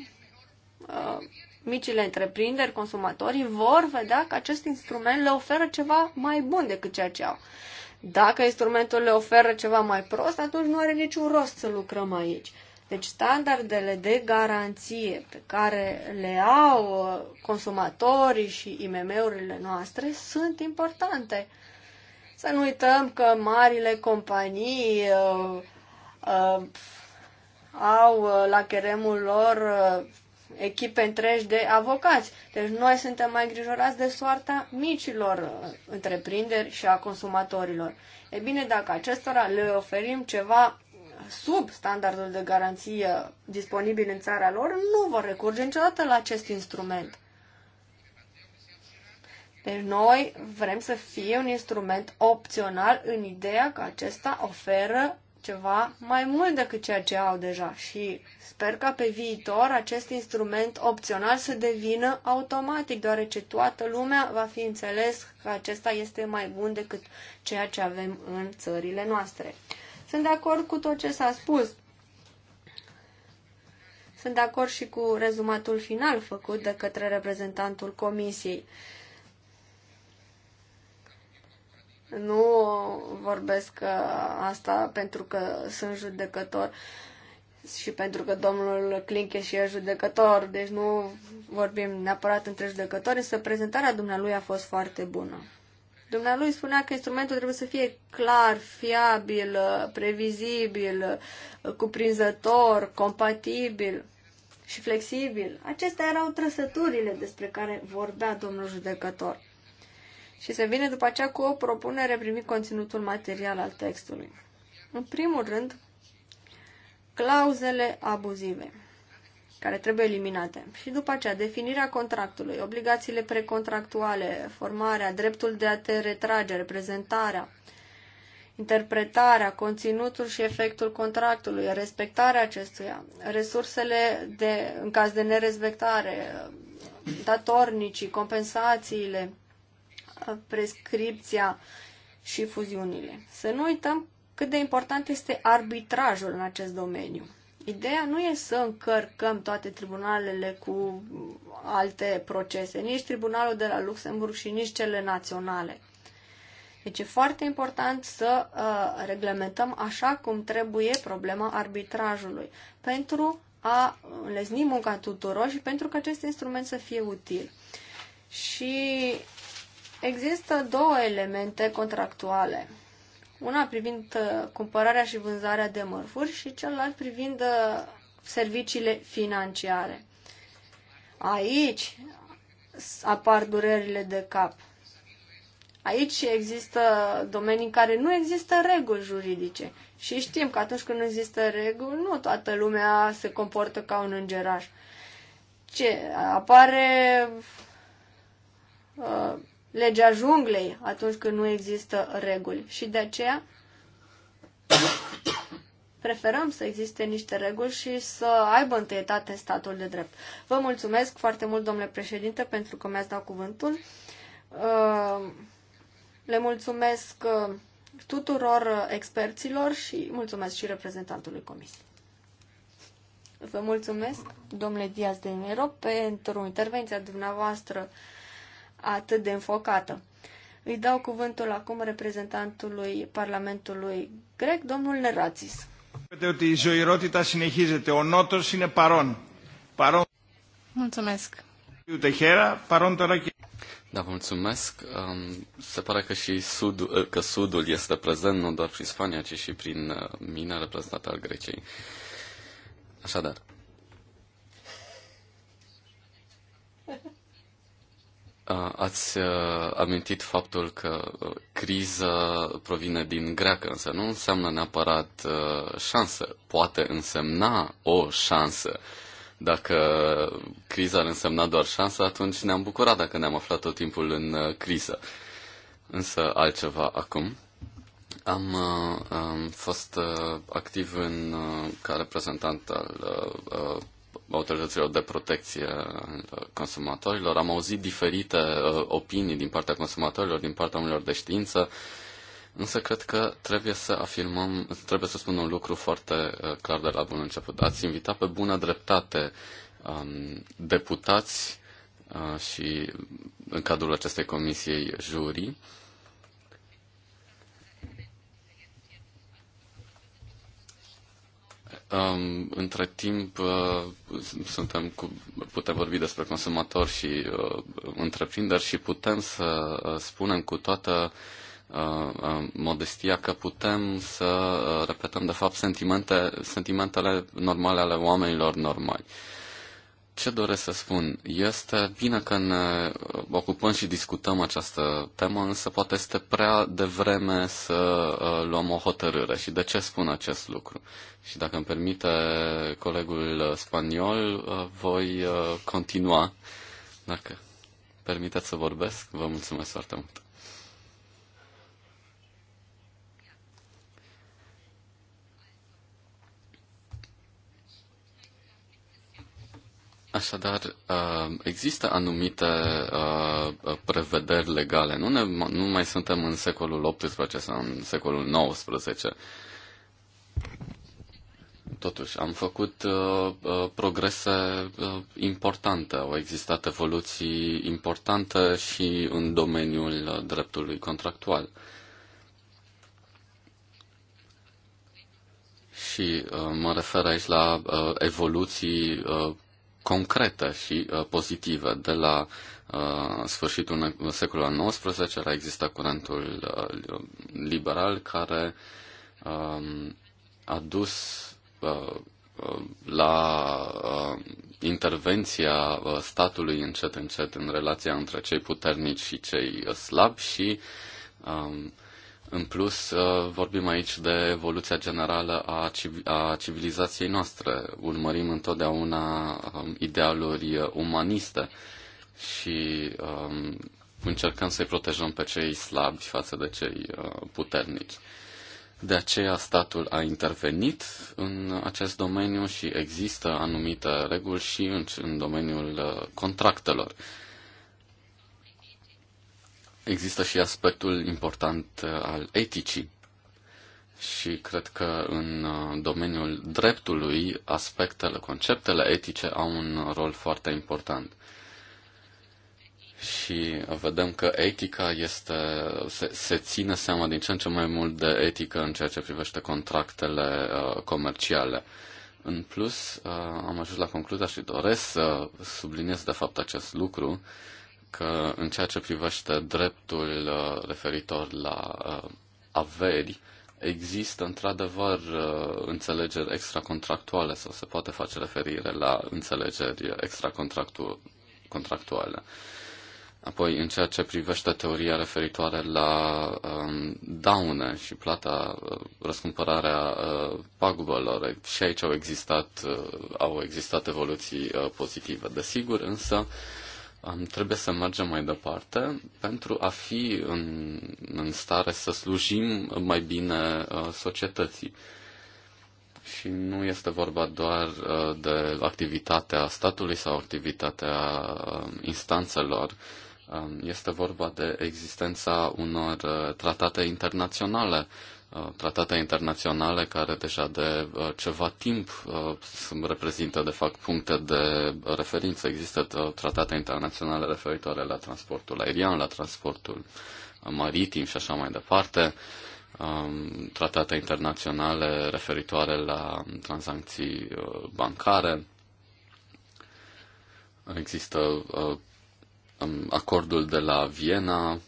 uh, micile întreprinderi, consumatorii vor vedea că acest instrument le oferă ceva mai bun decât ceea ce au. Dacă instrumentul le oferă ceva mai prost, atunci nu are niciun rost să lucrăm aici. Deci standardele de garanție pe care le au uh, consumatorii și IMM-urile noastre sunt importante. Să nu uităm că marile companii uh, uh, au uh, la cheremul lor uh, echipe întregi de avocați. Deci noi suntem mai grijorați de soarta micilor uh, întreprinderi și a consumatorilor. E bine, dacă acestora le oferim ceva sub standardul de garanție disponibil în țara lor, nu vor recurge niciodată la acest instrument. Deci noi vrem să fie un instrument opțional în ideea că acesta oferă ceva mai mult decât ceea ce au deja și sper ca pe viitor acest instrument opțional să devină automatic, deoarece toată lumea va fi înțeles că acesta este mai bun decât ceea ce avem în țările noastre. Sunt de acord cu tot ce s-a spus. Sunt de acord și cu rezumatul final făcut de către reprezentantul Comisiei. Uh, Nu vorbesc uh, asta pentru că sunt judecător și pentru că domnul Clinche și e judecător, deci nu vorbim neapărat între judecători, însă prezentarea dumnealui a fost foarte bună. Dumnealui spunea că instrumentul trebuie să fie clar, fiabil, previzibil, cuprinzător, compatibil și flexibil. Acestea erau trăsăturile despre care vorbea domnul judecător și se vine după aceea cu o propunere privind conținutul material al textului. În primul rând, clauzele abuzive care trebuie eliminate. Și după aceea, definirea contractului, obligațiile precontractuale, formarea, dreptul de a te retrage, reprezentarea, interpretarea, conținutul și efectul contractului, respectarea acestuia, resursele de, în caz de nerespectare, datornicii, compensațiile, prescripția și fuziunile. Să nu uităm cât de important este arbitrajul în acest domeniu. Ideea nu e să încărcăm toate tribunalele cu alte procese, nici tribunalul de la Luxemburg și nici cele naționale. Deci e foarte important să uh, reglementăm așa cum trebuie problema arbitrajului pentru a lezni munca tuturor și pentru că acest instrument să fie util. Și Există două elemente contractuale. Una privind uh, cumpărarea și vânzarea de mărfuri și celălalt privind uh, serviciile financiare. Aici apar durerile de cap. Aici există domenii în care nu există reguli juridice. Și știm că atunci când nu există reguli, nu toată lumea se comportă ca un îngeraș. Ce? Apare uh, legea junglei atunci când nu există reguli. Și de aceea preferăm să existe niște reguli și să aibă întâietate statul de drept. Vă mulțumesc foarte mult, domnule președinte, pentru că mi-ați dat cuvântul. Uh, le mulțumesc uh, tuturor experților și mulțumesc și reprezentantului comisiei. Vă mulțumesc, domnule Diaz de Miro, pentru intervenția dumneavoastră atât de înfocată. Îi dau cuvântul acum reprezentantului Parlamentului grec, domnul Neratis. Mulțumesc. Da, mulțumesc. Um, se pare că și sudul, că sudul este prezent nu doar prin Spania, ci și prin uh, mine reprezentat al Greciei. Așadar, Uh, ați uh, amintit faptul că uh, criza provine din greacă, însă nu înseamnă neapărat șansă. Poate însemna o șansă. Dacă criza ar însemna doar șansă, atunci ne-am bucurat dacă ne-am aflat tot timpul în criză. Însă altceva acum. Am, am fost activ în, ca reprezentant al autorităților de protecție consumatorilor. Am auzit diferite uh, opinii din partea consumatorilor, din partea oamenilor de știință, însă cred că trebuie să afirmăm, trebuie să spun un lucru foarte uh, clar de la bun început. Ați invitat pe bună dreptate um, deputați uh, și în cadrul acestei comisiei jurii Um, între timp, uh, suntem cu, putem vorbi despre consumatori și uh, întreprinderi și putem să uh, spunem cu toată uh, uh modestia că putem să uh, repetăm, de fapt, sentimente, sentimentele normale ale oamenilor normali. Uh, ce doresc să spun? Este bine că ne ocupăm și discutăm această temă, însă poate este prea devreme să uh, luăm o hotărâre. Și de ce spun acest lucru? Și dacă îmi permite colegul spaniol, uh, voi uh, continua. Dacă permiteți să vorbesc, vă mulțumesc foarte mult. Așadar, uh, există anumite uh, prevederi legale. Nu, ne, nu mai suntem în secolul XVIII sau în secolul XIX. Totuși, am făcut uh, progrese importante, au existat evoluții importante și în domeniul dreptului contractual. Și mă refer aici la evoluții concretă și uh, pozitivă. De la uh, sfârșitul secolului XIX a existat curentul uh, liberal care um, a dus la intervenția statului încet încet în relația între cei puternici și cei slabi și um, în plus, uh, vorbim aici de evoluția generală a, civilizației noastre. Urmărim întotdeauna um, idealuri uh, umaniste și um, încercăm să-i protejăm pe cei slabi față de cei uh, puternici. De aceea statul a intervenit în acest domeniu și există anumite reguli și în domeniul contractelor există și aspectul important uh, al eticii. Și cred că în uh, domeniul dreptului, aspectele, conceptele etice au un rol foarte important. Și vedem că etica este, se, se ține seama din ce în ce mai mult de etică în ceea ce privește contractele uh, comerciale. În plus, uh, am ajuns la concluzia și doresc să subliniez de fapt acest lucru, uh, că în ceea ce privește dreptul uh, referitor la uh, averi, există într-adevăr uh, înțelegeri extracontractuale sau se poate face referire la înțelegeri extracontractuale. Apoi, în ceea ce privește teoria referitoare la um, daune și plata, răscumpărarea uh, pagubelor, și aici au existat, uh, au existat evoluții uh, pozitive. Desigur, însă, uh, trebuie să mergem mai departe pentru a fi în, în stare să slujim mai bine uh, societății. Și nu este vorba doar uh, de activitatea statului sau activitatea uh, instanțelor, um, este vorba de existența unor tratate internaționale Uh, tratate internaționale care deja de uh, ceva timp uh, reprezintă de fapt puncte de referință. Există tratate internaționale referitoare la transportul aerian, la transportul maritim și așa mai departe, um, tratate internaționale referitoare la tranzacții bancare. Există um, acordul de la Viena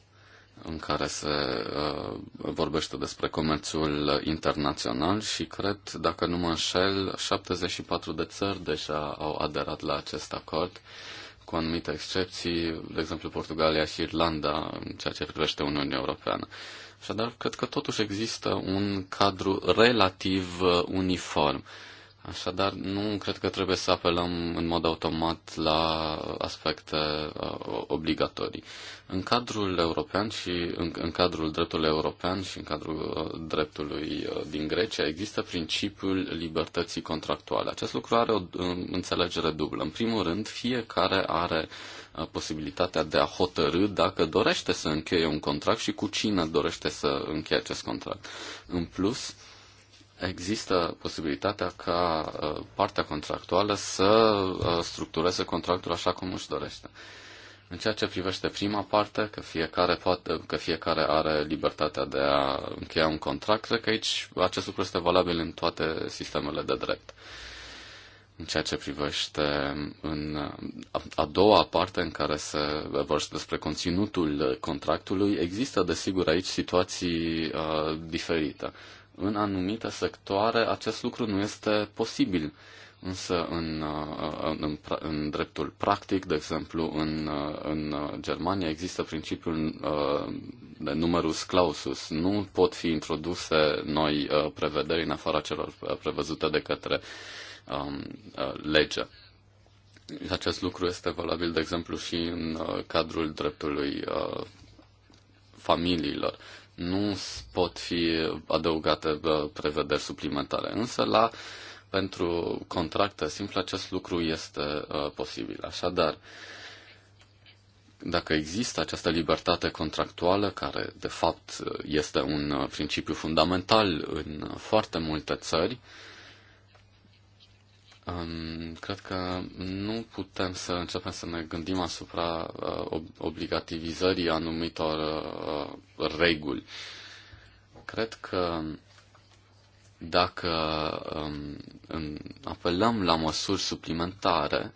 în care se uh, vorbește despre comerțul internațional și cred, dacă nu mă înșel, 74 de țări deja au aderat la acest acord, cu anumite excepții, de exemplu Portugalia și Irlanda, în ceea ce privește Uniunea Europeană. Așadar, cred că totuși există un cadru relativ uh, uniform. Uh, Așadar, nu cred că trebuie să apelăm în mod automat la aspecte uh, obligatorii. În cadrul european și în, în cadrul dreptului european și în cadrul uh, dreptului uh, din Grecia există principiul libertății contractuale. Acest lucru are o uh, înțelegere dublă. În primul rând, fiecare are uh, posibilitatea de a hotărâ dacă dorește să încheie un contract și cu cine dorește să încheie acest contract. În plus, uh, există posibilitatea ca uh, partea contractuală să uh, structureze contractul așa cum își dorește. În ceea ce privește prima parte, că fiecare, poate, uh, că fiecare are libertatea de a încheia un contract, cred că aici acest lucru este valabil în toate sistemele de drept. În ceea ce privește în a doua parte în care se vorbește despre conținutul contractului, există desigur aici situații uh, diferite în anumite sectoare acest lucru nu este posibil. Însă în, uh, în, în dreptul practic, de exemplu, în, uh, în Germania există principiul uh, de numerus clausus. Nu pot fi introduse noi prevederi în afara celor prevăzute de către um, lege. Acest lucru este valabil, de exemplu, și în cadrul dreptului uh, familiilor nu pot fi adăugate prevederi suplimentare. Însă la pentru contracte simple acest lucru este uh, posibil. Așadar, dacă există această libertate contractuală, care de fapt este un ă, principiu fundamental în foarte multe țări, uh, Um, cred că nu putem să începem să ne gândim asupra uh, obligativizării anumitor uh, reguli. Cred că dacă um, apelăm la măsuri suplimentare,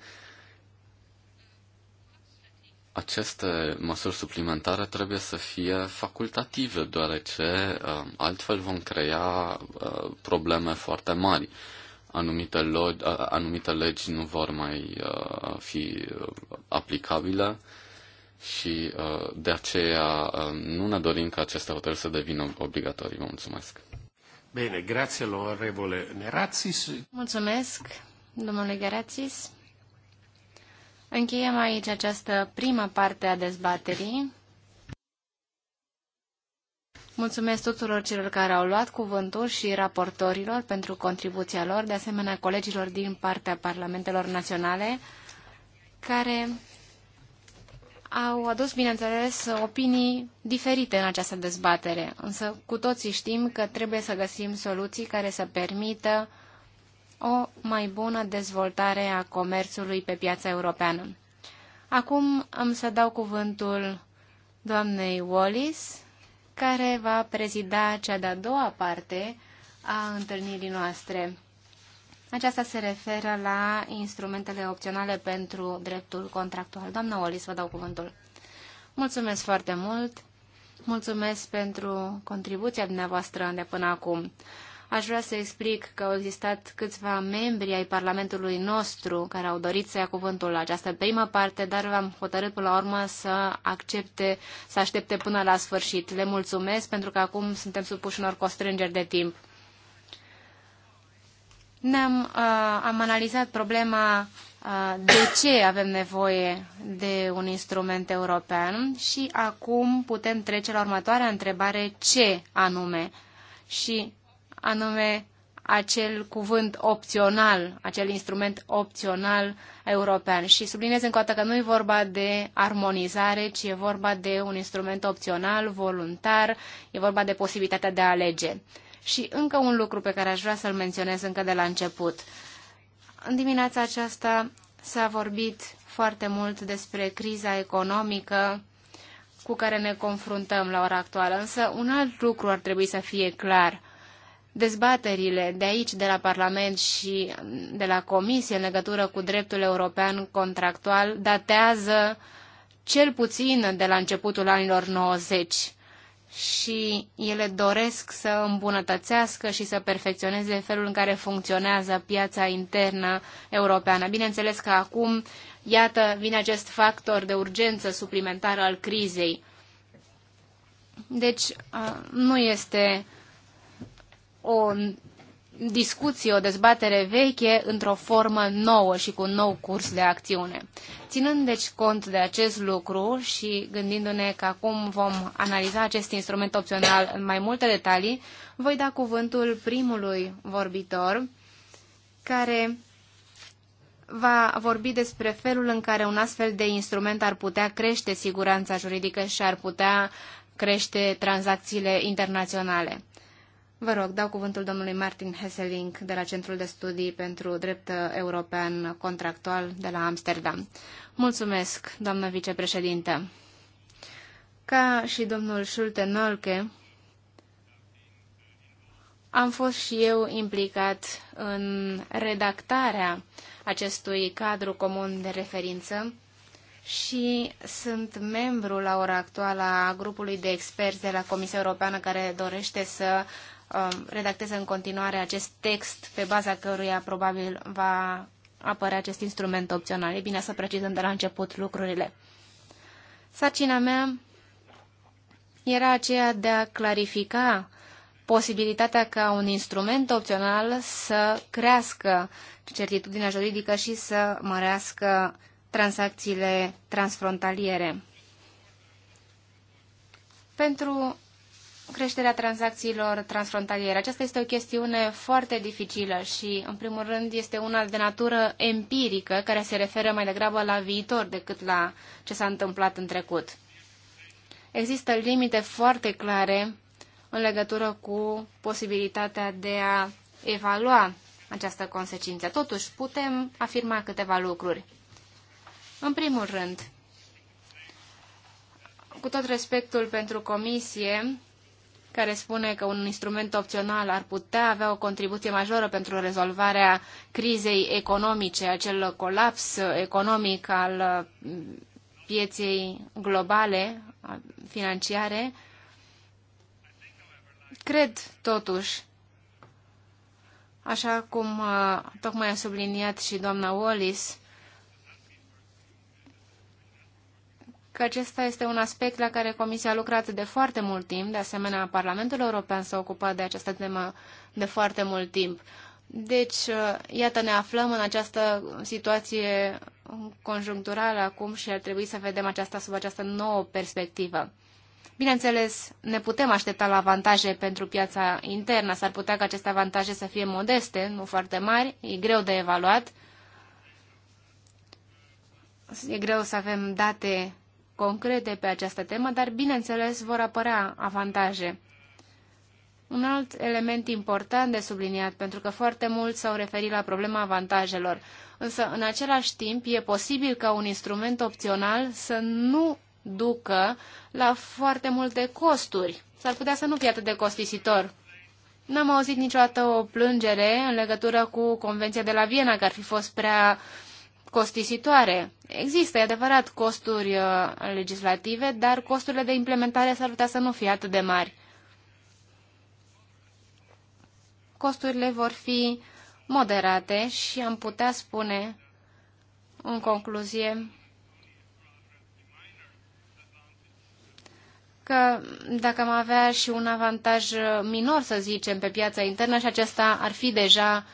aceste măsuri suplimentare trebuie să fie facultative, deoarece uh, altfel vom crea uh, probleme foarte mari. Uh, anumite, lo- anumite legi nu vor mai uh, fi aplicabile și uh, de aceea uh, nu ne dorim ca aceste hotărâri să devină obligatorii. Vă mulțumesc. Bine, grație l'onorevole Nerațis. Mulțumesc, domnule Gerațis. Încheiem aici această prima parte a dezbaterii. Mulțumesc tuturor celor care au luat cuvântul și raportorilor pentru contribuția lor, de asemenea colegilor din partea Parlamentelor Naționale, care au adus, bineînțeles, opinii diferite în această dezbatere, însă cu toții știm că trebuie să găsim soluții care să permită o mai bună dezvoltare a comerțului pe piața europeană. Acum am să dau cuvântul doamnei Wallis care va prezida cea de-a doua parte a întâlnirii noastre. Aceasta se referă la instrumentele opționale pentru dreptul contractual. Doamna Olis, vă dau cuvântul. Mulțumesc foarte mult! Mulțumesc pentru contribuția dumneavoastră de până acum. Aș vrea să explic că au existat câțiva membri ai Parlamentului nostru care au dorit să ia cuvântul la această primă parte, dar am hotărât până la urmă să accepte, să aștepte până la sfârșit. Le mulțumesc pentru că acum suntem supuși unor constrângeri de timp. Ne-am, uh, am analizat problema uh, de ce avem nevoie de un instrument european și acum putem trece la următoarea întrebare, ce anume? Și anume acel cuvânt opțional, acel instrument opțional european. Și subliniez încă o dată că nu e vorba de armonizare, ci e vorba de un instrument opțional, voluntar, e vorba de posibilitatea de a alege. Și încă un lucru pe care aș vrea să-l menționez încă de la început. În dimineața aceasta s-a vorbit foarte mult despre criza economică cu care ne confruntăm la ora actuală, însă un alt lucru ar trebui să fie clar – dezbaterile de aici, de la Parlament și de la Comisie în legătură cu dreptul european contractual datează cel puțin de la începutul anilor 90 și ele doresc să îmbunătățească și să perfecționeze felul în care funcționează piața internă europeană. Bineînțeles că acum, iată, vine acest factor de urgență suplimentară al crizei. Deci, nu este o discuție, o dezbatere veche într-o formă nouă și cu un nou curs de acțiune. Ținând deci cont de acest lucru și gândindu-ne că acum vom analiza acest instrument opțional în mai multe detalii, voi da cuvântul primului vorbitor care va vorbi despre felul în care un astfel de instrument ar putea crește siguranța juridică și ar putea crește tranzacțiile internaționale. Vă rog, dau cuvântul domnului Martin Hesselink de la Centrul de Studii pentru Drept European Contractual de la Amsterdam. Mulțumesc, doamnă vicepreședintă. Ca și domnul Schulte Nolke, am fost și eu implicat în redactarea acestui cadru comun de referință și sunt membru la ora actuală a grupului de experți de la Comisia Europeană care dorește să Um, redacteze în continuare acest text pe baza căruia probabil va apărea acest instrument opțional. E bine să precizăm de la început lucrurile. Sarcina mea era aceea de a clarifica posibilitatea ca un instrument opțional să crească certitudinea juridică și să mărească tranzacțiile transfrontaliere. Pentru creșterea tranzacțiilor transfrontaliere. Aceasta este o chestiune foarte dificilă și, în primul rând, este una de natură empirică, care se referă mai degrabă la viitor decât la ce s-a întâmplat în trecut. Există limite foarte clare în legătură cu posibilitatea de a evalua această consecință. Totuși, putem afirma câteva lucruri. În primul rând, cu tot respectul pentru comisie, care spune că un instrument opțional ar putea avea o contribuție majoră pentru rezolvarea crizei economice, acel colaps economic al mm, pieței globale financiare. Cred totuși, așa cum tocmai a subliniat și doamna Wallis, că acesta este un aspect la care Comisia a lucrat de foarte mult timp, de asemenea Parlamentul European s-a ocupat de această temă de foarte mult timp. Deci, uh, iată, ne aflăm în această situație conjuncturală acum și ar trebui să vedem aceasta sub această nouă perspectivă. Bineînțeles, ne putem aștepta la avantaje pentru piața internă. S-ar putea ca aceste avantaje să fie modeste, nu foarte mari, e greu de evaluat. E greu să avem date concrete pe această temă, dar bineînțeles vor apărea avantaje. Un alt element important de subliniat, pentru că foarte mulți s-au referit la problema avantajelor, însă în același timp e posibil ca un instrument opțional să nu ducă la foarte multe costuri. S-ar putea să nu fie atât de costisitor. N-am auzit niciodată o plângere în legătură cu Convenția de la Viena, că ar fi fost prea costisitoare. Există, e adevărat, costuri uh, legislative, dar costurile de implementare s-ar putea să nu fie atât de mari. Costurile vor fi moderate și am putea spune, în concluzie, că dacă am avea și un avantaj minor, să zicem, pe piața internă și acesta ar fi deja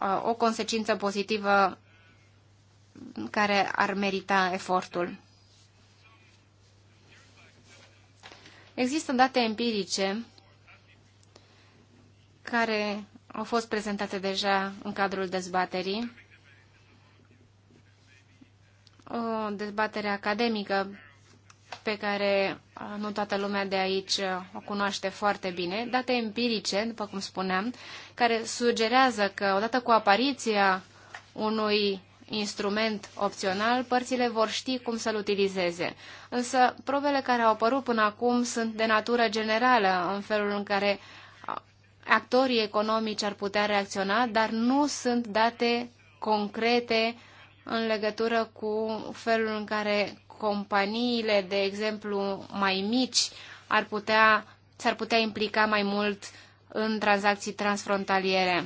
uh, o consecință pozitivă care ar merita efortul. Există date empirice care au fost prezentate deja în cadrul dezbaterii. O dezbatere academică pe care nu toată lumea de aici o cunoaște foarte bine, date empirice, după cum spuneam, care sugerează că odată cu apariția unui instrument opțional, părțile vor ști cum să-l utilizeze. Însă probele care au apărut până acum sunt de natură generală, în felul în care actorii economici ar putea reacționa, dar nu sunt date concrete în legătură cu felul în care companiile, de exemplu, mai mici, ar putea, s-ar putea implica mai mult în tranzacții transfrontaliere.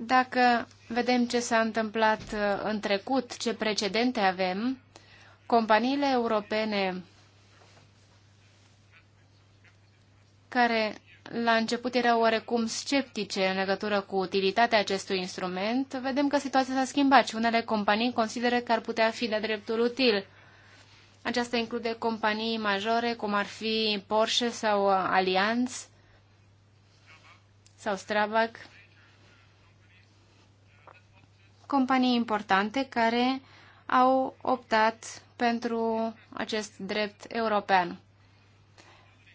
Dacă vedem ce s-a întâmplat uh, în trecut, ce precedente avem, companiile europene care la început erau oarecum sceptice în legătură cu utilitatea acestui instrument, vedem că situația s-a schimbat și unele companii consideră că ar putea fi de dreptul util. Aceasta include companii majore, cum ar fi Porsche sau Allianz sau Strabag companii importante care au optat pentru acest drept european.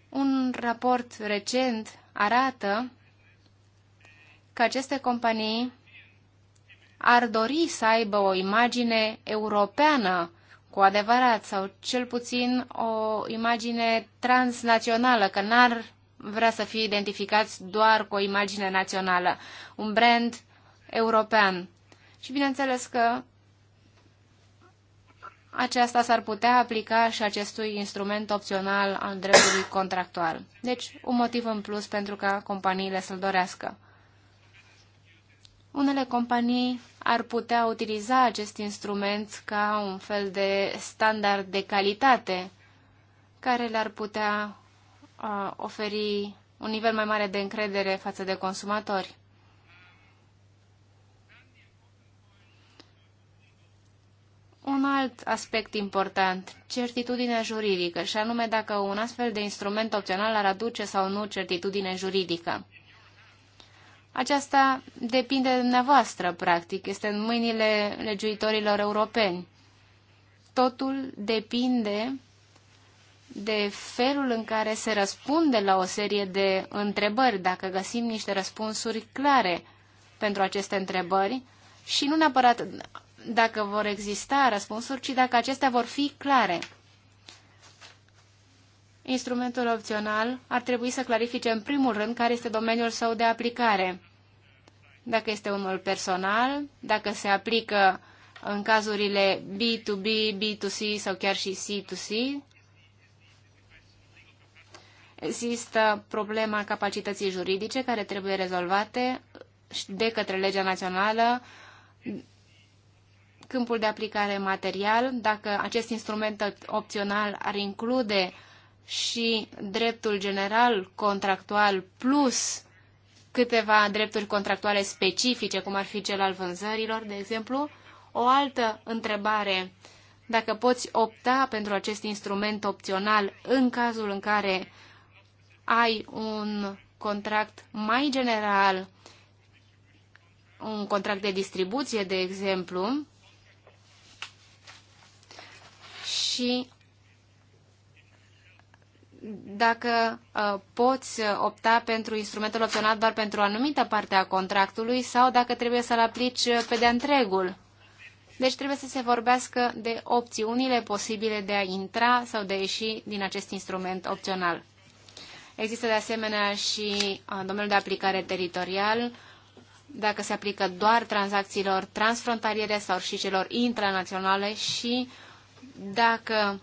Un raport recent arată că aceste companii ar dori să aibă o imagine europeană cu adevărat sau cel puțin o imagine transnațională, că n-ar vrea să fie identificați doar cu o imagine națională, un brand european. Și bineînțeles că aceasta s-ar putea aplica și acestui instrument opțional al dreptului contractual. Deci, un motiv în plus pentru ca companiile să-l dorească. Unele companii ar putea utiliza acest instrument ca un fel de standard de calitate care le-ar putea uh, oferi un nivel mai mare de încredere față de consumatori. un alt aspect important, certitudinea juridică, și anume dacă un astfel de instrument opțional ar aduce sau nu certitudine juridică. Aceasta depinde de dumneavoastră, practic, este în mâinile legiuitorilor europeni. Totul depinde de felul în care se răspunde la o serie de întrebări, dacă găsim niște răspunsuri clare pentru aceste întrebări și nu neapărat dacă vor exista răspunsuri, ci dacă acestea vor fi clare. Instrumentul opțional ar trebui să clarifice în primul rând care este domeniul său de aplicare. Dacă este unul personal, dacă se aplică în cazurile B2B, B2C sau chiar și C2C. Există problema capacității juridice care trebuie rezolvate de către legea națională câmpul de aplicare material, dacă acest instrument opțional ar include și dreptul general contractual plus câteva drepturi contractuale specifice, cum ar fi cel al vânzărilor, de exemplu. O altă întrebare, dacă poți opta pentru acest instrument opțional în cazul în care ai un contract mai general, un contract de distribuție, de exemplu, și dacă uh, poți opta pentru instrumentul opțional doar pentru o anumită parte a contractului sau dacă trebuie să-l aplici uh, pe de întregul. Deci trebuie să se vorbească de opțiunile posibile de a intra sau de a ieși din acest instrument opțional. Există de asemenea și în uh, domeniul de aplicare teritorial, dacă se aplică doar tranzacțiilor transfrontaliere sau și celor intranaționale și uh, dacă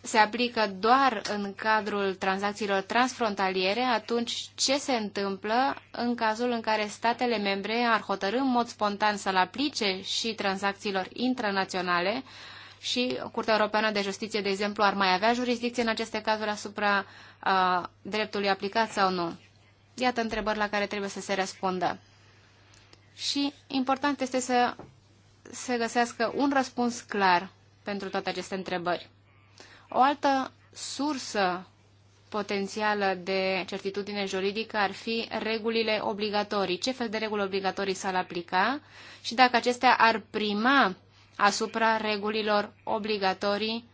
se aplică doar în cadrul tranzacțiilor transfrontaliere, atunci ce se întâmplă în cazul în care statele membre ar hotărâ în mod spontan să-l aplice și tranzacțiilor intranaționale și Curtea Europeană de Justiție, de exemplu, ar mai avea jurisdicție în aceste cazuri asupra uh, dreptului aplicat sau nu? Iată întrebări la care trebuie să se răspundă. Și important este să se găsească un răspuns clar pentru toate aceste întrebări. O altă sursă potențială de certitudine juridică ar fi regulile obligatorii. Ce fel de reguli obligatorii s-ar aplica și dacă acestea ar prima asupra regulilor obligatorii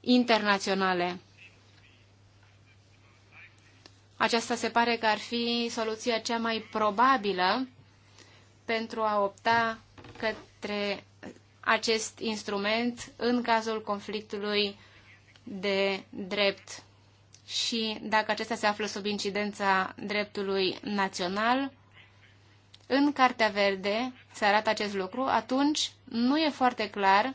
internaționale. Aceasta se pare că ar fi soluția cea mai probabilă pentru a opta că, către acest instrument în cazul conflictului de drept și dacă acesta se află sub incidența dreptului național, în Cartea Verde se arată acest lucru, atunci nu e foarte clar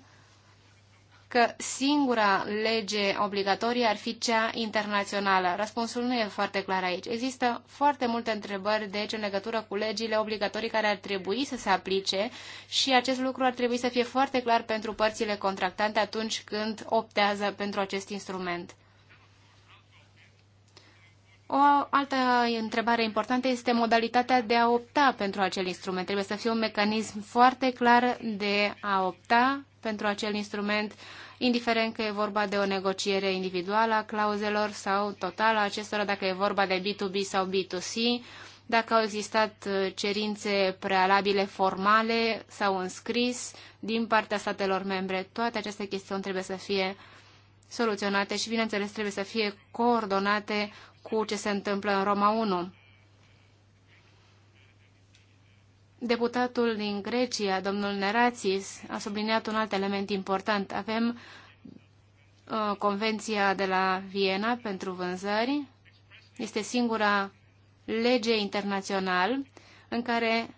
că singura lege obligatorie ar fi cea internațională. Răspunsul nu e foarte clar aici. Există foarte multe întrebări, deci, în legătură cu legile obligatorii care ar trebui să se aplice și acest lucru ar trebui să fie foarte clar pentru părțile contractante atunci când optează pentru acest instrument. O altă întrebare importantă este modalitatea de a opta pentru acel instrument. Trebuie să fie un mecanism foarte clar de a opta pentru acel instrument, indiferent că e vorba de o negociere individuală a clauzelor sau totală a acestora, dacă e vorba de B2B sau B2C, dacă au existat uh, cerințe prealabile formale sau înscris din partea statelor membre. Toate aceste chestiuni trebuie să fie soluționate și, bineînțeles, trebuie să fie coordonate cu ce se întâmplă în Roma 1. Deputatul din Grecia, domnul Nerațis, a subliniat un alt element important. Avem uh, Convenția de la Viena pentru vânzări. Este singura lege internațională în care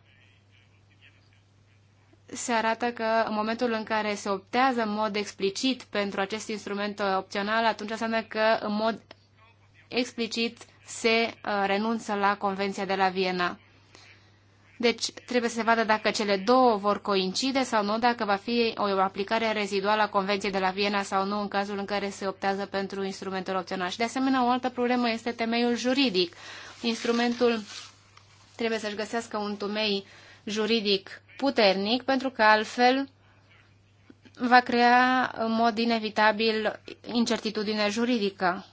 se arată că în momentul în care se optează în mod explicit pentru acest instrument opțional, atunci înseamnă că în mod explicit se uh, renunță la Convenția de la Viena. Deci trebuie să se vadă dacă cele două vor coincide sau nu, dacă va fi o aplicare reziduală a Convenției de la Viena sau nu în cazul în care se optează pentru instrumentul opțional. Și de asemenea, o altă problemă este temeiul juridic. Instrumentul trebuie să-și găsească un temei juridic puternic, pentru că altfel va crea în mod inevitabil incertitudine juridică.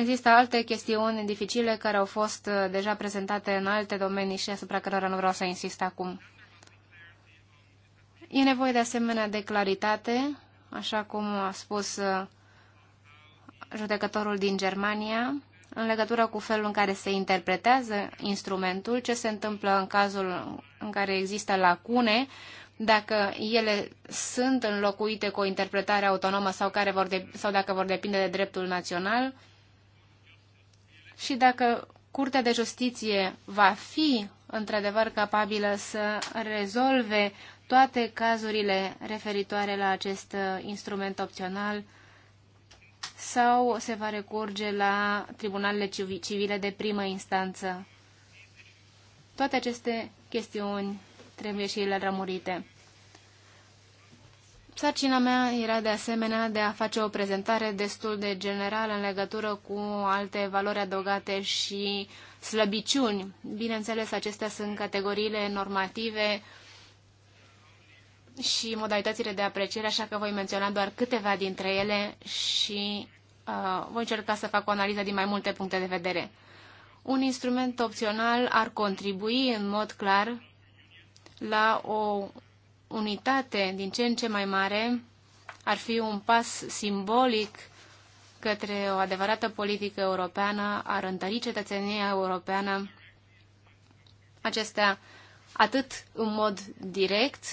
Există alte chestiuni dificile care au fost uh, deja prezentate în alte domenii și asupra cărora nu vreau să insist acum. E nevoie de asemenea de claritate, așa cum a spus uh, judecătorul din Germania, în legătură cu felul în care se interpretează instrumentul, ce se întâmplă în cazul în care există lacune, dacă ele sunt înlocuite cu o interpretare autonomă sau, care vor de, sau dacă vor depinde de dreptul național și dacă Curtea de Justiție va fi într-adevăr capabilă să rezolve toate cazurile referitoare la acest uh, instrument opțional sau se va recurge la tribunalele civile de primă instanță. Toate aceste chestiuni trebuie și ele rămurite. Sarcina mea era de asemenea de a face o prezentare destul de generală în legătură cu alte valori adăugate și slăbiciuni. Bineînțeles, acestea sunt categoriile normative și modalitățile de apreciere, așa că voi menționa doar câteva dintre ele și uh, voi încerca să fac o analiză din mai multe puncte de vedere. Un instrument opțional ar contribui în mod clar la o unitate din ce în ce mai mare ar fi un pas simbolic către o adevărată politică europeană, ar întări cetățenia europeană, acestea atât în mod direct,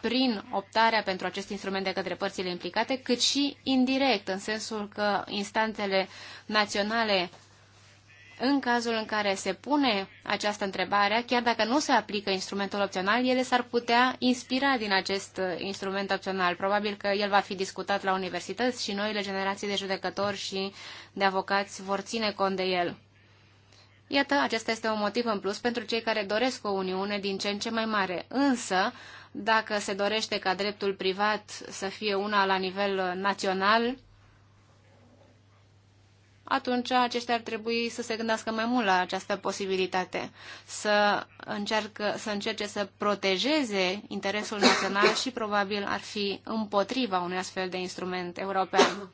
prin optarea pentru acest instrument de către părțile implicate, cât și indirect, în sensul că instanțele naționale în cazul în care se pune această întrebare, chiar dacă nu se aplică instrumentul opțional, ele s-ar putea inspira din acest uh, instrument opțional. Probabil că el va fi discutat la universități și noile generații de judecători și de avocați vor ține cont de el. Iată, acesta este un motiv în plus pentru cei care doresc o uniune din ce în ce mai mare. Însă, dacă se dorește ca dreptul privat să fie una la nivel uh, național, atunci aceștia ar trebui să se gândească mai mult la această posibilitate, să, încearcă, să încerce să protejeze interesul național și probabil ar fi împotriva unui astfel de instrument european.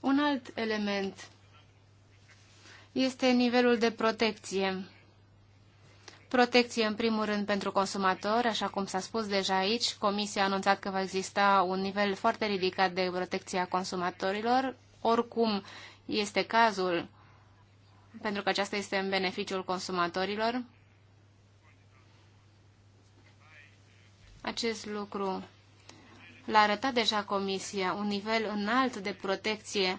Un alt element este nivelul de protecție. Protecție, în primul rând, pentru consumatori, așa cum s-a spus deja aici. Comisia a anunțat că va exista un nivel foarte ridicat de protecție a consumatorilor oricum este cazul, pentru că aceasta este în beneficiul consumatorilor. Acest lucru l-a arătat deja Comisia, un nivel înalt de protecție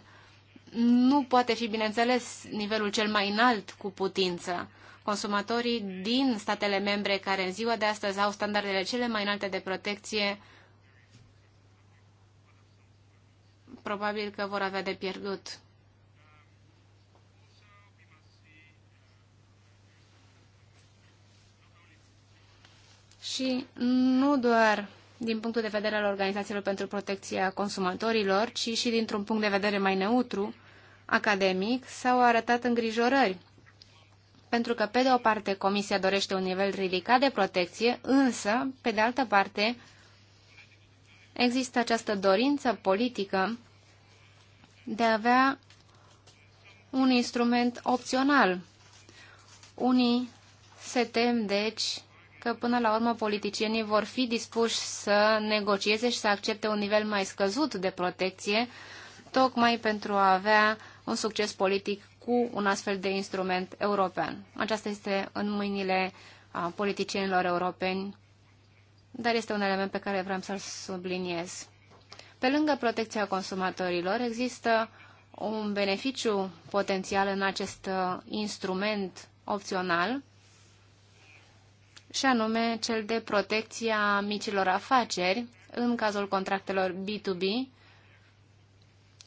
nu poate fi, bineînțeles, nivelul cel mai înalt cu putință. Consumatorii din statele membre care în ziua de astăzi au standardele cele mai înalte de protecție probabil că vor avea de pierdut. Și nu doar din punctul de vedere al organizațiilor pentru protecția consumatorilor, ci și dintr-un punct de vedere mai neutru, academic, s-au arătat îngrijorări. Pentru că, pe de o parte, Comisia dorește un nivel ridicat de protecție, însă, pe de altă parte, există această dorință politică de a avea un instrument opțional. Unii se tem, deci, că până la urmă politicienii vor fi dispuși să negocieze și să accepte un nivel mai scăzut de protecție, tocmai pentru a avea un succes politic cu un astfel de instrument european. Aceasta este în mâinile politicienilor europeni, dar este un element pe care vreau să-l subliniez. Pe lângă protecția consumatorilor, există un beneficiu potențial în acest uh, instrument opțional, și anume cel de protecția micilor afaceri în cazul contractelor B2B.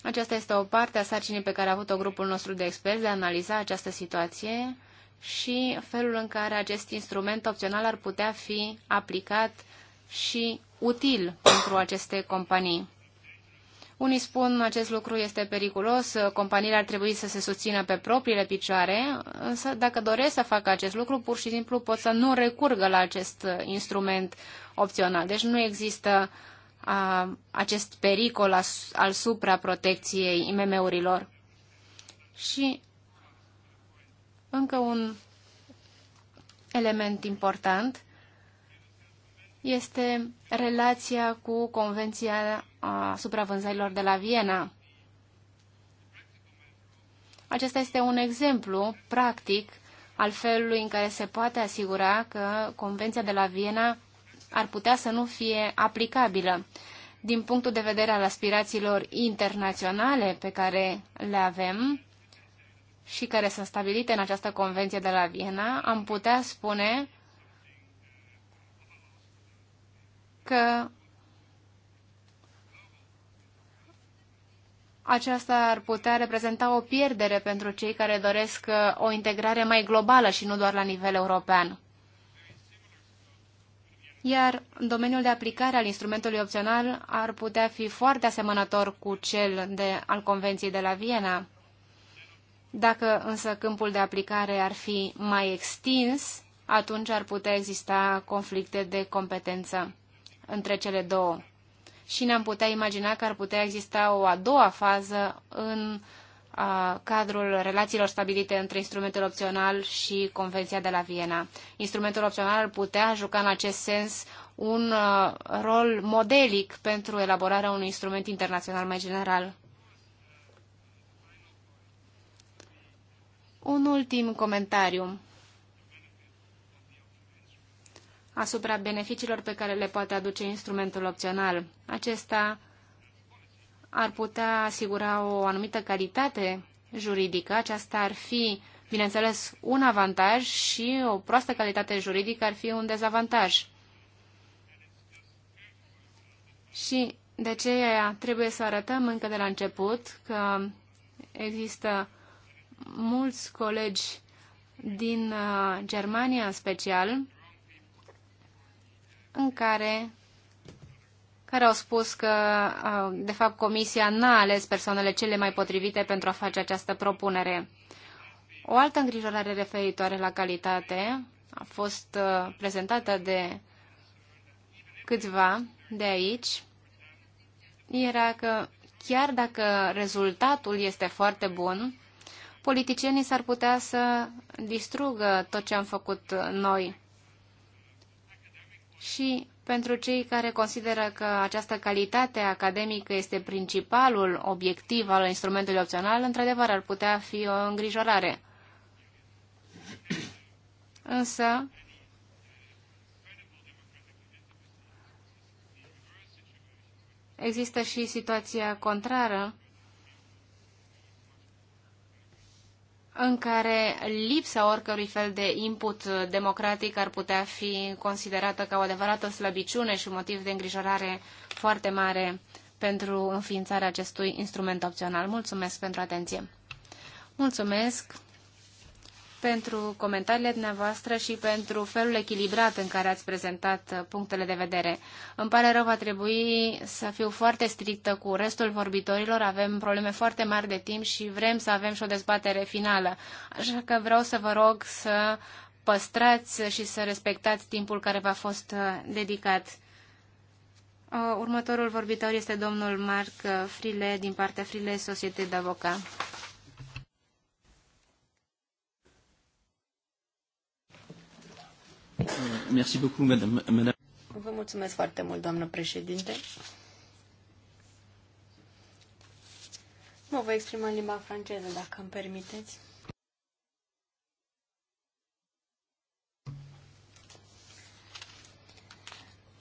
Aceasta este o parte a sarcinii pe care a avut-o grupul nostru de experți de a analiza această situație și felul în care acest instrument opțional ar putea fi aplicat și util pentru aceste companii. Unii spun acest lucru este periculos, companiile ar trebui să se susțină pe propriile picioare, însă dacă doresc să facă acest lucru, pur și simplu pot să nu recurgă la acest instrument opțional. Deci nu există a, acest pericol as, al supraprotecției IMM-urilor. Și încă un element important este relația cu Convenția asupra vânzărilor de la Viena. Acesta este un exemplu practic al felului în care se poate asigura că Convenția de la Viena ar putea să nu fie aplicabilă. Din punctul de vedere al aspirațiilor internaționale pe care le avem și care sunt stabilite în această Convenție de la Viena, am putea spune că aceasta ar putea reprezenta o pierdere pentru cei care doresc uh, o integrare mai globală și nu doar la nivel european. Iar domeniul de aplicare al instrumentului opțional ar putea fi foarte asemănător cu cel de, al Convenției de la Viena. Dacă însă câmpul de aplicare ar fi mai extins, atunci ar putea exista conflicte de competență între cele două și ne-am putea imagina că ar putea exista o a doua fază în a, cadrul relațiilor stabilite între instrumentul opțional și Convenția de la Viena. Instrumentul opțional ar putea juca în acest sens un a, rol modelic pentru elaborarea unui instrument internațional mai general. Un ultim comentariu asupra beneficiilor pe care le poate aduce instrumentul opțional. Acesta ar putea asigura o anumită calitate juridică. Aceasta ar fi, bineînțeles, un avantaj și o proastă calitate juridică ar fi un dezavantaj. Și de aceea trebuie să arătăm încă de la început că există mulți colegi din uh, Germania în special în care care au spus că, de fapt, Comisia n-a ales persoanele cele mai potrivite pentru a face această propunere. O altă îngrijorare referitoare la calitate a fost uh, prezentată de câțiva de aici era că chiar dacă rezultatul este foarte bun, politicienii s-ar putea să distrugă tot ce am făcut noi și pentru cei care consideră că această calitate academică este principalul obiectiv al instrumentului opțional, într-adevăr ar putea fi o îngrijorare. Însă, există și situația contrară, în care lipsa oricărui fel de input democratic ar putea fi considerată ca o adevărată slăbiciune și motiv de îngrijorare foarte mare pentru înființarea acestui instrument opțional. Mulțumesc pentru atenție. Mulțumesc pentru comentariile dumneavoastră și pentru felul echilibrat în care ați prezentat uh, punctele de vedere. Îmi pare rău, va trebui să fiu foarte strictă cu restul vorbitorilor. Avem probleme foarte mari de timp și vrem să avem și o dezbatere finală. Așa că vreau să vă rog să păstrați și să respectați timpul care v-a fost uh, dedicat. Uh, următorul vorbitor este domnul Marc Frile din partea Frile Societe de Avocat. Merci beaucoup, madame, madame. Vă mulțumesc foarte mult, doamnă președinte. Mă voi exprima în limba franceză, dacă îmi permiteți.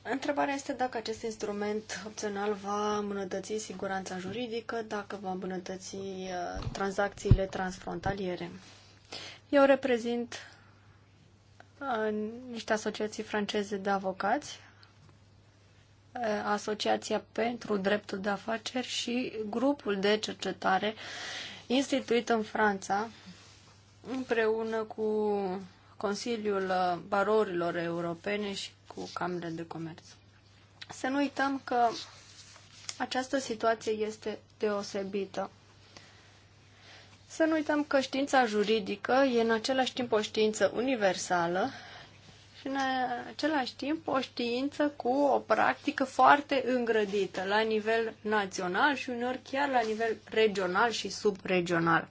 Întrebarea este dacă acest instrument opțional va îmbunătăți siguranța juridică, dacă va îmbunătăți uh, tranzacțiile transfrontaliere. Eu reprezint niște asociații franceze de avocați, Asociația pentru Dreptul de Afaceri și grupul de cercetare instituit în Franța împreună cu Consiliul Barorilor Europene și cu Camerele de Comerț. Să nu uităm că această situație este deosebită. Să nu uităm că știința juridică e în același timp o știință universală și în același timp o știință cu o practică foarte îngrădită la nivel național și uneori chiar la nivel regional și subregional.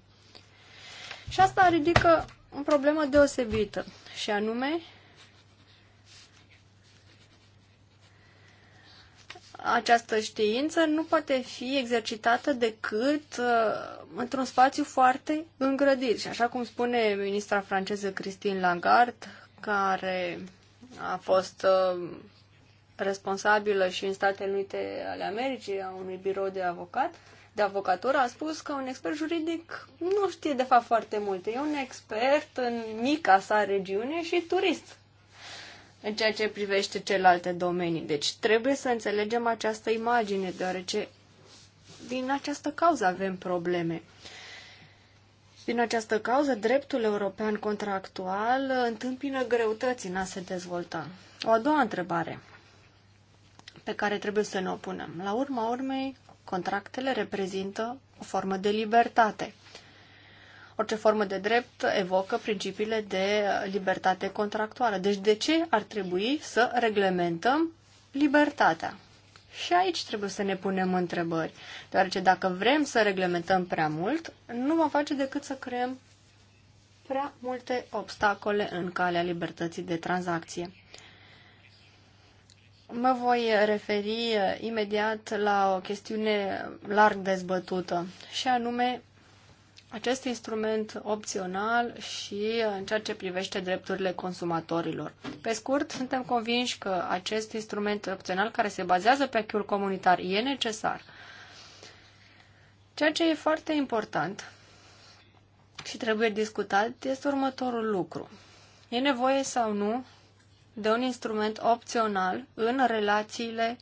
Și asta ridică o problemă deosebită și anume această știință nu poate fi exercitată decât uh, într-un spațiu foarte îngrădit. Și așa cum spune ministra franceză Christine Lagarde, care a fost uh, responsabilă și în Statele Unite ale Americii a unui birou de avocat, de avocatură, a spus că un expert juridic nu știe de fapt foarte multe. E un expert în mica sa regiune și turist în ceea ce privește celelalte domenii. Deci trebuie să înțelegem această imagine, deoarece din această cauză avem probleme. Din această cauză, dreptul european contractual întâmpină greutăți în a se dezvolta. O a doua întrebare pe care trebuie să ne o punem. La urma urmei, contractele reprezintă o formă de libertate orice formă de drept evocă principiile de libertate contractuală. Deci de ce ar trebui să reglementăm libertatea? Și aici trebuie să ne punem întrebări, deoarece dacă vrem să reglementăm prea mult, nu mă face decât să creăm prea multe obstacole în calea libertății de tranzacție. Mă voi referi imediat la o chestiune larg dezbătută, și anume acest instrument opțional și uh, în ceea ce privește drepturile consumatorilor. Pe scurt, suntem convinși că acest instrument opțional care se bazează pe acquis comunitar e necesar. Ceea ce e foarte important și trebuie discutat este următorul lucru. E nevoie sau nu de un instrument opțional în relațiile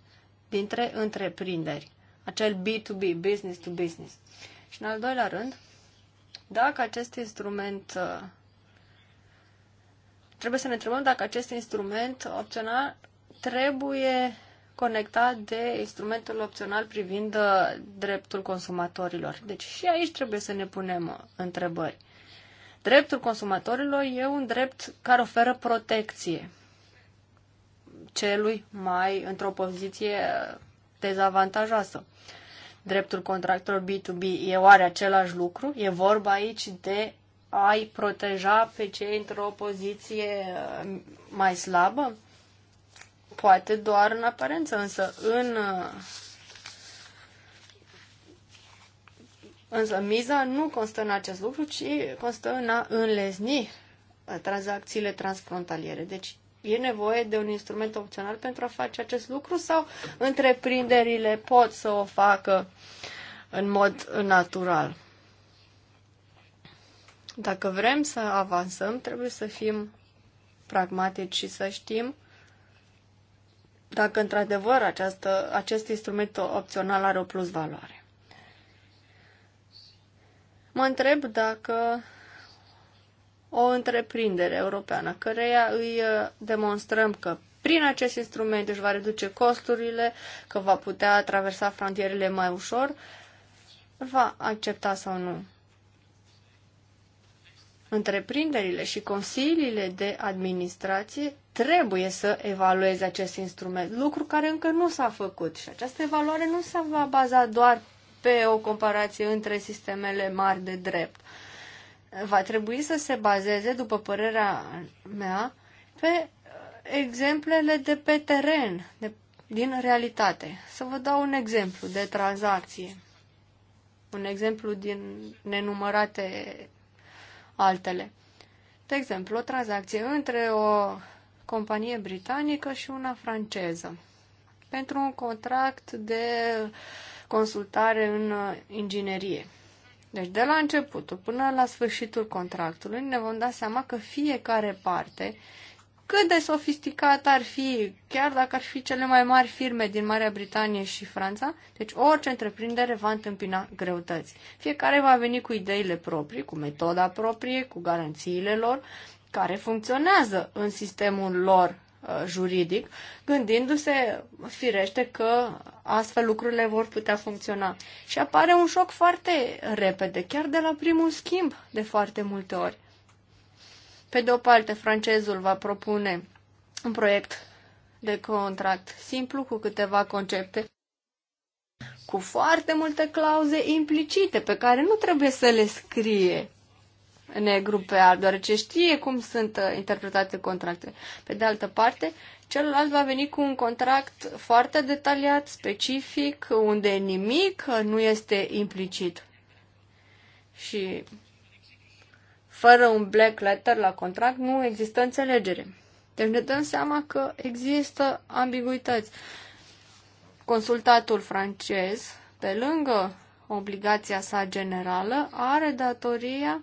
dintre întreprinderi, acel B2B, business to business. Și în al doilea rând, dacă acest instrument uh, trebuie să ne întrebăm dacă acest instrument opțional trebuie conectat de instrumentul opțional privind uh, dreptul consumatorilor. Deci și aici trebuie să ne punem uh, întrebări. Dreptul consumatorilor e un drept care oferă protecție celui mai într-o poziție dezavantajoasă dreptul contractelor B2B e oare același lucru? E vorba aici de a-i proteja pe cei într-o poziție uh, mai slabă? Poate doar în aparență, însă în uh, Însă miza nu constă în acest lucru, ci constă în a înlesni uh, tranzacțiile transfrontaliere. Deci e nevoie de un instrument opțional pentru a face acest lucru sau întreprinderile pot să o facă în mod natural? Dacă vrem să avansăm, trebuie să fim pragmatici și să știm dacă într-adevăr această, acest instrument opțional are o plus valoare. Mă întreb dacă o întreprindere europeană, căreia îi uh, demonstrăm că prin acest instrument își va reduce costurile, că va putea traversa frontierele mai ușor, va accepta sau nu. Întreprinderile și consiliile de administrație trebuie să evalueze acest instrument, lucru care încă nu s-a făcut și această evaluare nu se va baza doar pe o comparație între sistemele mari de drept va trebui să se bazeze, după părerea mea, pe uh, exemplele de pe teren, de, din realitate. Să vă dau un exemplu de tranzacție. Un exemplu din nenumărate altele. De exemplu, o tranzacție între o companie britanică și una franceză pentru un contract de consultare în uh, inginerie. Deci de la începutul până la sfârșitul contractului ne vom da seama că fiecare parte, cât de sofisticat ar fi, chiar dacă ar fi cele mai mari firme din Marea Britanie și Franța, deci orice întreprindere va întâmpina greutăți. Fiecare va veni cu ideile proprii, cu metoda proprie, cu garanțiile lor, care funcționează în sistemul lor Uh, juridic, gândindu-se firește că astfel lucrurile vor putea funcționa. Și apare un șoc foarte repede, chiar de la primul schimb, de foarte multe ori. Pe de o parte, francezul va propune un proiect de contract simplu cu câteva concepte cu foarte multe clauze implicite pe care nu trebuie să le scrie negru pe alb, deoarece știe cum sunt uh, interpretate contractele. Pe de altă parte, celălalt va veni cu un contract foarte detaliat, specific, unde nimic nu este implicit. Și fără un black letter la contract nu există înțelegere. Deci ne dăm seama că există ambiguități. Consultatul francez, pe lângă obligația sa generală, are datoria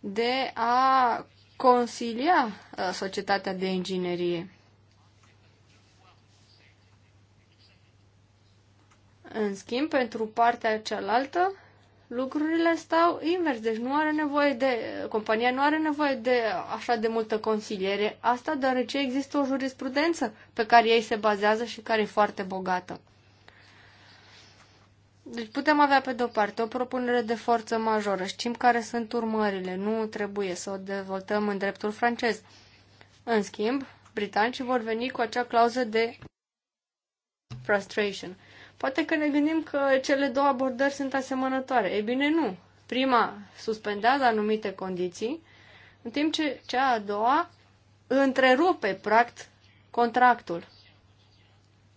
de a consilia uh, societatea de inginerie. În schimb, pentru partea cealaltă, lucrurile stau invers, deci nu are nevoie de, compania nu are nevoie de așa de multă consiliere, asta deoarece există o jurisprudență pe care ei se bazează și care e foarte bogată. Deci putem avea pe de-o parte o propunere de forță majoră, știm care sunt urmările, nu trebuie să o dezvoltăm în dreptul francez. În schimb, britanicii vor veni cu acea clauză de frustration. Poate că ne gândim că cele două abordări sunt asemănătoare. Ei bine, nu. Prima suspendează anumite condiții, în timp ce cea a doua întrerupe, practic, contractul.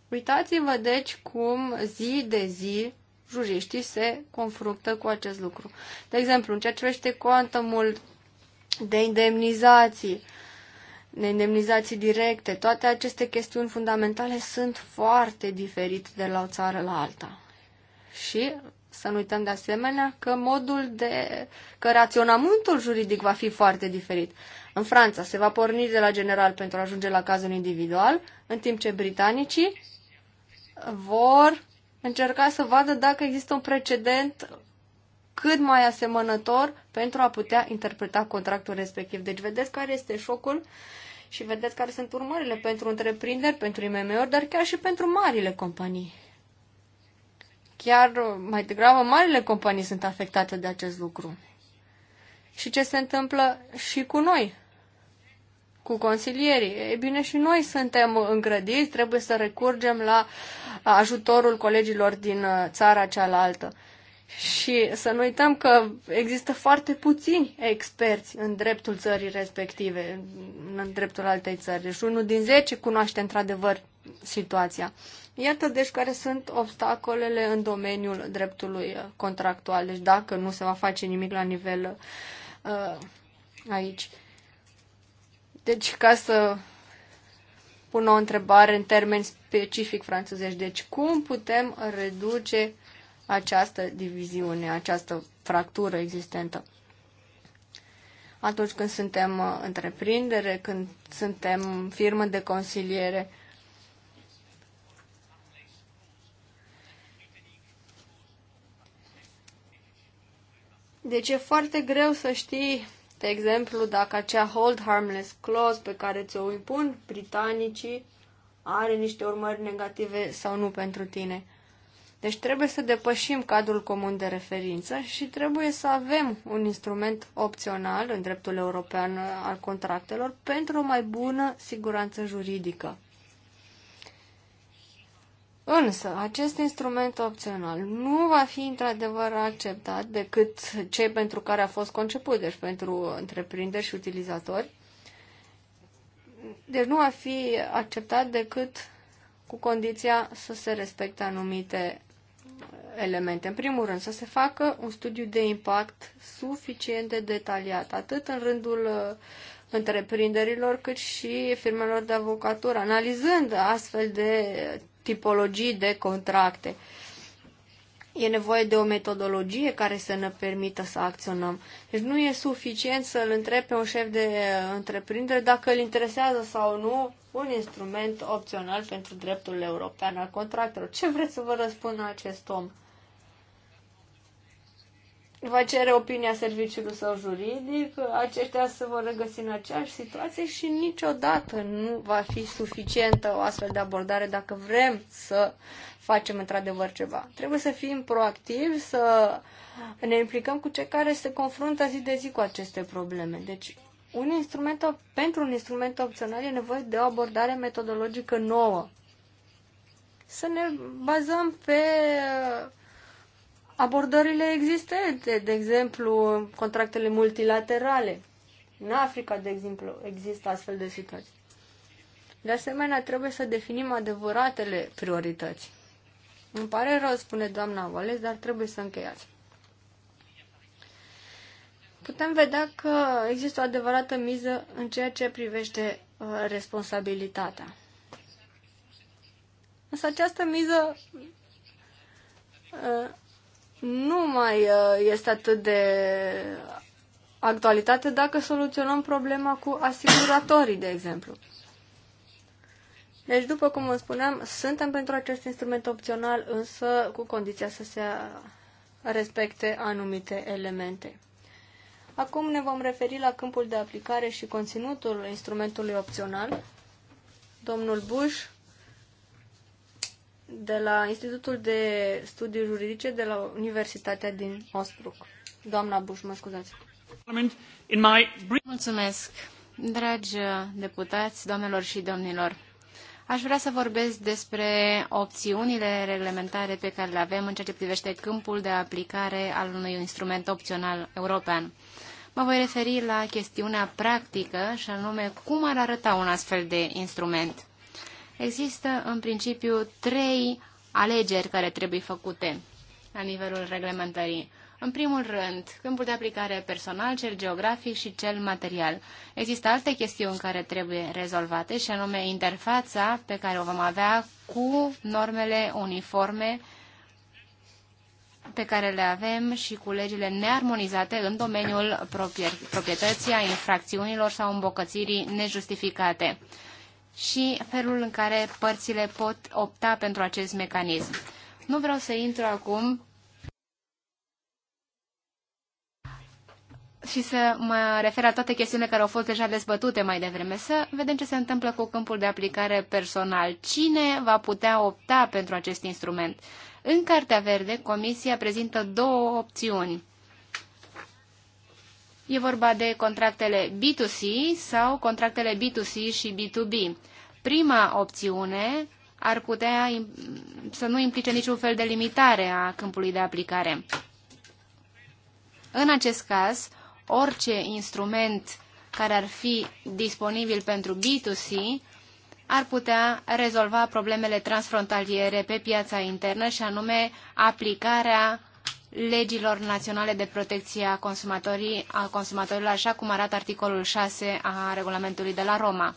Uitați-vă, deci, cum zi de zi juriștii se confruntă cu acest lucru. De exemplu, în ceea ce vește quantumul de indemnizații, de indemnizații directe, toate aceste chestiuni fundamentale sunt foarte diferite de la o țară la alta. Și să nu uităm de asemenea că modul de că raționamentul juridic va fi foarte diferit. În Franța se va porni de la general pentru a ajunge la cazul individual, în timp ce britanicii vor încerca să vadă dacă există un precedent cât mai asemănător pentru a putea interpreta contractul respectiv. Deci vedeți care este șocul și vedeți care sunt urmările pentru întreprinderi, pentru IMM-uri, dar chiar și pentru marile companii. Chiar mai degrabă marile companii sunt afectate de acest lucru. Și ce se întâmplă și cu noi, cu consilierii. E bine, și noi suntem îngrădiți, trebuie să recurgem la ajutorul colegilor din uh, țara cealaltă. Și să nu uităm că există foarte puțini experți în dreptul țării respective, în dreptul altei țări. Deci unul din zece cunoaște într-adevăr situația. Iată deci care sunt obstacolele în domeniul dreptului uh, contractual, deci dacă nu se va face nimic la nivel uh, aici. Deci, ca să pun o întrebare în termeni specific franțuzești, deci cum putem reduce această diviziune, această fractură existentă? Atunci când suntem uh, întreprindere, când suntem firmă de consiliere, Deci e foarte greu să știi de exemplu, dacă acea hold harmless clause pe care ți-o impun britanicii are niște urmări negative sau nu pentru tine. Deci trebuie să depășim cadrul comun de referință și trebuie să avem un instrument opțional în dreptul european al contractelor pentru o mai bună siguranță juridică. Însă, acest instrument opțional nu va fi într-adevăr acceptat decât cei pentru care a fost conceput, deci pentru întreprinderi și utilizatori. Deci nu va fi acceptat decât cu condiția să se respecte anumite elemente. În primul rând, să se facă un studiu de impact suficient de detaliat, atât în rândul uh, întreprinderilor, cât și firmelor de avocatură, analizând astfel de tipologii de contracte. E nevoie de o metodologie care să ne permită să acționăm. Deci nu e suficient să-l întrebi pe un șef de întreprindere dacă îl interesează sau nu un instrument opțional pentru dreptul european al contractelor. Ce vreți să vă răspundă acest om? va cere opinia serviciului său juridic, aceștia se vor regăsi în aceeași situație și niciodată nu va fi suficientă o astfel de abordare dacă vrem să facem într-adevăr ceva. Trebuie să fim proactivi, să ne implicăm cu cei care se confruntă zi de zi cu aceste probleme. Deci, un instrument, pentru un instrument opțional e nevoie de o abordare metodologică nouă. Să ne bazăm pe uh, abordările existente, de exemplu, contractele multilaterale. În Africa, de exemplu, există astfel de situații. De asemenea, trebuie să definim adevăratele priorități. Îmi pare rău, spune doamna Vales, dar trebuie să încheiați. Putem vedea că există o adevărată miză în ceea ce privește uh, responsabilitatea. Însă această miză uh, nu mai uh, este atât de actualitate dacă soluționăm problema cu asiguratorii, de exemplu. Deci, după cum vă spuneam, suntem pentru acest instrument opțional, însă cu condiția să se respecte anumite elemente. Acum ne vom referi la câmpul de aplicare și conținutul instrumentului opțional. Domnul Bush de la Institutul de Studii Juridice de la Universitatea din Osbruck. Doamna Bush, mă scuzați. Mulțumesc, dragi deputați, doamnelor și domnilor. Aș vrea să vorbesc despre opțiunile reglementare pe care le avem în ceea ce privește câmpul de aplicare al unui instrument opțional european. Mă voi referi la chestiunea practică și anume cum ar arăta un astfel de instrument. Există, în principiu, trei alegeri care trebuie făcute la nivelul reglementării. În primul rând, câmpul de aplicare personal, cel geografic și cel material. Există alte chestiuni care trebuie rezolvate și anume interfața pe care o vom avea cu normele uniforme pe care le avem și cu legile nearmonizate în domeniul proprietății, a infracțiunilor sau îmbocățirii nejustificate și felul în care părțile pot opta pentru acest mecanism. Nu vreau să intru acum și să mă refer la toate chestiunile care au fost deja dezbătute mai devreme, să vedem ce se întâmplă cu câmpul de aplicare personal. Cine va putea opta pentru acest instrument? În Cartea Verde, Comisia prezintă două opțiuni. E vorba de contractele B2C sau contractele B2C și B2B. Prima opțiune ar putea să nu implice niciun fel de limitare a câmpului de aplicare. În acest caz, orice instrument care ar fi disponibil pentru B2C ar putea rezolva problemele transfrontaliere pe piața internă și anume aplicarea legilor naționale de protecție a, consumatorii, a consumatorilor, așa cum arată articolul 6 a regulamentului de la Roma.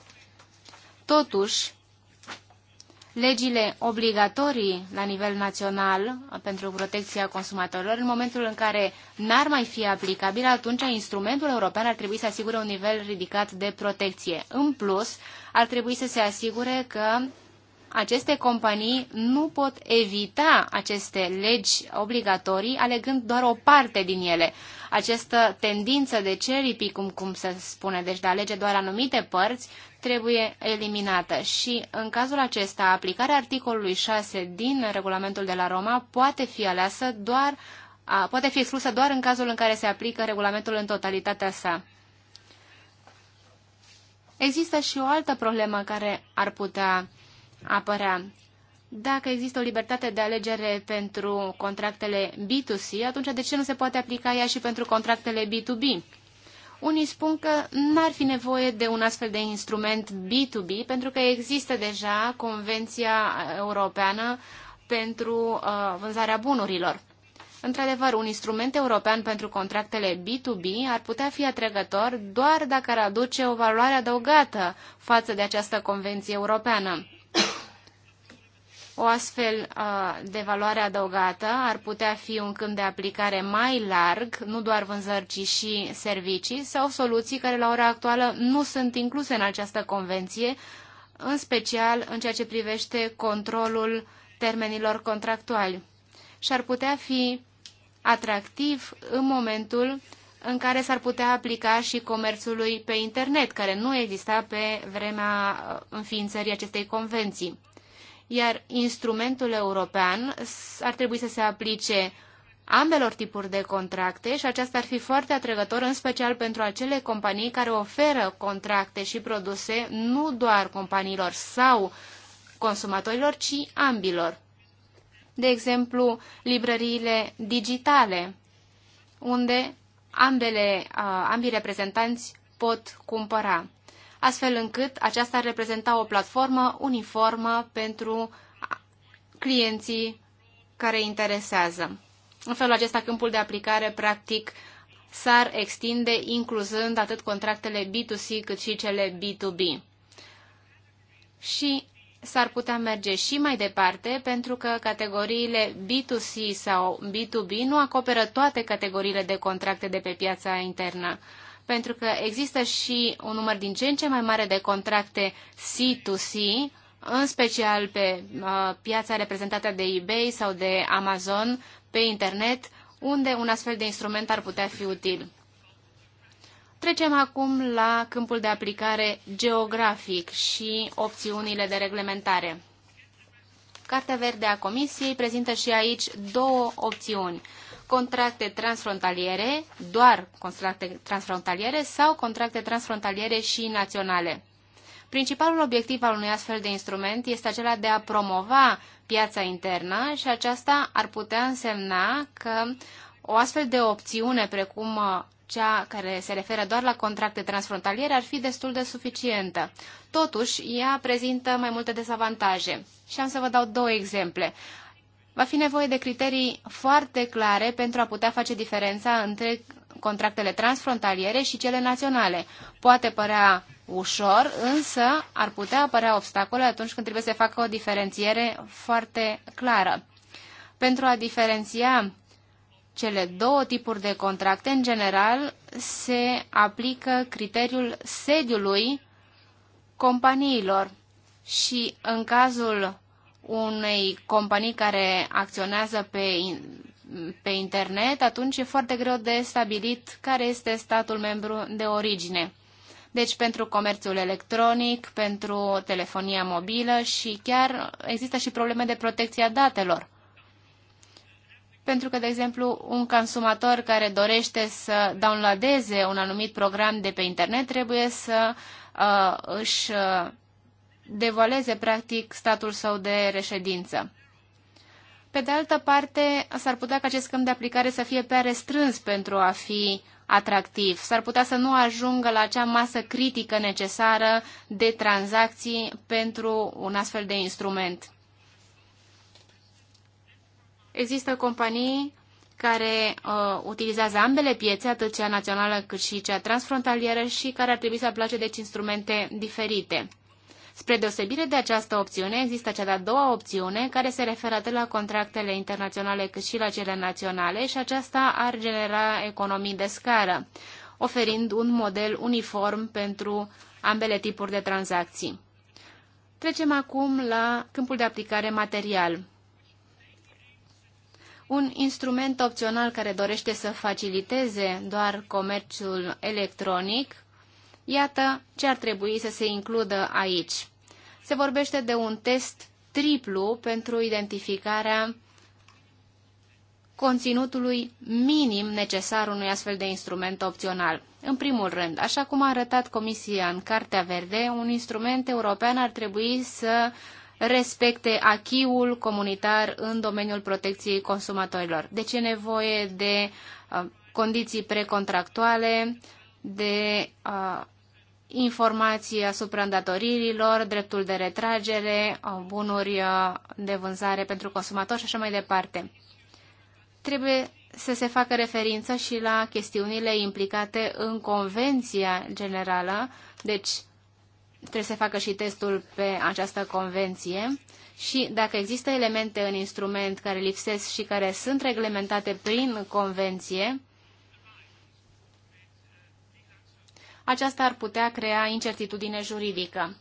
Totuși, legile obligatorii la nivel național pentru protecția consumatorilor, în momentul în care n-ar mai fi aplicabil, atunci instrumentul european ar trebui să asigure un nivel ridicat de protecție. În plus, ar trebui să se asigure că aceste companii nu pot evita aceste legi obligatorii alegând doar o parte din ele. Această tendință de ceripi, cum, cum se spune, deci de a alege doar anumite părți, trebuie eliminată și, în cazul acesta, aplicarea articolului 6 din regulamentul de la Roma poate fi aleasă doar, a, poate fi exclusă doar în cazul în care se aplică regulamentul în totalitatea sa. Există și o altă problemă care ar putea apărea. Dacă există o libertate de alegere pentru contractele B2C, atunci de ce nu se poate aplica ea și pentru contractele B2B? Unii spun că n-ar fi nevoie de un astfel de instrument B2B pentru că există deja Convenția Europeană pentru uh, vânzarea bunurilor. Într-adevăr, un instrument european pentru contractele B2B ar putea fi atrăgător doar dacă ar aduce o valoare adăugată față de această convenție europeană. O astfel uh, de valoare adăugată ar putea fi un câmp de aplicare mai larg, nu doar vânzări, ci și servicii sau soluții care la ora actuală nu sunt incluse în această convenție, în special în ceea ce privește controlul termenilor contractuali. Și ar putea fi atractiv în momentul în care s-ar putea aplica și comerțului pe internet, care nu exista pe vremea uh, înființării acestei convenții iar instrumentul european ar trebui să se aplice ambelor tipuri de contracte și aceasta ar fi foarte atrăgător, în special pentru acele companii care oferă contracte și produse nu doar companiilor sau consumatorilor, ci ambilor. De exemplu, librăriile digitale, unde ambele, ambii reprezentanți pot cumpăra astfel încât aceasta ar reprezenta o platformă uniformă pentru clienții care interesează. În felul acesta, câmpul de aplicare, practic, s-ar extinde incluzând atât contractele B2C cât și cele B2B. Și s-ar putea merge și mai departe pentru că categoriile B2C sau B2B nu acoperă toate categoriile de contracte de pe piața internă pentru că există și un număr din ce în ce mai mare de contracte C2C, în special pe uh, piața reprezentată de eBay sau de Amazon pe internet, unde un astfel de instrument ar putea fi util. Trecem acum la câmpul de aplicare geografic și opțiunile de reglementare. Cartea verde a Comisiei prezintă și aici două opțiuni contracte transfrontaliere, doar contracte transfrontaliere sau contracte transfrontaliere și naționale. Principalul obiectiv al unui astfel de instrument este acela de a promova piața internă și aceasta ar putea însemna că o astfel de opțiune precum uh, cea care se referă doar la contracte transfrontaliere ar fi destul de suficientă. Totuși, ea prezintă mai multe dezavantaje. Și am să vă dau două exemple. Va fi nevoie de criterii foarte clare pentru a putea face diferența între contractele transfrontaliere și cele naționale. Poate părea ușor, însă ar putea apărea obstacole atunci când trebuie să facă o diferențiere foarte clară. Pentru a diferenția cele două tipuri de contracte, în general, se aplică criteriul sediului companiilor și în cazul unei companii care acționează pe, pe internet, atunci e foarte greu de stabilit care este statul membru de origine. Deci pentru comerțul electronic, pentru telefonia mobilă și chiar există și probleme de protecție a datelor. Pentru că, de exemplu, un consumator care dorește să downloadeze un anumit program de pe internet trebuie să uh, își uh, devaleze practic statul său de reședință. Pe de altă parte, s-ar putea ca acest câmp de aplicare să fie prea restrâns pentru a fi atractiv. S-ar putea să nu ajungă la acea masă critică necesară de tranzacții pentru un astfel de instrument. Există companii care uh, utilizează ambele piețe, atât cea națională cât și cea transfrontalieră, și care ar trebui să aplace deci instrumente diferite. Spre deosebire de această opțiune, există cea de-a doua opțiune, care se referă atât la contractele internaționale cât și la cele naționale și aceasta ar genera economii de scară, oferind un model uniform pentru ambele tipuri de tranzacții. Trecem acum la câmpul de aplicare material. Un instrument opțional care dorește să faciliteze doar comerțul electronic Iată ce ar trebui să se includă aici. Se vorbește de un test triplu pentru identificarea conținutului minim necesar unui astfel de instrument opțional. În primul rând, așa cum a arătat Comisia în Cartea Verde, un instrument european ar trebui să respecte achiul comunitar în domeniul protecției consumatorilor. Deci e nevoie de uh, condiții precontractuale, de uh, informații asupra îndatoririlor, dreptul de retragere, bunuri uh, de vânzare pentru consumator și așa mai departe. Trebuie să se facă referință și la chestiunile implicate în Convenția Generală, deci trebuie să facă și testul pe această convenție și dacă există elemente în instrument care lipsesc și care sunt reglementate prin convenție, aceasta ar putea crea incertitudine juridică.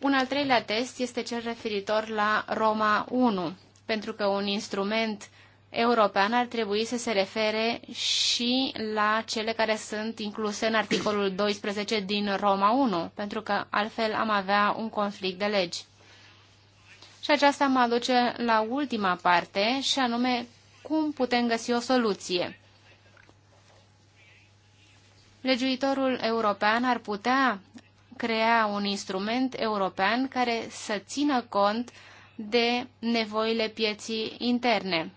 Un al treilea test este cel referitor la Roma 1, pentru că un instrument european ar trebui să se refere și la cele care sunt incluse în articolul 12 din Roma 1, pentru că altfel am avea un conflict de legi. Și aceasta mă aduce la ultima parte, și anume cum putem găsi o soluție legiuitorul european ar putea crea un instrument european care să țină cont de nevoile pieții interne.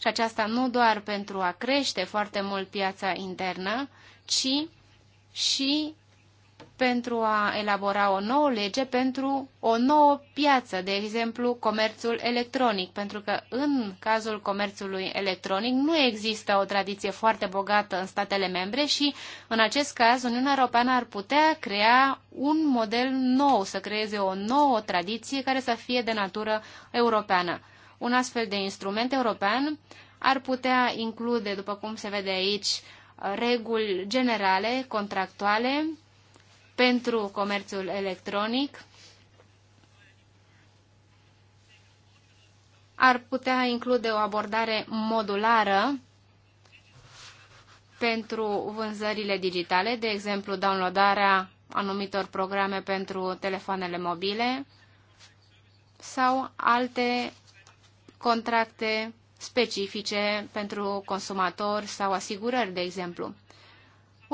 Și aceasta nu doar pentru a crește foarte mult piața internă, ci și pentru a elabora o nouă lege pentru o nouă piață, de exemplu comerțul electronic, pentru că în cazul comerțului electronic nu există o tradiție foarte bogată în statele membre și în acest caz Uniunea Europeană ar putea crea un model nou, să creeze o nouă tradiție care să fie de natură europeană. Un astfel de instrument european ar putea include, după cum se vede aici, reguli generale, contractuale, pentru comerțul electronic ar putea include o abordare modulară pentru vânzările digitale, de exemplu downloadarea anumitor programe pentru telefoanele mobile sau alte contracte specifice pentru consumatori sau asigurări, de exemplu.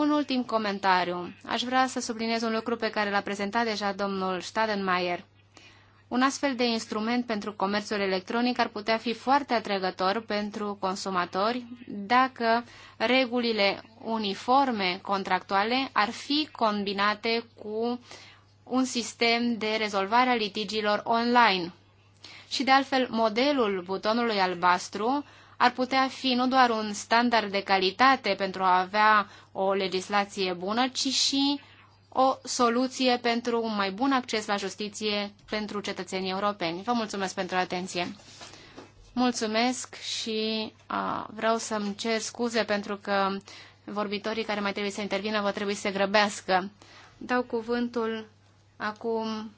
Un ultim comentariu. Aș vrea să subliniez un lucru pe care l-a prezentat deja domnul Stadenmayer. Un astfel de instrument pentru comerțul electronic ar putea fi foarte atrăgător pentru consumatori dacă regulile uniforme contractuale ar fi combinate cu un sistem de rezolvare a litigiilor online. Și de altfel, modelul butonului albastru ar putea fi nu doar un standard de calitate pentru a avea o legislație bună, ci și o soluție pentru un mai bun acces la justiție pentru cetățenii europeni. Vă mulțumesc pentru atenție. Mulțumesc și a, vreau să-mi cer scuze pentru că vorbitorii care mai trebuie să intervină vă trebuie să se grăbească. Dau cuvântul acum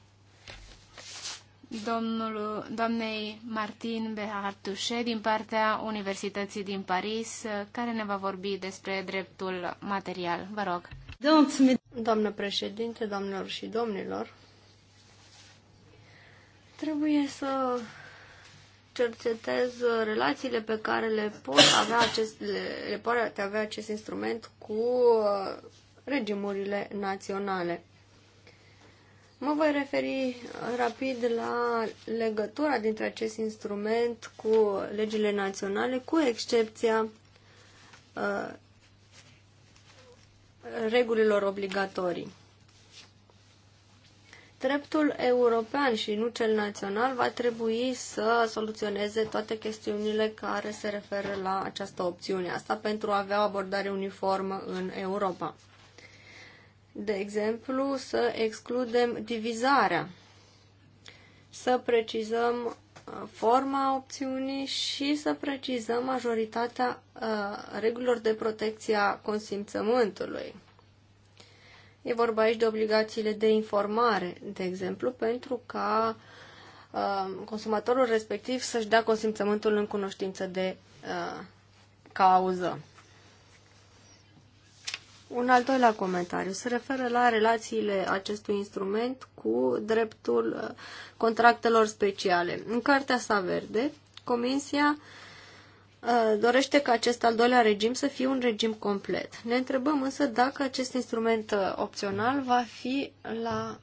domnul, doamnei Martin Behartușe din partea Universității din Paris, care ne va vorbi despre dreptul material. Vă rog. Doamnă președinte, doamnelor și domnilor, trebuie să cercetez relațiile pe care le pot avea acest, le, le poate avea acest instrument cu uh, regimurile naționale. Mă voi referi rapid la legătura dintre acest instrument cu legile naționale, cu excepția uh, regulilor obligatorii. Dreptul european și nu cel național va trebui să soluționeze toate chestiunile care se referă la această opțiune. Asta pentru a avea o abordare uniformă în Europa de exemplu, să excludem divizarea, să precizăm uh, forma opțiunii și să precizăm majoritatea uh, regulilor de protecție a consimțământului. E vorba aici de obligațiile de informare, de exemplu, pentru ca uh, consumatorul respectiv să-și dea consimțământul în cunoștință de uh, cauză. Un al doilea comentariu se referă la relațiile acestui instrument cu dreptul uh, contractelor speciale. În cartea sa verde, Comisia uh, dorește ca acest al doilea regim să fie un regim complet. Ne întrebăm însă dacă acest instrument uh, opțional va fi la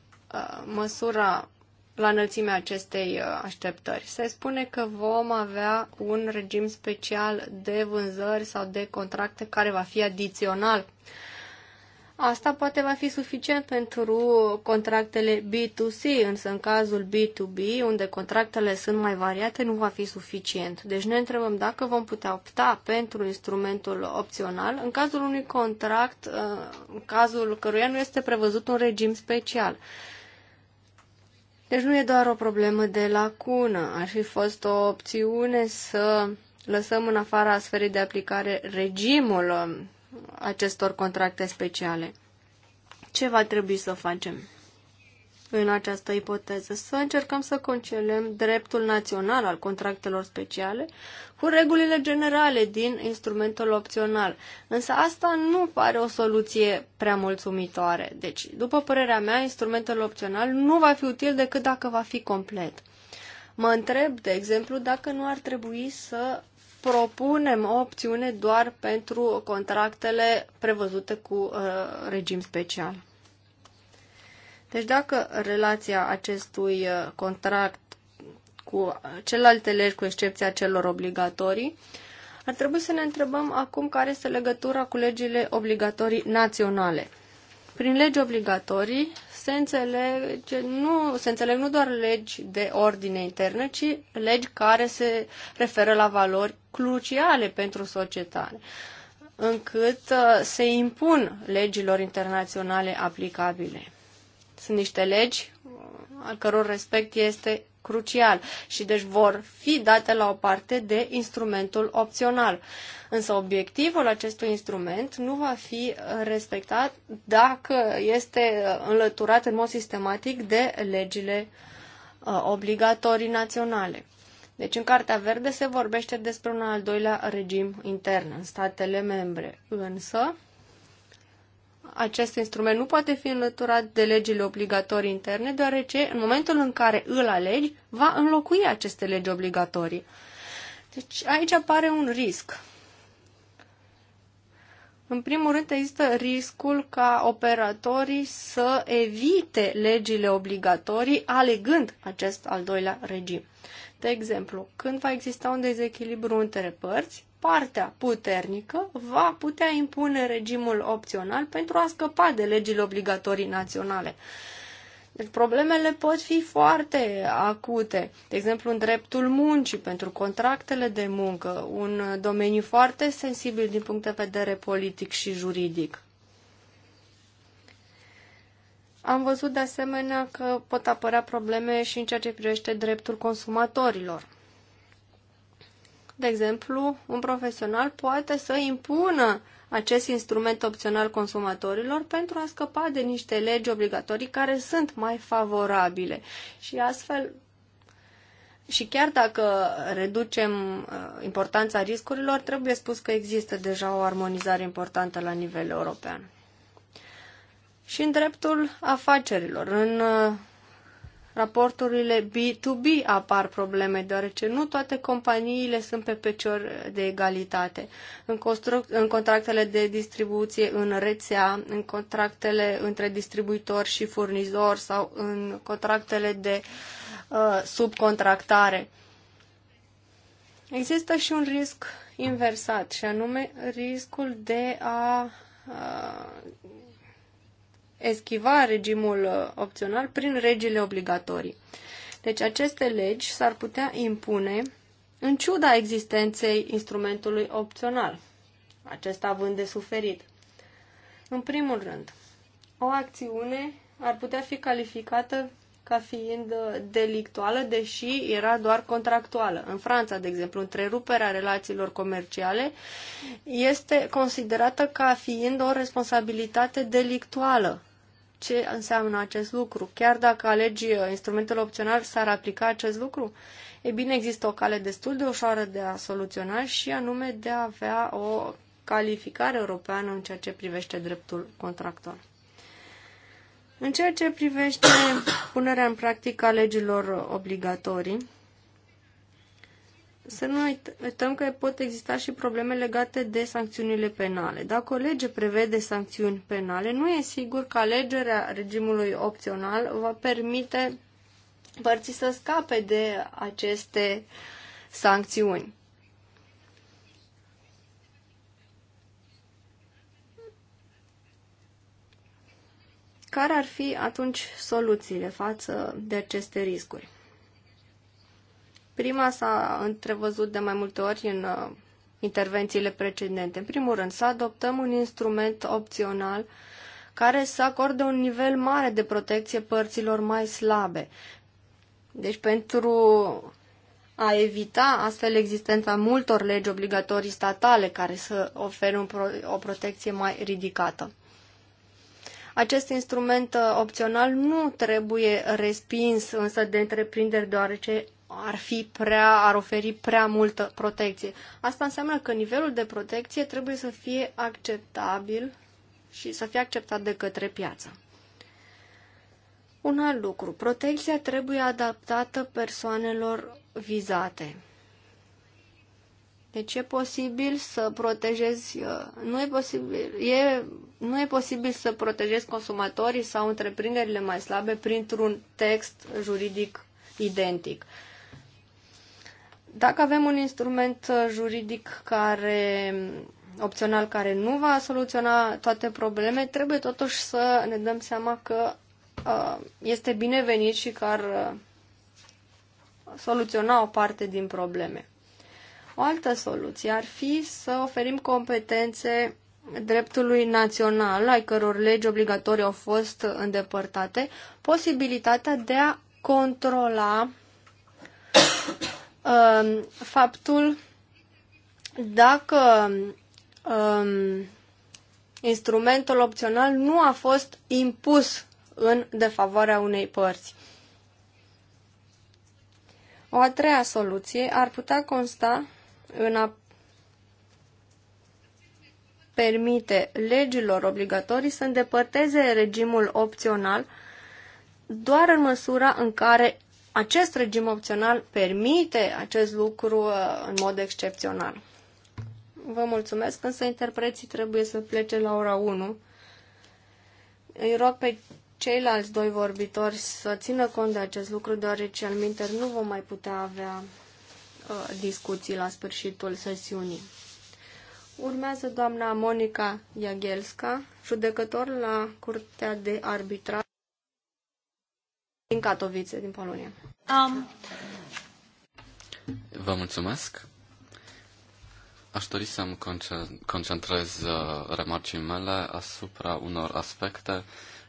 măsura, la înălțimea acestei așteptări. Se spune că vom avea un regim special de vânzări sau de contracte care va fi adițional Asta poate va fi suficient pentru contractele B2C, însă în cazul B2B, unde contractele sunt mai variate, nu va fi suficient. Deci ne întrebăm dacă vom putea opta pentru instrumentul opțional în cazul unui contract, uh, în cazul căruia nu este prevăzut un regim special. Deci nu e doar o problemă de lacună. Ar fi fost o opțiune să lăsăm în afara sferei de aplicare regimul um, acestor contracte speciale. Ce va trebui să facem în această ipoteză? Să încercăm să concelem dreptul național al contractelor speciale cu regulile generale din instrumentul opțional. Însă asta nu pare o soluție prea mulțumitoare. Deci, după părerea mea, instrumentul opțional nu va fi util decât dacă va fi complet. Mă întreb, de exemplu, dacă nu ar trebui să propunem o opțiune doar pentru contractele prevăzute cu uh, regim special. Deci dacă relația acestui uh, contract cu celelalte legi, cu excepția celor obligatorii, ar trebui să ne întrebăm acum care este legătura cu legile obligatorii naționale. Prin legi obligatorii se, înțelege, nu, se înțeleg nu doar legi de ordine internă, ci legi care se referă la valori cruciale pentru societate, încât uh, se impun legilor internaționale aplicabile. Sunt niște legi uh, al căror respect este crucial și deci vor fi date la o parte de instrumentul opțional. Însă obiectivul acestui instrument nu va fi respectat dacă este înlăturat în mod sistematic de legile uh, obligatorii naționale. Deci în Cartea Verde se vorbește despre un al doilea regim intern în statele membre, însă acest instrument nu poate fi înlăturat de legile obligatorii interne, deoarece în momentul în care îl alegi, va înlocui aceste legi obligatorii. Deci aici apare un risc. În primul rând există riscul ca operatorii să evite legile obligatorii alegând acest al doilea regim. De exemplu, când va exista un dezechilibru între părți, partea puternică va putea impune regimul opțional pentru a scăpa de legile obligatorii naționale. Deci problemele pot fi foarte acute. De exemplu, în dreptul muncii, pentru contractele de muncă, un domeniu foarte sensibil din punct de vedere politic și juridic. Am văzut de asemenea că pot apărea probleme și în ceea ce privește dreptul consumatorilor de exemplu, un profesional poate să impună acest instrument opțional consumatorilor pentru a scăpa de niște legi obligatorii care sunt mai favorabile. Și astfel, și chiar dacă reducem uh, importanța riscurilor, trebuie spus că există deja o armonizare importantă la nivel european. Și în dreptul afacerilor, în uh, raporturile B2B apar probleme, deoarece nu toate companiile sunt pe pecior de egalitate. În, în contractele de distribuție în rețea, în contractele între distribuitor și furnizor sau în contractele de uh, subcontractare. Există și un risc inversat, și anume riscul de a uh, eschiva regimul uh, opțional prin regile obligatorii. Deci aceste legi s-ar putea impune în ciuda existenței instrumentului opțional, acesta având de suferit. În primul rând, o acțiune ar putea fi calificată ca fiind uh, delictuală, deși era doar contractuală. În Franța, de exemplu, întreruperea relațiilor comerciale este considerată ca fiind o responsabilitate delictuală ce înseamnă acest lucru. Chiar dacă alegi uh, instrumentul opțional s-ar aplica acest lucru? E bine, există o cale destul de ușoară de a soluționa și anume de a avea o calificare europeană în ceea ce privește dreptul contractor. În ceea ce privește punerea în practică a legilor obligatorii, să nu uităm că pot exista și probleme legate de sancțiunile penale. Dacă o lege prevede sancțiuni penale, nu e sigur că alegerea regimului opțional va permite părții să scape de aceste sancțiuni. Care ar fi atunci soluțiile față de aceste riscuri? Prima s-a întrevăzut de mai multe ori în uh, intervențiile precedente. În primul rând, să adoptăm un instrument opțional care să acorde un nivel mare de protecție părților mai slabe. Deci pentru a evita astfel existența multor legi obligatorii statale care să ofere un pro o protecție mai ridicată. Acest instrument uh, opțional nu trebuie respins însă de întreprinderi deoarece ar fi prea, ar oferi prea multă protecție. Asta înseamnă că nivelul de protecție trebuie să fie acceptabil și să fie acceptat de către piață. Un alt lucru, protecția trebuie adaptată persoanelor vizate. Deci e posibil să protejezi, uh, nu e posibil, e, nu e posibil să protejezi consumatorii sau întreprinderile mai slabe printr-un text juridic identic. Dacă avem un instrument uh, juridic care opțional care nu va soluționa toate probleme, trebuie totuși să ne dăm seama că uh, este binevenit și că ar uh, soluționa o parte din probleme. O altă soluție ar fi să oferim competențe dreptului național, ai căror legi obligatorii au fost îndepărtate, posibilitatea de a controla faptul dacă um, instrumentul opțional nu a fost impus în defavoarea unei părți. O a treia soluție ar putea consta în a permite legilor obligatorii să îndepărteze regimul opțional doar în măsura în care acest regim opțional permite acest lucru uh, în mod excepțional. Vă mulțumesc, însă interpreții trebuie să plece la ora 1. Îi rog pe ceilalți doi vorbitori să țină cont de acest lucru, deoarece al minter nu vom mai putea avea uh, discuții la sfârșitul sesiunii. Urmează doamna Monica Iagelska, judecător la Curtea de Arbitraj din Katowice, din Polonia. Um. Vă mulțumesc. Aș dori să-mi concentrez uh, remarcii mele asupra unor aspecte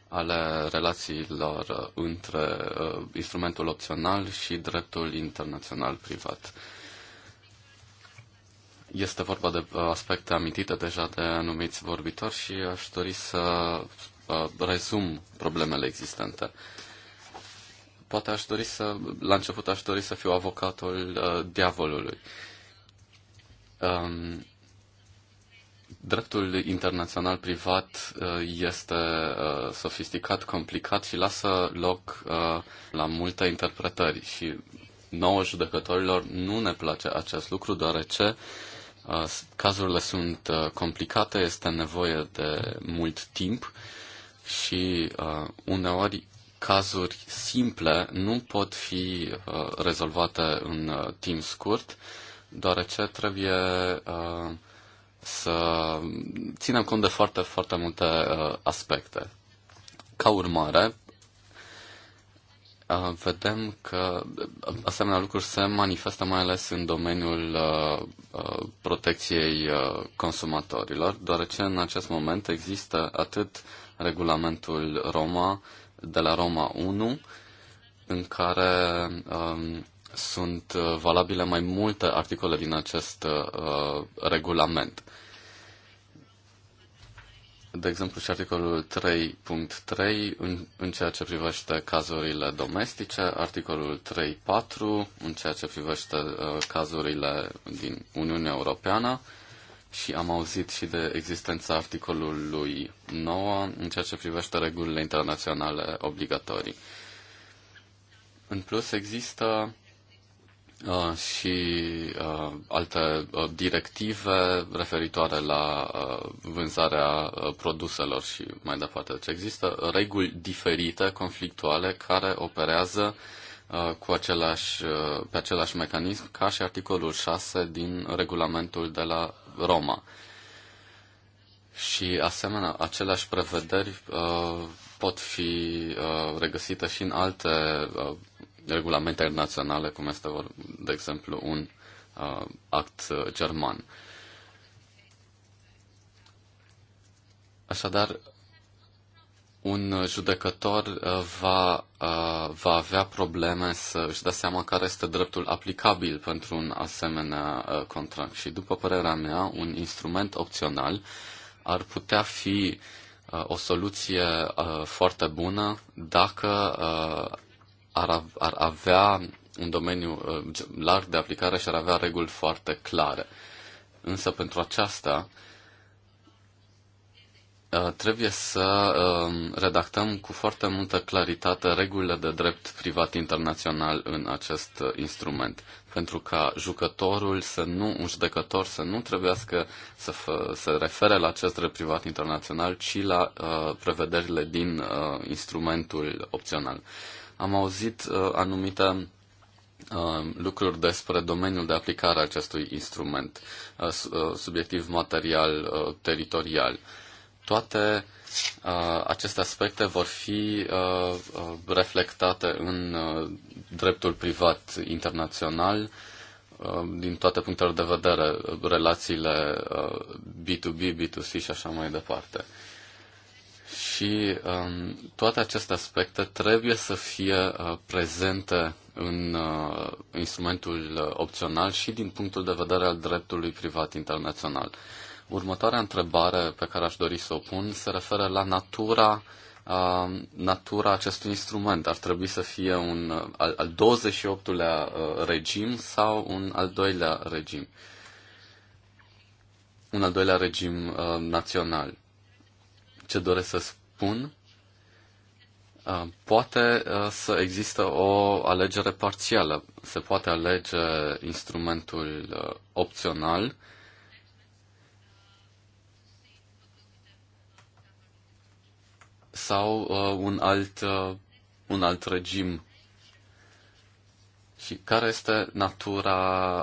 ale relațiilor uh, între uh, instrumentul opțional și dreptul internațional privat. Este vorba de aspecte amintite deja de anumiți vorbitori și aș dori să rezum problemele existente. Poate aș dori să, la început aș dori să fiu avocatul uh, diavolului. Um, dreptul internațional privat uh, este uh, sofisticat, complicat și lasă loc uh, la multe interpretări și nouă judecătorilor nu ne place acest lucru, deoarece cazurile sunt complicate, este nevoie de mult timp și uneori cazuri simple nu pot fi uh, rezolvate în uh, timp scurt, deoarece trebuie uh, să ținem cont de foarte, foarte multe aspecte. Ca urmare, vedem că asemenea lucruri se manifestă mai ales în domeniul protecției consumatorilor, deoarece în acest moment există atât regulamentul Roma, de la Roma 1, în care um, sunt uh, valabile mai multe articole din acest uh, regulament. De exemplu, și articolul 3.3 în, în ceea ce privește cazurile domestice, articolul 3.4 în ceea ce privește uh, cazurile din Uniunea Europeană, uh, și am auzit și de existența articolului 9 în ceea ce privește regulile internaționale obligatorii. În plus, există uh, și uh, alte uh, directive referitoare la uh, vânzarea uh, produselor și mai departe. Deci există reguli diferite, conflictuale, care operează uh, cu același, uh, pe același mecanism ca și articolul 6 din regulamentul de la Roma. Și asemenea, aceleași prevederi uh, pot fi uh, regăsite și în alte uh, regulamente internaționale, cum este, de exemplu, un uh, act uh, german. Așadar, un judecător uh, va, uh, va avea probleme să își dea seama care este dreptul aplicabil pentru un asemenea uh, contract. Și după părerea mea, un instrument opțional ar putea fi o soluție foarte bună dacă ar, avea un domeniu larg de aplicare și ar avea reguli foarte clare. Însă pentru aceasta, uh, Uh, trebuie să um, redactăm cu foarte multă claritate regulile de drept privat internațional în acest uh, instrument, pentru ca jucătorul să nu, un judecător să nu trebuiască să se refere la acest drept privat internațional, ci la uh, prevederile din uh, instrumentul opțional. Am auzit uh, anumite uh, lucruri despre domeniul de aplicare a acestui instrument, subiectiv material, teritorial toate uh, aceste aspecte vor fi uh, reflectate în uh, dreptul privat internațional uh, din toate punctele de vedere, relațiile uh, B2B, B2C și așa mai departe. Și um, toate aceste aspecte trebuie să fie uh, prezente în uh, instrumentul opțional și din punctul de vedere al dreptului privat internațional. Uh, Următoarea întrebare pe care aș dori să o pun se referă la natura natura acestui instrument. Ar trebui să fie un al, al 28-lea regim sau un al doilea regim? Un al doilea regim uh, național. Ce doresc să spun? Uh, poate uh, să există o alegere parțială. Se poate alege instrumentul uh, opțional uh, sau uh, un, alt, uh, un alt regim? Și care este natura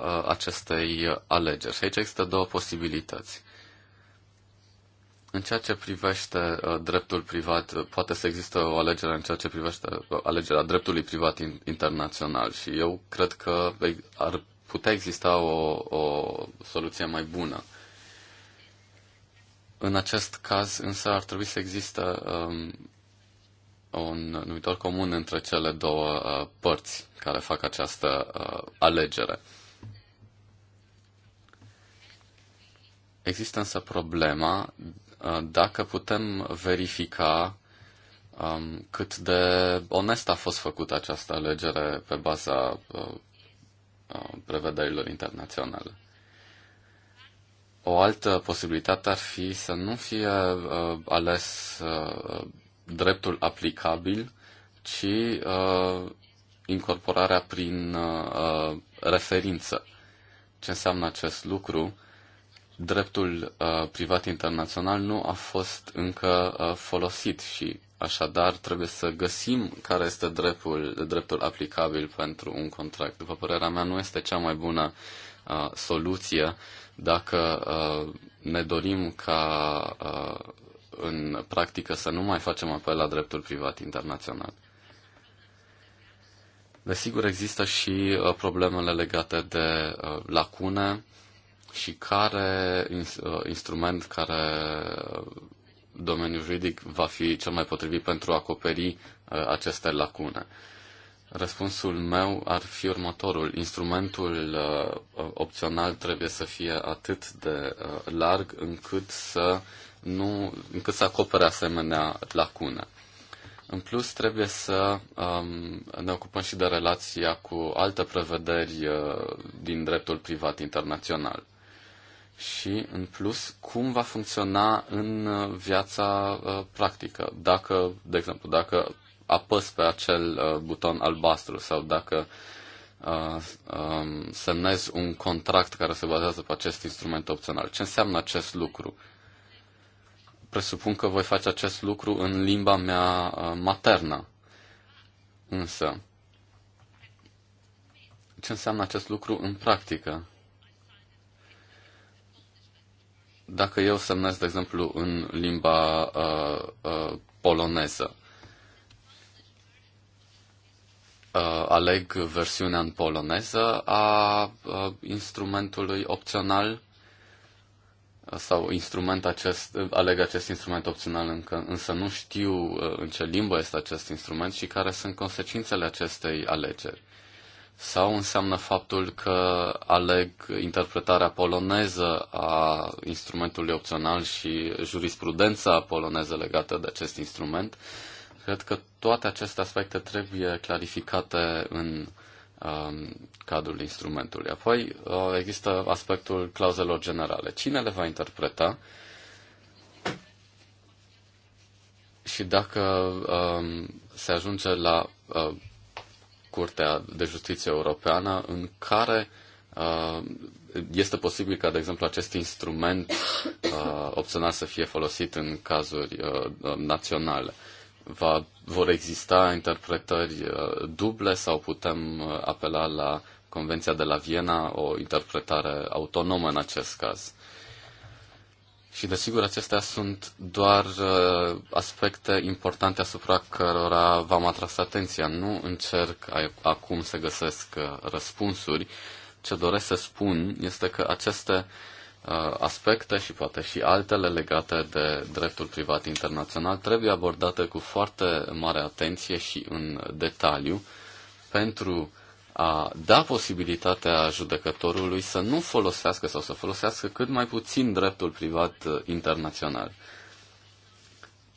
uh, acestei alegeri? Și aici există două posibilități. În ceea ce privește uh, dreptul privat, uh, poate să există o alegere în ceea ce privește uh, alegerea dreptului privat in, internațional și eu cred că ar putea exista o, o soluție mai bună. În acest caz, însă, ar trebui să există um, un numitor comun între cele două uh, părți care fac această uh, alegere. Există însă problema uh, dacă putem verifica um, cât de onest a fost făcută această alegere pe baza uh, uh prevederilor internaționale. O altă posibilitate ar fi să nu fie uh, ales uh, dreptul aplicabil, ci uh, incorporarea prin uh, uh, referință. Ce înseamnă acest lucru? Dreptul uh, privat internațional nu a fost încă uh, folosit și așadar trebuie să găsim care este dreptul, dreptul aplicabil pentru un contract. După părerea mea, nu este cea mai bună uh, soluție dacă uh, ne dorim ca uh, în practică să nu mai facem apel la dreptul privat internațional. Desigur, există și uh, problemele legate de lacune și care instrument, care domeniul juridic va fi cel mai potrivit pentru a acoperi aceste lacune. Răspunsul meu ar fi următorul. Instrumentul uh, opțional trebuie să fie atât de uh, larg încât să nu, încât să acopere asemenea lacune. În plus, trebuie să um, ne ocupăm și de relația cu alte prevederi uh, din dreptul privat internațional. Și, în plus, cum va funcționa în uh, viața uh, practică. Dacă, de exemplu, dacă apăs pe acel uh, buton albastru sau dacă uh, um, semnez un contract care se bazează pe acest instrument opțional. Ce înseamnă acest lucru? Presupun că voi face acest lucru în limba mea uh, maternă. Însă, ce înseamnă acest lucru în practică? Dacă eu semnez, de exemplu, în limba uh, uh, poloneză, uh, aleg versiunea în poloneză a uh, instrumentului opțional uh, sau instrument acest, uh, aleg acest instrument opțional, încă, însă nu știu uh, în ce limbă este acest instrument și care sunt consecințele acestei alegeri. Sau înseamnă faptul că aleg interpretarea poloneză a instrumentului opțional și jurisprudența poloneză legată de acest instrument, uh, Cred că toate aceste aspecte trebuie clarificate în um, cadrul instrumentului. Apoi uh, există aspectul clauzelor generale. Cine le va interpreta? Și dacă um, se ajunge la uh, Curtea de Justiție Europeană, în care uh, este posibil ca, de exemplu, acest instrument uh, opțional să fie folosit în cazuri uh, naționale. Uh, va, vor exista interpretări uh, duble sau putem uh, apela la Convenția de la Viena, o interpretare autonomă în acest caz. Și desigur, acestea sunt doar uh, aspecte importante asupra cărora v-am atras atenția. Nu încerc acum să găsesc răspunsuri. Ce doresc să spun este că aceste uh, Uh, aspecte și poate și altele legate de dreptul privat internațional trebuie abordate cu foarte mare atenție și în detaliu pentru a da posibilitatea judecătorului să nu folosească sau să folosească cât mai puțin dreptul privat uh, internațional.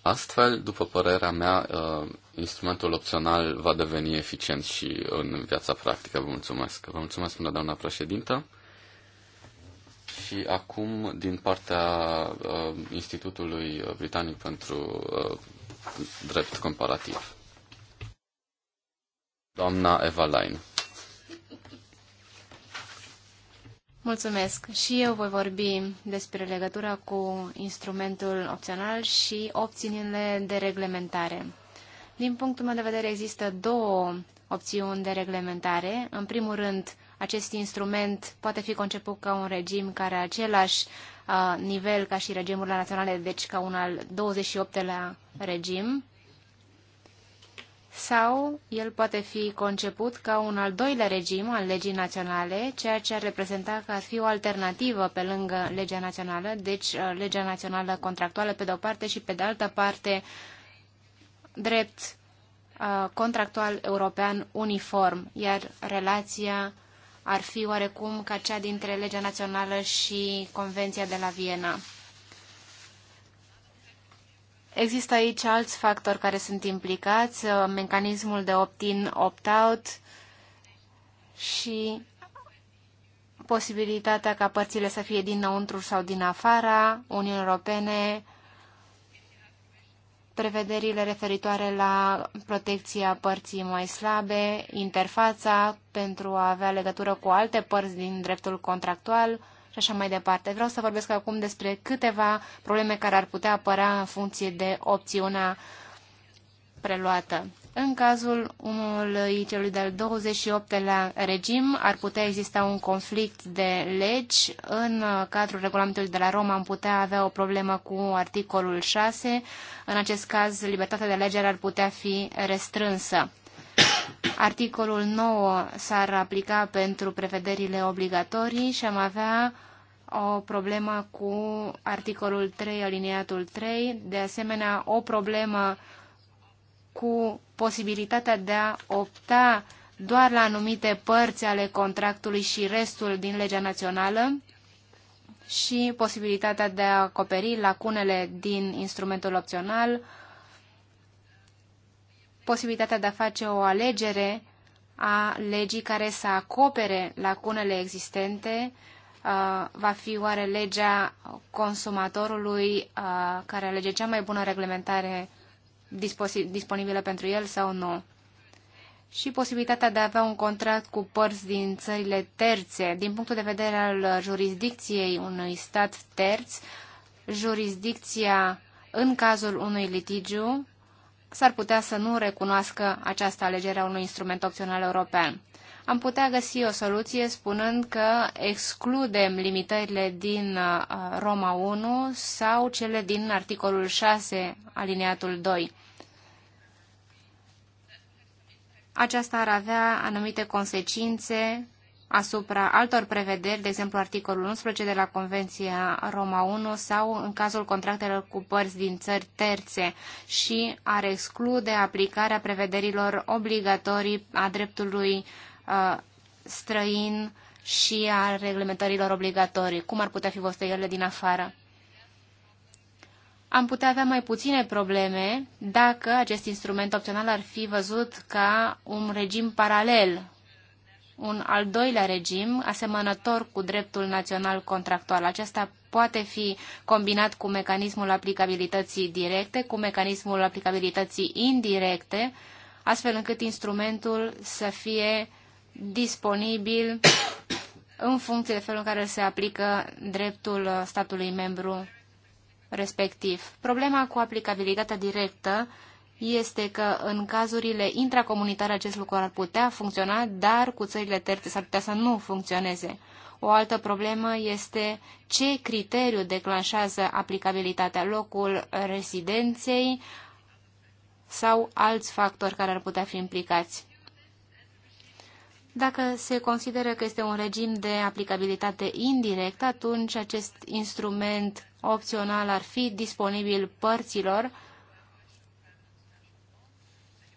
Astfel, după părerea mea, uh, instrumentul opțional va deveni eficient și în viața practică. Vă mulțumesc. Vă mulțumesc, doamna președintă. Și acum, din partea uh, Institutului Britanic pentru uh, Drept Comparativ, doamna Eva Lain. Mulțumesc. Și eu voi vorbi despre legătura cu instrumentul opțional și opțiunile de reglementare. Din punctul meu de vedere, există două opțiuni de reglementare. În primul rând, acest instrument poate fi conceput ca un regim care are același uh, nivel ca și regimurile naționale, deci ca un al 28-lea regim, sau el poate fi conceput ca un al doilea regim al legii naționale, ceea ce ar reprezenta ca ar fi o alternativă pe lângă legea națională, deci uh, legea națională contractuală pe de o parte și pe de altă parte drept uh, contractual european uniform, iar relația ar fi oarecum ca cea dintre legea națională și Convenția de la Viena. Există aici alți factori care sunt implicați, uh, mecanismul de opt-in, opt-out și posibilitatea ca părțile să fie dinăuntru sau din afara Uniunii Europene, prevederile referitoare la protecția părții mai slabe, interfața pentru a avea legătură cu alte părți din dreptul contractual și așa mai departe. Vreau să vorbesc acum despre câteva probleme care ar putea apărea în funcție de opțiunea preluată. În cazul unui celui de-al 28-lea regim ar putea exista un conflict de legi. În cadrul regulamentului de la Roma am putea avea o problemă cu articolul 6. În acest caz, libertatea de alegere ar putea fi restrânsă. Articolul 9 s-ar aplica pentru prevederile obligatorii și am avea o problemă cu articolul 3, aliniatul 3, de asemenea o problemă cu posibilitatea de a opta doar la anumite părți ale contractului și restul din legea națională și posibilitatea de a acoperi lacunele din instrumentul opțional, posibilitatea de a face o alegere a legii care să acopere lacunele existente, uh, va fi oare legea consumatorului uh, care alege cea mai bună reglementare disponibile pentru el sau nu. Și posibilitatea de a avea un contract cu părți din țările terțe. Din punctul de vedere al jurisdicției unui stat terț, jurisdicția în cazul unui litigiu s-ar putea să nu recunoască această alegere a unui instrument opțional european. Am putea găsi o soluție spunând că excludem limitările din uh, Roma 1 sau cele din articolul 6, aliniatul 2. aceasta ar avea anumite consecințe asupra altor prevederi, de exemplu articolul 11 de la Convenția Roma 1 sau în cazul contractelor cu părți din țări terțe și ar exclude aplicarea prevederilor obligatorii a dreptului uh, străin și a reglementărilor obligatorii. Cum ar putea fi văzute ele din afară? am putea avea mai puține probleme dacă acest instrument opțional ar fi văzut ca un regim paralel, un al doilea regim asemănător cu dreptul național contractual. Acesta poate fi combinat cu mecanismul aplicabilității directe, cu mecanismul aplicabilității indirecte, astfel încât instrumentul să fie disponibil în funcție de felul în care se aplică dreptul statului membru respectiv. Problema cu aplicabilitatea directă este că în cazurile intracomunitare acest lucru ar putea funcționa, dar cu țările terțe s-ar putea să nu funcționeze. O altă problemă este ce criteriu declanșează aplicabilitatea locul rezidenței sau alți factori care ar putea fi implicați. Dacă se consideră că este un regim de aplicabilitate indirectă, atunci acest instrument opțional ar fi disponibil părților,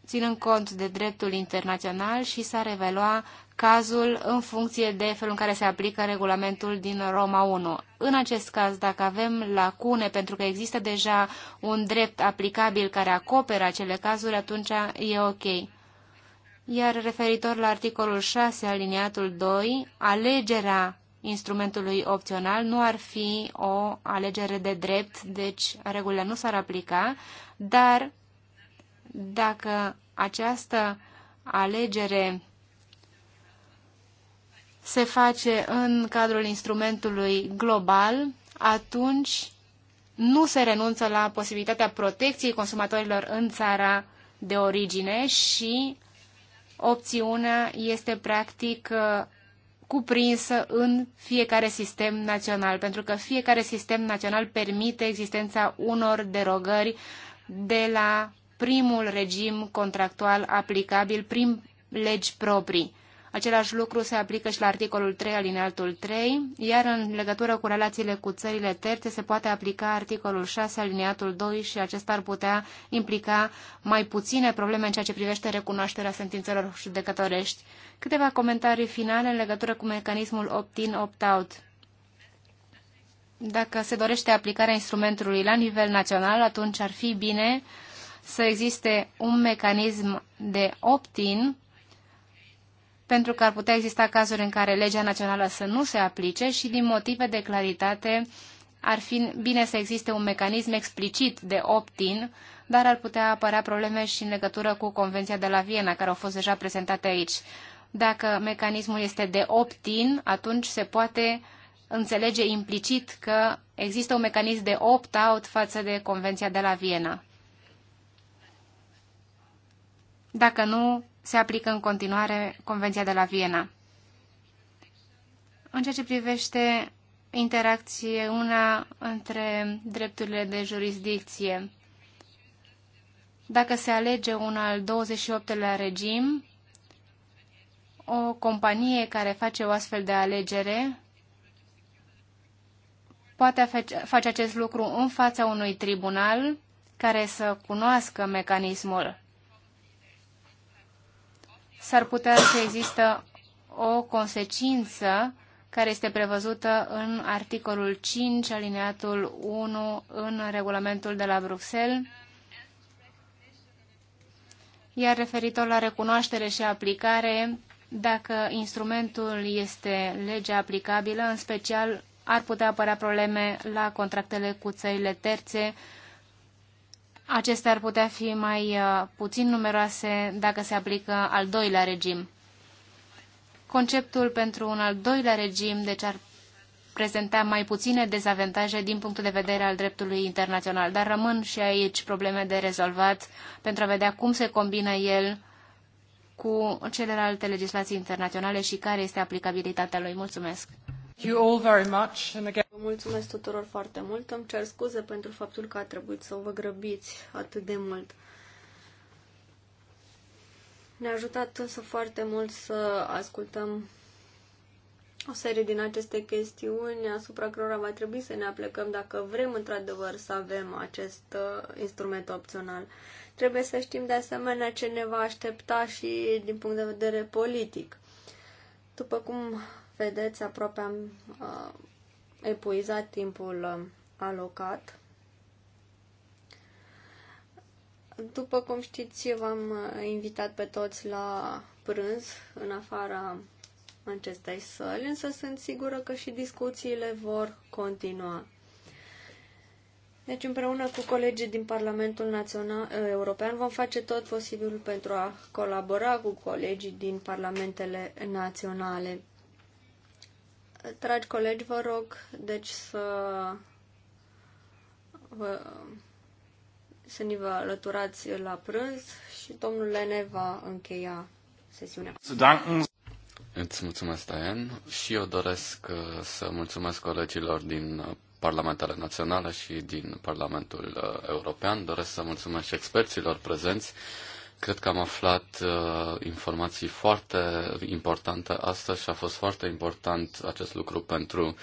ținând cont de dreptul internațional și s a revelua cazul în funcție de felul în care se aplică regulamentul din Roma 1. În acest caz, dacă avem lacune, pentru că există deja un drept aplicabil care acoperă acele cazuri, atunci e ok. Iar referitor la articolul 6, aliniatul 2, alegerea instrumentului opțional nu ar fi o alegere de drept, deci regulile nu s-ar aplica, dar dacă această alegere se face în cadrul instrumentului global, atunci nu se renunță la posibilitatea protecției consumatorilor în țara de origine și opțiunea este practic cuprinsă în fiecare sistem național, pentru că fiecare sistem național permite existența unor derogări de la primul regim contractual aplicabil prin legi proprii. Același lucru se aplică și la articolul 3 alineatul 3, iar în legătură cu relațiile cu țările terțe se poate aplica articolul 6 alineatul 2 și acesta ar putea implica mai puține probleme în ceea ce privește recunoașterea sentințelor judecătorești. Câteva comentarii finale în legătură cu mecanismul opt-in, opt-out. Dacă se dorește aplicarea instrumentului la nivel național, atunci ar fi bine să existe un mecanism de opt-in pentru că ar putea exista cazuri în care legea națională să nu se aplice și din motive de claritate ar fi bine să existe un mecanism explicit de opt-in, dar ar putea apărea probleme și în legătură cu Convenția de la Viena, care au fost deja prezentate aici. Dacă mecanismul este de opt-in, atunci se poate înțelege implicit că există un mecanism de opt-out față de Convenția de la Viena. Dacă nu, se aplică în continuare Convenția de la Viena. În ceea ce privește interacțiunea între drepturile de jurisdicție, dacă se alege un al 28-lea regim, o companie care face o astfel de alegere poate face acest lucru în fața unui tribunal care să cunoască mecanismul s-ar putea să există o consecință care este prevăzută în articolul 5, alineatul 1, în regulamentul de la Bruxelles, iar referitor la recunoaștere și aplicare, dacă instrumentul este legea aplicabilă, în special ar putea apărea probleme la contractele cu țările terțe, acestea ar putea fi mai uh, puțin numeroase dacă se aplică al doilea regim. Conceptul pentru un al doilea regim, deci ar prezenta mai puține dezavantaje din punctul de vedere al dreptului internațional, dar rămân și aici probleme de rezolvat pentru a vedea cum se combină el cu celelalte legislații internaționale și care este aplicabilitatea lui. Mulțumesc! Vă mulțumesc tuturor foarte mult. Îmi cer scuze pentru faptul că a trebuit să vă grăbiți atât de mult. Ne-a ajutat însă foarte mult să ascultăm o serie din aceste chestiuni asupra cărora va trebui să ne aplecăm dacă vrem într-adevăr să avem acest uh, instrument opțional. Trebuie să știm de asemenea ce ne va aștepta și din punct de vedere politic. După cum Vedeți, aproape am uh, epuizat timpul uh, alocat. După cum știți, v-am uh, invitat pe toți la prânz în afara acestei săli, însă sunt sigură că și discuțiile vor continua. Deci împreună cu colegii din Parlamentul Național uh, European vom face tot posibilul pentru a colabora cu colegii din parlamentele naționale. Dragi colegi, vă rog, deci să vă, să ne vă alăturați la prânz și domnul Lene va încheia sesiunea. Îți mulțumesc, daian. și eu doresc uh, să mulțumesc colegilor din uh, Parlamentele Naționale și din Parlamentul uh, European. Doresc să mulțumesc și experților prezenți. Cred că am aflat uh, informații foarte importante astăzi și a fost foarte important acest lucru pentru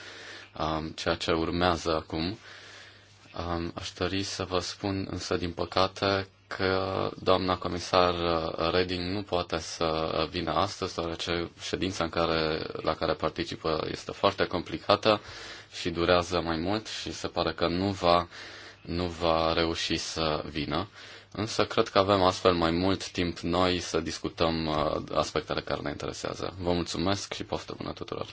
um, ceea ce urmează acum. Um, aș dori să vă spun însă, din păcate, că doamna comisar uh, Reding nu poate să vină astăzi, deoarece ședința în care, la care participă este foarte complicată și durează mai mult și se pare că nu va, nu va reuși să vină. Însă cred că avem astfel mai mult timp noi să discutăm uh, aspectele care ne interesează. Vă mulțumesc și poftă bună tuturor!